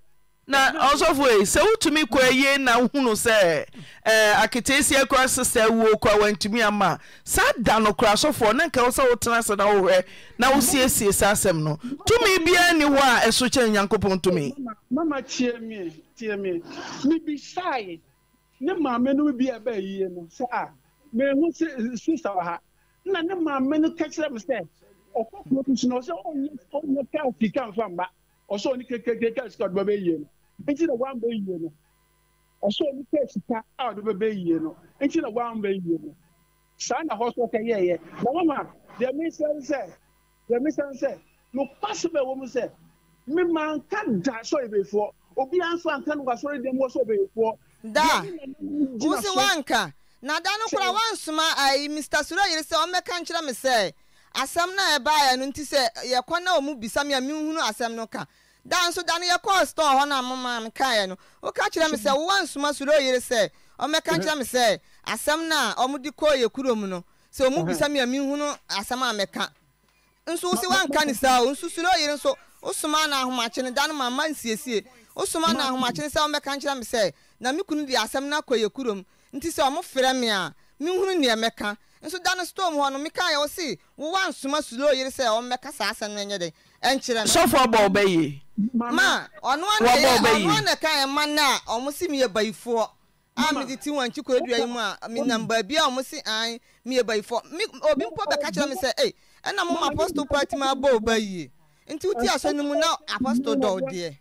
na ɔsɔfo yi sɛ wotumi kɔ ayie na hunu sɛ ɛɛ aketeesia kora sisa wuo kora wɔntumi ama saa da no kora asɔfoɔ ne nka sɛ wotena ase na wohwɛ na wosiesie saa asɛm no tumi biara ni hɔ a ɛso kyɛn nyankopɔn tumi. mama tie mie tie mie mibisae ne maame no bi a yie no sɛ a. mehu eh, sista wɔ ha na ne maame no ka kyerɛ me sɛ ɔkɔkɔ tu so na ɔsɛ ɔnyɛ kaa sika nfa mba ɔsɛ ɔne kekeke kaa sika ɔde bɛbɛyie no nti na wamba yie no ɔsɛ ɔne kaa sika a ɔde bɛbɛyie no nti na wamba yie no saa na hɔ so ɔkɛyɛɛyɛ na wɔma deɛ mesɛn sɛ deɛ mesɛn sɛ nokwasɛm a ɛwɔ mu sɛ mema nka da sɛ ɔyɛbɛyifoɔ obiara nso anka no wasɔre deɛ mu wɔ sɛ ɔbɛyifoɔ da wo se woanka na da no kora wansoma ai mr suro yere sɛ ɔmmɛka nkyerɛ me sɛ asɛm na ɛbaeɛ no nti sɛ yɛkɔ na ɔmu bisa me a menhunu asɛm no ka da nso da no yɛkɔɔ store hɔ no a momaa me kaeɛ no woka kyerɛ me sɛ wowɔ nsoma suro yere sɛ ɔmmɛka nkyerɛ me sɛ asɛm na a ɔmode kɔɔ yɛ mu no sɛ ɔmu bisa me a menhunu asɛm a mɛka nso wo sɛ woanka ne saa o nso suro yere nso wosoma na ahomakye no da no mama nsiesie wosoma na ahomakye no sɛ ɔmmɛka nkyerɛ me sɛ na me kunu de asɛm no akɔ yɛ kurom nti sɛ ɔmo frɛ me a mehunu nea mɛka nso da no storm hɔ no meka yɛ wɔ se wowa nsoma sulo yere sɛ ɔmmɛka saa asɛm no ɛnyɛ dɛ ɛnkyerɛ no sɔfoɔ bɔ ɔbɛyie ma ɔno ɔno na ka yɛ ma no a ɔmo se meyɛ bayifoɔ a mede ti wɔn nkyikɔ adua yi mu a menam baabi a ɔmo se an meyɛ bayifoɔ obi mpo bɛka kyerɛ me sɛ ei ɛna moma apostol paul tim abɔ ɔbɛyie nti wotie asɔ no mu na apostol dɔw deɛ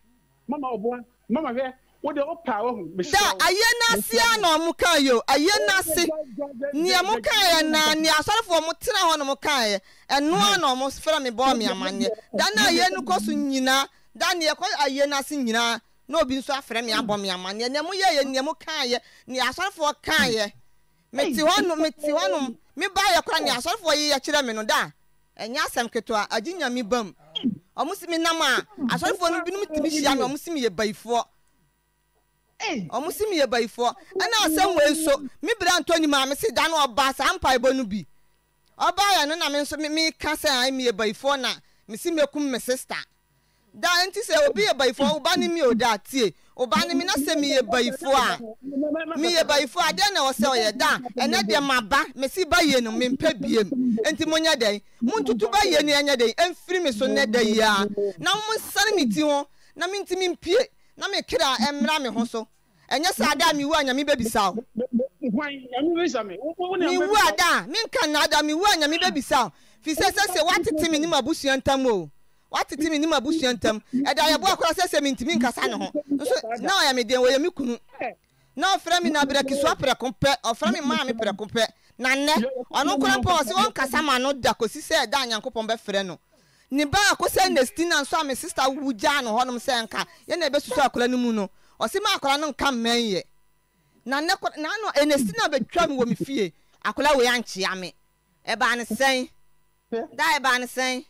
mama ɔboa mama hwɛ wode wopaa wahu sɛ ayɛ n'ase a na ɔmo kaa yio ayɛ n'ase nea mo kaa yɛ na nea asɔrefoɔ mo tena hɔ na mo kaa yɛ ɛnoa na ɔmo fɛrɛ mi bɔɔ mi amaneɛ da na ayɛ no kɔ so nyinaa da na yɛkɔ ayɛ n'ase nyinaa na obi nso afrɛ mi abɔ mi amaneɛ nea mo yɛ yɛ nea mo kaa yɛ nea asɔrefoɔ kaa yɛ mete hɔnom mete hɔnom me ba yɛ kora nea asɔrefoɔ yi yɛ kyerɛ mi no da ɛnyɛ asɛm ketewa agye nya mi bam ɔmo si mi nam a asɔrefoɔ no binom ti mi hyia mi ɔmo si mi yɛ ɔmo eh. si mi yɛ bayifoɔ ɛna asɛm wɔ nso mi bira ntɔ ni maame si dan ɔbaa saa mpaebɔ no bi ɔbaa yɛ no na mi nso mi ka sɛ ayi mi yɛ bayifoɔ na mi si mi ekum mi sista daa nti sɛ obi yɛ bayifoɔ ɔba ni mi o daa tie ɔba ni mi na sɛ mi yɛ bayifoɔ a mi yɛ bayifoɔ a adeɛ na ɔsɛ ɔyɛ daa ɛnɛ deɛ ma ba mi si ba yie no mi mpɛ bie mu nti mo nyɛ dɛ mo ntutu ba yie ni ɛnyɛ dɛ efiri mi so nɛ dɛ yia na mo nsani mi ti ho na mi ntumi mpie na me kra ɛmmra me ho so ɛnyɛ sɛ ada a mewu a nyame bɛbisa o mewu ada a menka na ada mewu a nyame bɛbisa o firi sɛ sɛ sɛ woatete me nim abusua ntam o watete me nim abusua ntam ɛde ayɛboa kora sɛ sɛ mentimi nkasa ne ho nso na ɔyɛ me deɛ wɔyɛ me kunu na ɔfrɛ me nabrɛkisua prɛko pɛ ɔfrɛ me maa me prɛko pɛ na ɔno nkora mpo ɔ sɛ wɔnkasa ma no da kɔsi sɛ ɛda a nyankopɔn bɛfrɛ no ne baako sɛ na nso a me sista wu gyaa no hɔnom sɛ nka yɛn na ebesusu akora no mu no ɔsi ma akora no nka mmɛn yɛ na ne kɔ na ano eh, na stina betwa mi wɔ mi fie akora wo yan kyea mi ɛbaa ne sɛn daa ɛbaa ne sɛn.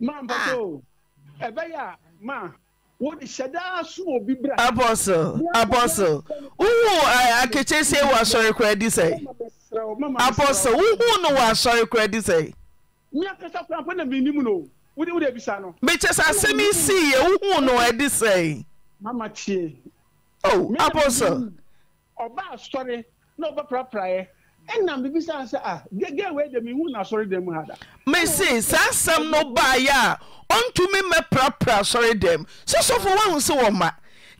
maa mpɔtɔ ah. o ɛbɛyɛ a maa wọ́n ṣẹ̀dá sún òbí bíra. apọ́sọ̀ apọ́sọ̀ wúwú akẹ́kẹ́ ṣe wà sọ̀rọ̀ kura ẹ̀dí sẹ́yì apọ́sọ̀ wúwú ni wà sọ̀rọ̀ kura ẹ̀dí sẹ́yì. mi àkàtà kura fún ẹ̀mí ni mu nù mekyɛ sɛ asɛm yi sii yɛ wohuu no ɛde sɛe mama tie o oh, apostle ɔba asɔre na ɔbɛprapraeɛ ɛnam biribisaa sɛ a ah, gɛ wei de mehu n'asɔre dɛm ha da mese saa asɛm no baeɛ a ɔntumi mmɛprapra asɔre dɛm sɛ sɔfo woahu sɛ wɔ ma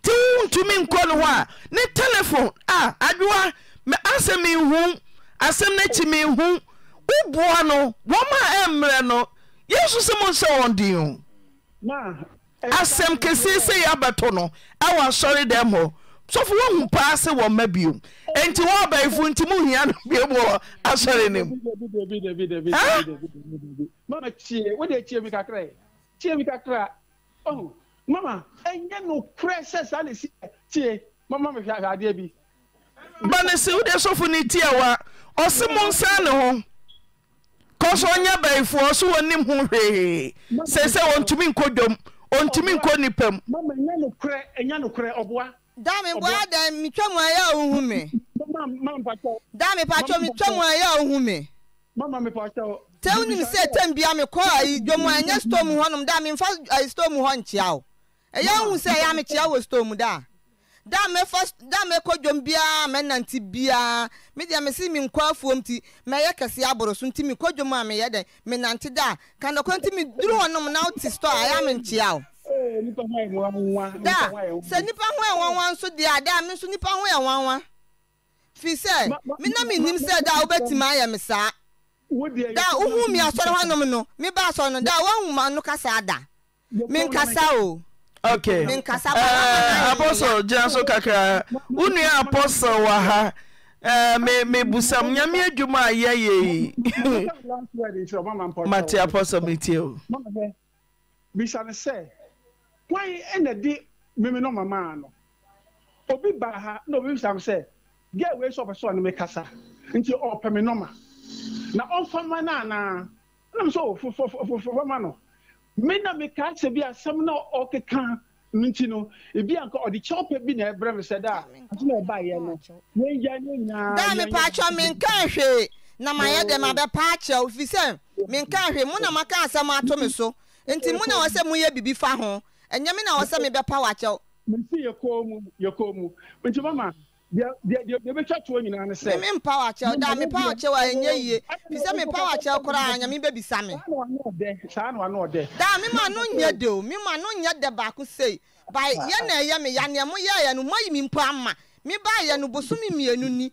nti wontumi nkɔ no hɔ a ne telefone a ah, adwoa asɛm ihu asɛm no akyi mehu woboa no wɔma a ɛmmerɛ no yɛnso sɛ mu nsɛ wɔn din o asɛm kɛsei sɛ yɛabɛto no ɛwɔ asɔre dɛm hɔ sɔfo woahu paa se wɔ mma bio enti wɔ abayifo nti mohia no bio mu wɔ asɔre no mu mama ɛnyɛ nokorɛ sɛ saa ne si tie mama mehwɛ adeɛ bi ba ne se wode sɔfo no tie wa ɔse mo nsa ne ho kɔ so ɔnyɛ bɛyifoɔ so wɔnim ho hwee sɛ sɛ ɔntumi nkɔ dwom ɔntumi nkɔ nipa mu. mama ɛnya nokorɛ enya nokorɛ ɔboa. dami boa dan mitwa mu ayɛ a ohun mi. dami patro mitwa mu ayɛ ohun mi. mama mi patro. tẹ́wọ́n ní mi sẹ́ tẹ́m bíi àmì kọ́ ayi dwom a ɛnyɛ store mu hɔnom dami nfa store mu hɔ nkyia o ɛyɛ ohun sɛ ɛyɛ àmì kyia wɔ store mu daa. da me first da me kɔ dwom biara me nante biara me deɛ me si nkɔ afuom ti me yɛ kɛse aboro so nti me kɔ a me yɛ dɛ me nante da kanakɔ nti me duru hɔnom na wote store a yɛ ame nkyea o. Eh, da sɛ nipa ho yɛ nwanwa nso di a da me nso nipa ho yɛ nwanwa fi sɛ mi na me nim sɛ da wobɛtumi ayɛ me saa da wohu mi asɔre hɔnom no me ba asɔre no da wɔn nwoma no kasa ada me nkasa o. okay apostl gyina so kakra wo nua apostl wɔ ha mebusam nyame adwuma a yɛyɛ mate apostl metie o bisa ne sɛ kwan ɛna di meme no mamaa no obi baa ha na obi bisa me sɛ gɛ wei sɛ ɔpɛ ɔne me nti ɔpɛ me nɔma na ɔmfa ma no anaa nam sɛ ɔfofɔ no me na meka sɛ bi asɛm na ɔkeka no nti no ebi anka ɔde kyɛw bi na ɛbrɛ me sɛ da a ntoma ɛbaayɛ no yɛngya ne nyinaa daa mepa atwa menka hwee na mayɛ dɛ mabɛpa akyɛw firi sɛ menka hwee mo na maka asɛm ato me so nti mo na wɔ sɛ moyɛ biribi fa ho ɛnyɛ me na wɔ sɛ mebɛpa w'akyɛw mensi yɛ kɔɔ mu yɛ kɔɔ mu nti mama deɛ bɛtwa toɔ nyinaa ne sɛ meme mpa wakyɛw da mepa wakyɛw a ɛnyɛ yie fi sɛ mepa wakyɛw koraa nyame bɛbisa me saa na ɔno ɔdɛ daa mema no nyɛ de o mema no nyɛ dɛ baako sei ba yɛ na ɛyɛ me yaneɛ moyɛɛyɛ no moayi me mpo ama mebaayɛ no bosome mmienu ni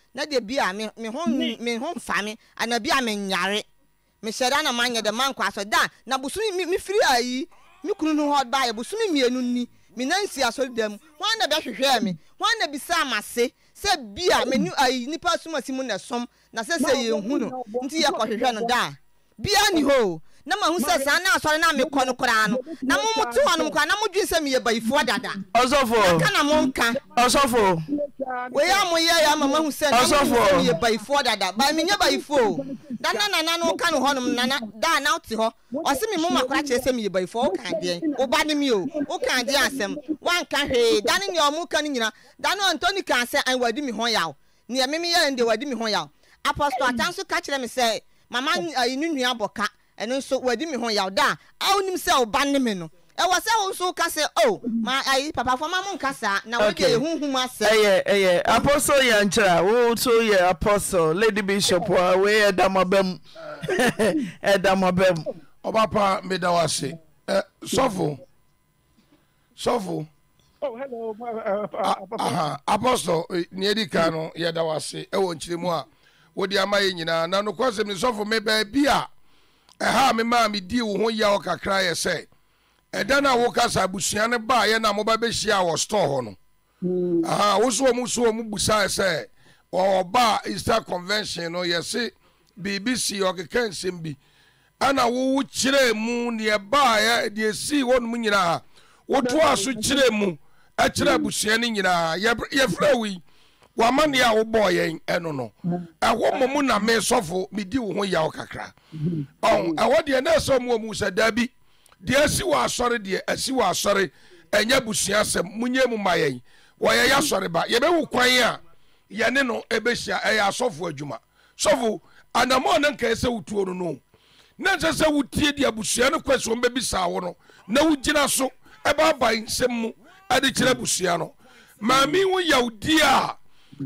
na de bi a me me ho me ho mfa me ana bi a nyare me hyɛ da na manyɛ dɛ mankɔ asɔ da na bosome mi firi ayi me kunu no hɔ baayɛ bosome mmienu ni me nansi asɔre da mu wɔn na bɛhwehwɛ me wɔn na bisa ama se sɛ bi a menu ayi nipa sumasi mu na som na sɛ sɛ yɛn hu no nti yɛ kɔhwehwɛ no da bia ni hɔ na mahu sɛ saa na asɔre na mekɔ no koraa no na momote hɔ nom koraa na modwen sɛ meyɛ bayifoɔ dada ɔsɔfoɔka na monka ɔsɔfoɔ wei a moyɛ yɛ ama mahu sɛ meyɛ bayifoɔ dada ba menyɛ bayifoɔ dana nana no woka no hɔ nom nana daa na wote hɔ ɔse me moma kora kyerɛ sɛ meyɛ bayifoɔ woka adeɛ woba ne mi o woka adeɛ asɛm woanka hwee dane nea ɔmoka no nyina dane ɔntɔni kaa sɛ an wadi me ho yaw neɛ memeyɛ no deɛ wadi me ho yaw apɔstɔ ata nso ka kyerɛ me sɛ mama ayi ne nua bɔka ɛno nso wadi mi ho yawda a awonim sɛ ɔba ne mi no ɛwɔ sɛ wo nso ka sɛ o oh, ma ayi Papa. ma mo nka saa na wode yɛ huhum asɛ ɛyɛ ɛyɛ apostle yɛ nkyerɛ wo nso yɛ apostle lady bishop a wei (laughs) ɛda mabam ɛda mabam ɔba pa meda wo ase ɛ sɔfo sɔfo Oh, hello, uh, uh, uh, apostle eh, nea ɛdi kan no yɛda wo ase ɛwɔ nkyerɛmu a ama yɛ nyinaa na nokwasɛm ne sɔfo me baabi a ɛha me maa me di wo ho yaw kakra yɛ sɛ ɛda a wokasa abusua no baayɛ no a mobɛbɛhyia wɔ store hɔ no na hmm. so ɔ mu so ɔ sɛ wɔwɔ ba easter convention no biribi si ɔkeka bi ɛna mu deɛ nom nyinaa wotoa so mu ɛkyerɛ hmm. abusua nyinaa yɛfrɛ wamane a wobɔɔ yɛn ɛno no ɛhɔ mm-hmm. mo mm-hmm. mu na mesɔfo medi wo ho yaw kakra ɔn ɛhɔ deɛ na ɛsɛ mu mu sɛ daabi deɛ asi wɔ asɔre deɛ asi eh, wɔ asɔre ɛnyɛ busua sɛm munyɛ mu ma yɛn wɔyɛ yɛ asɔre ba kwan a yɛne no ɛyɛ asɔfo adwuma sɔfo ne no e eh, no sɛ deɛ no kɔ wo no na so ɛbaaba e nsɛm mu ɛde e kyerɛ no maame wo a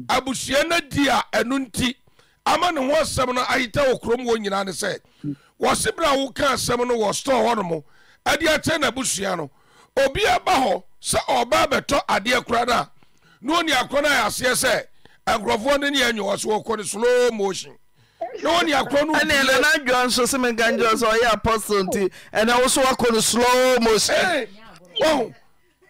abusua no di a ɛno nti ama ne ho asɛm no ayita wɔ kurom wɔ nyinaa ne sɛ wɔse bere a woka asɛm no wɔ store hɔ nom ɛde akyɛ n'abusua no obi aba hɔ sɛ ɔba abɛtɔ adeɛ kora no a na ɔni akora no ayɛ aseɛ sɛ nkurɔfoɔ no ne yɛ nwewɔ so wɔkɔ slow motion na ɔni akora no ɛne ɛna na adwa nso se menka nkyerɛ sɛ ɔyɛ nti ɛna no slow motion eh,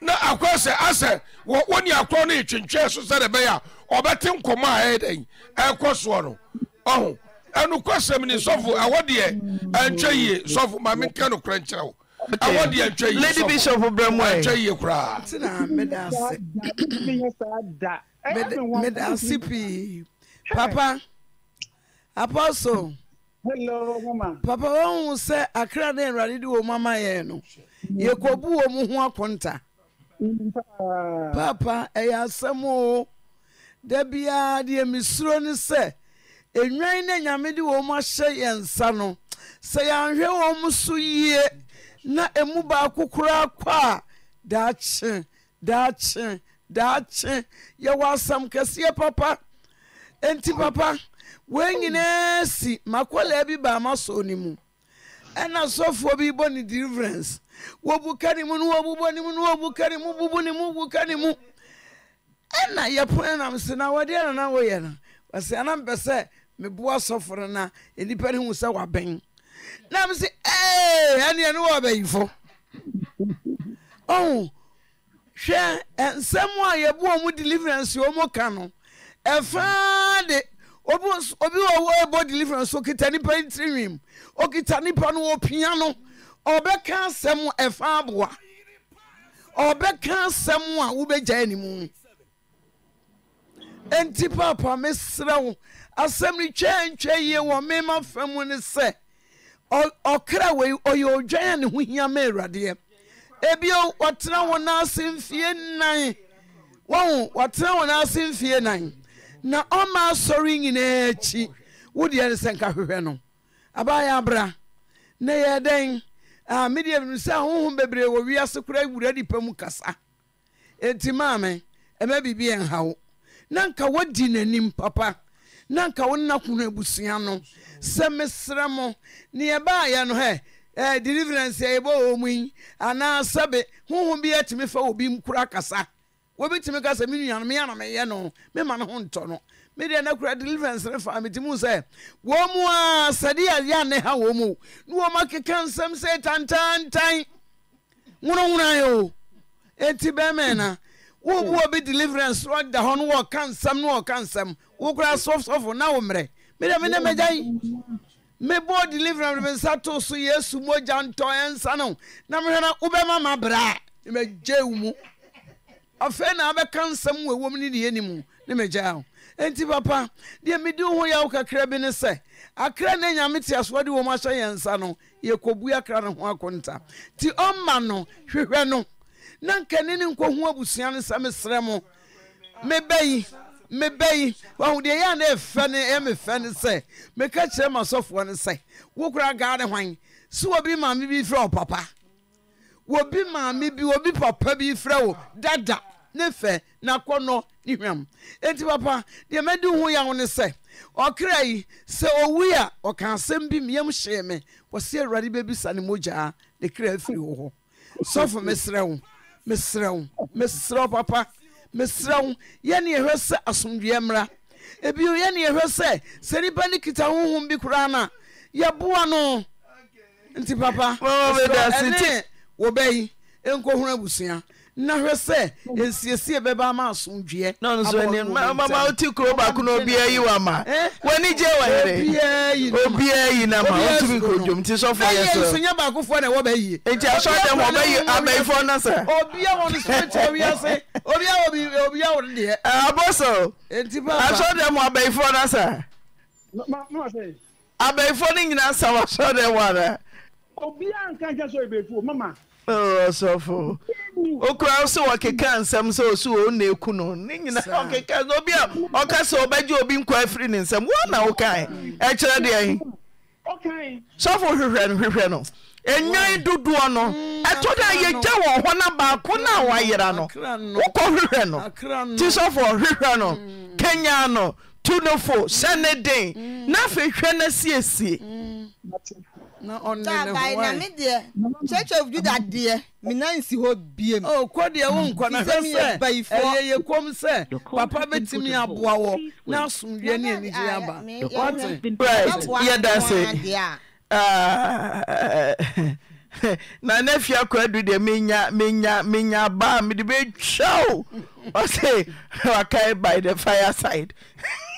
na akora sɛ asɛ akora no so sɛ de bɛyɛ a ɔbɛte nkɔmɔ a ɛyɛ dɛn ɛkɔ soɔ no ɔho ɛnukɔsɛm ni sɔfo ɛwɔ deɛ ɛntwa yie sɔfo maame nka no korɛ nkyerɛ ɛwɔ deɛ ɛntwa yie lady bishop brɛmu ɛ ɛntwa yie koraa. tena meda ase meda ase pii papa apostle. Hello, mama. papa wɔn sɛ akra ne awurade de wɔn ama yɛn no yɛkɔbu wɔn ho akɔnta mm-hmm. papa ɛyɛ asɛm o da biara deɛ mesuro ne sɛ enwan ne nyame de wɔn ahyɛ yɛn nsa no sɛ yɛahwɛ wɔn so yie na emu baako koraa kɔ a daakye daakye daakye yɛwɔ asam kɛseɛ papa enti papa wɔn nyinaa si makɔlaa bi baama so ne mu ɛna sɔfoɔ bi bɔ ne deliverance wɔbu ka ne mu no wɔbu ne mu no wɔbu ka ne mu bubu ne mu bu ka ne mu ɛna yɛpo nam se na wɔde ɛna na wɔyɛ no wɔsɛ anam pɛ sɛ meboa sɔforo na nnipa no hu sɛ wabɛn nam se ee ɛneɛ ne wɔ ɔbɛyifo ɔhu hwɛ nsɛm a yɛboa mu deliverance wɔ mu ka no ɛfaa de obi wɔ hɔ ɛbɔ deliverance okita nipa yi tirinwim okita nipa no wɔpia no ɔbɛka asɛm ɛfaa boa ɔbɛka asɛm a wobɛgya animu enti paapa mesrɛ wo asɛm no twɛ ntwɛ yie wɔ mema fa mu ne sɛ ɔkra wei ɔyɛ odwan a ne ho hia ma awuradeɛ ebio wɔtena wɔn ase mfie nan wɔn wɔtena wɔn ase mfie nan na ɔma asɔre nyinaa akyi wodeɛ ne sɛ nka hwehwɛ no abaayɛ abra na yɛ dɛn a media sɛ ahohom bebree wɔ wiase koraa awura nipa mu kasa enti maame ɛmɛ biribi yɛ nhaw na nka wadi n'anim papa na wonna kunu abusua no sɛ mesrɛ mo ne yɛbaayɛ no hɛ eh, deliverance a wɔ mu yi anaa sɛbe honhom bi atumi fa obi mkora kasa wɔbɛtumi ka sɛ me nua no meyɛ no mema no ho ntɔ no mede na kura deliverance ne faa metimi sɛ wɔ mu a sɛdeɛ ayɛ ne ha wɔ mu ne wɔma keka nsɛm sɛ tantantan wonowonaeɛ o ɛnti bɛmɛ na wobu obi deliverance ɔda hɔ no wɔka nsɛm no wɔka nsɛm wokora sɔfosɔfo na wo mmerɛ mede mene mɛgyae mebɔ deliverance me nsa to so yesu mogya ntɔ ɛnsa no na mehwɛ no wobɛma ma braa ne mɛgye wo mu afei na abɛka nsɛm wɔ ɛwom ne deɛ ni mu ne mɛgyaa wo enti papa deɛ mede di, ho yɛ wo kakra bi ne sɛ akra ne nyame te asoɔ de wɔ ahyɛ yɛn nsa no yɛkɔbu akra ne ho akonta nti ɔma no hwehwɛ no na nkani ne nkɔhu abusua no sɛ mesrɛ mo mebɛyi mebɛyi ɔhu deɛ yɛ a na ɛfɛ ne ɛmefɛ ne sɛ meka kyerɛ ma sɔfoɔ ne sɛ wokora gaa ne hwan sɛ wɔbi maame bi frɛ wo papa wobi maame bi wobi papa bi frɛ wo dada ne fɛ n'akɔnɔ ne hwam enti papa deɛ mɛdi ho yɛ ahone sɛ ɔkra yi sɛ owu a ɔka asɛm bi mmiam hyee me wɔsi awurade bɛbisa ne mogyaa ne kra afiri wɔ hɔ sɔfo mesrɛ wo meserɛ wo meserɛ wo papa meserɛ wo yɛne yɛhwɛ sɛ asomdwoeɛ mmra ebio yɛne yɛhwɛ sɛ sɛ nipa ne kita honhom bi koraa no a yɛboa no nti papa ɛne wɔbɛyi nkɔhunu abusua na hwɛ sɛ nsiesie bɛba ama asomdwoeɛ mama wote kuro baako na obiaa wa wama eh? w'ani gye wayere obiaa yi na ma wotumi kɔdwom nti sɔfoɔ yɛ sɛsonya baakofoɔ na wɔbɛyie nti asɔdɛm wɔbɛyi abayifoɔ no sɛ obia wɔ no sɛtɛwiase obia obia wɔ no deɛ (laughs) eh, apostle asɔdɛm abayifoɔ no sɛ abayifoɔ no nyinaa sa wɔ asɔdɛm wɔ ana obiaa nka nkyɛ sɛ ɔbɛfuo mama sɔfo okura sɛ wɔkeka nsọm sɛ ɔsi wɔn na eku no ne nyinaa ɔkeka obi a ɔka sɛ ɔbɛgye obi nkwa afiri ne nsɛm wɔn na ɔkae ɛkyerɛ deɛ sɔfo hwehwɛ no hwehwɛ no enyan dodoɔ no ɛtɔ dɛ yɛgya wɔn hɔ na baako na wayera no wokɔ hwehwɛ no ti sɔfo hwehwɛ no mm. kenya nọ tunofo hyɛ ne den mm. na afei hwɛ na siesie. Mm. na ɔne ne ho church of juda deɛ mi nan si hɔ bie mu. o oh, ko deɛ o nkɔ na hɛ sɛ ɛyɛ yɛ kom sɛ papa bɛ ti mi aboa wɔ na asumdue ni anigye aba wɔte. right yɛ dansi na ne fi akɔ adu deɛ menya menya menya baa mi de bɛ twa o mm. ɔsɛ wakae by the fire side.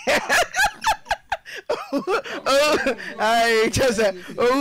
(laughs) oh, I just, uh, oh, oh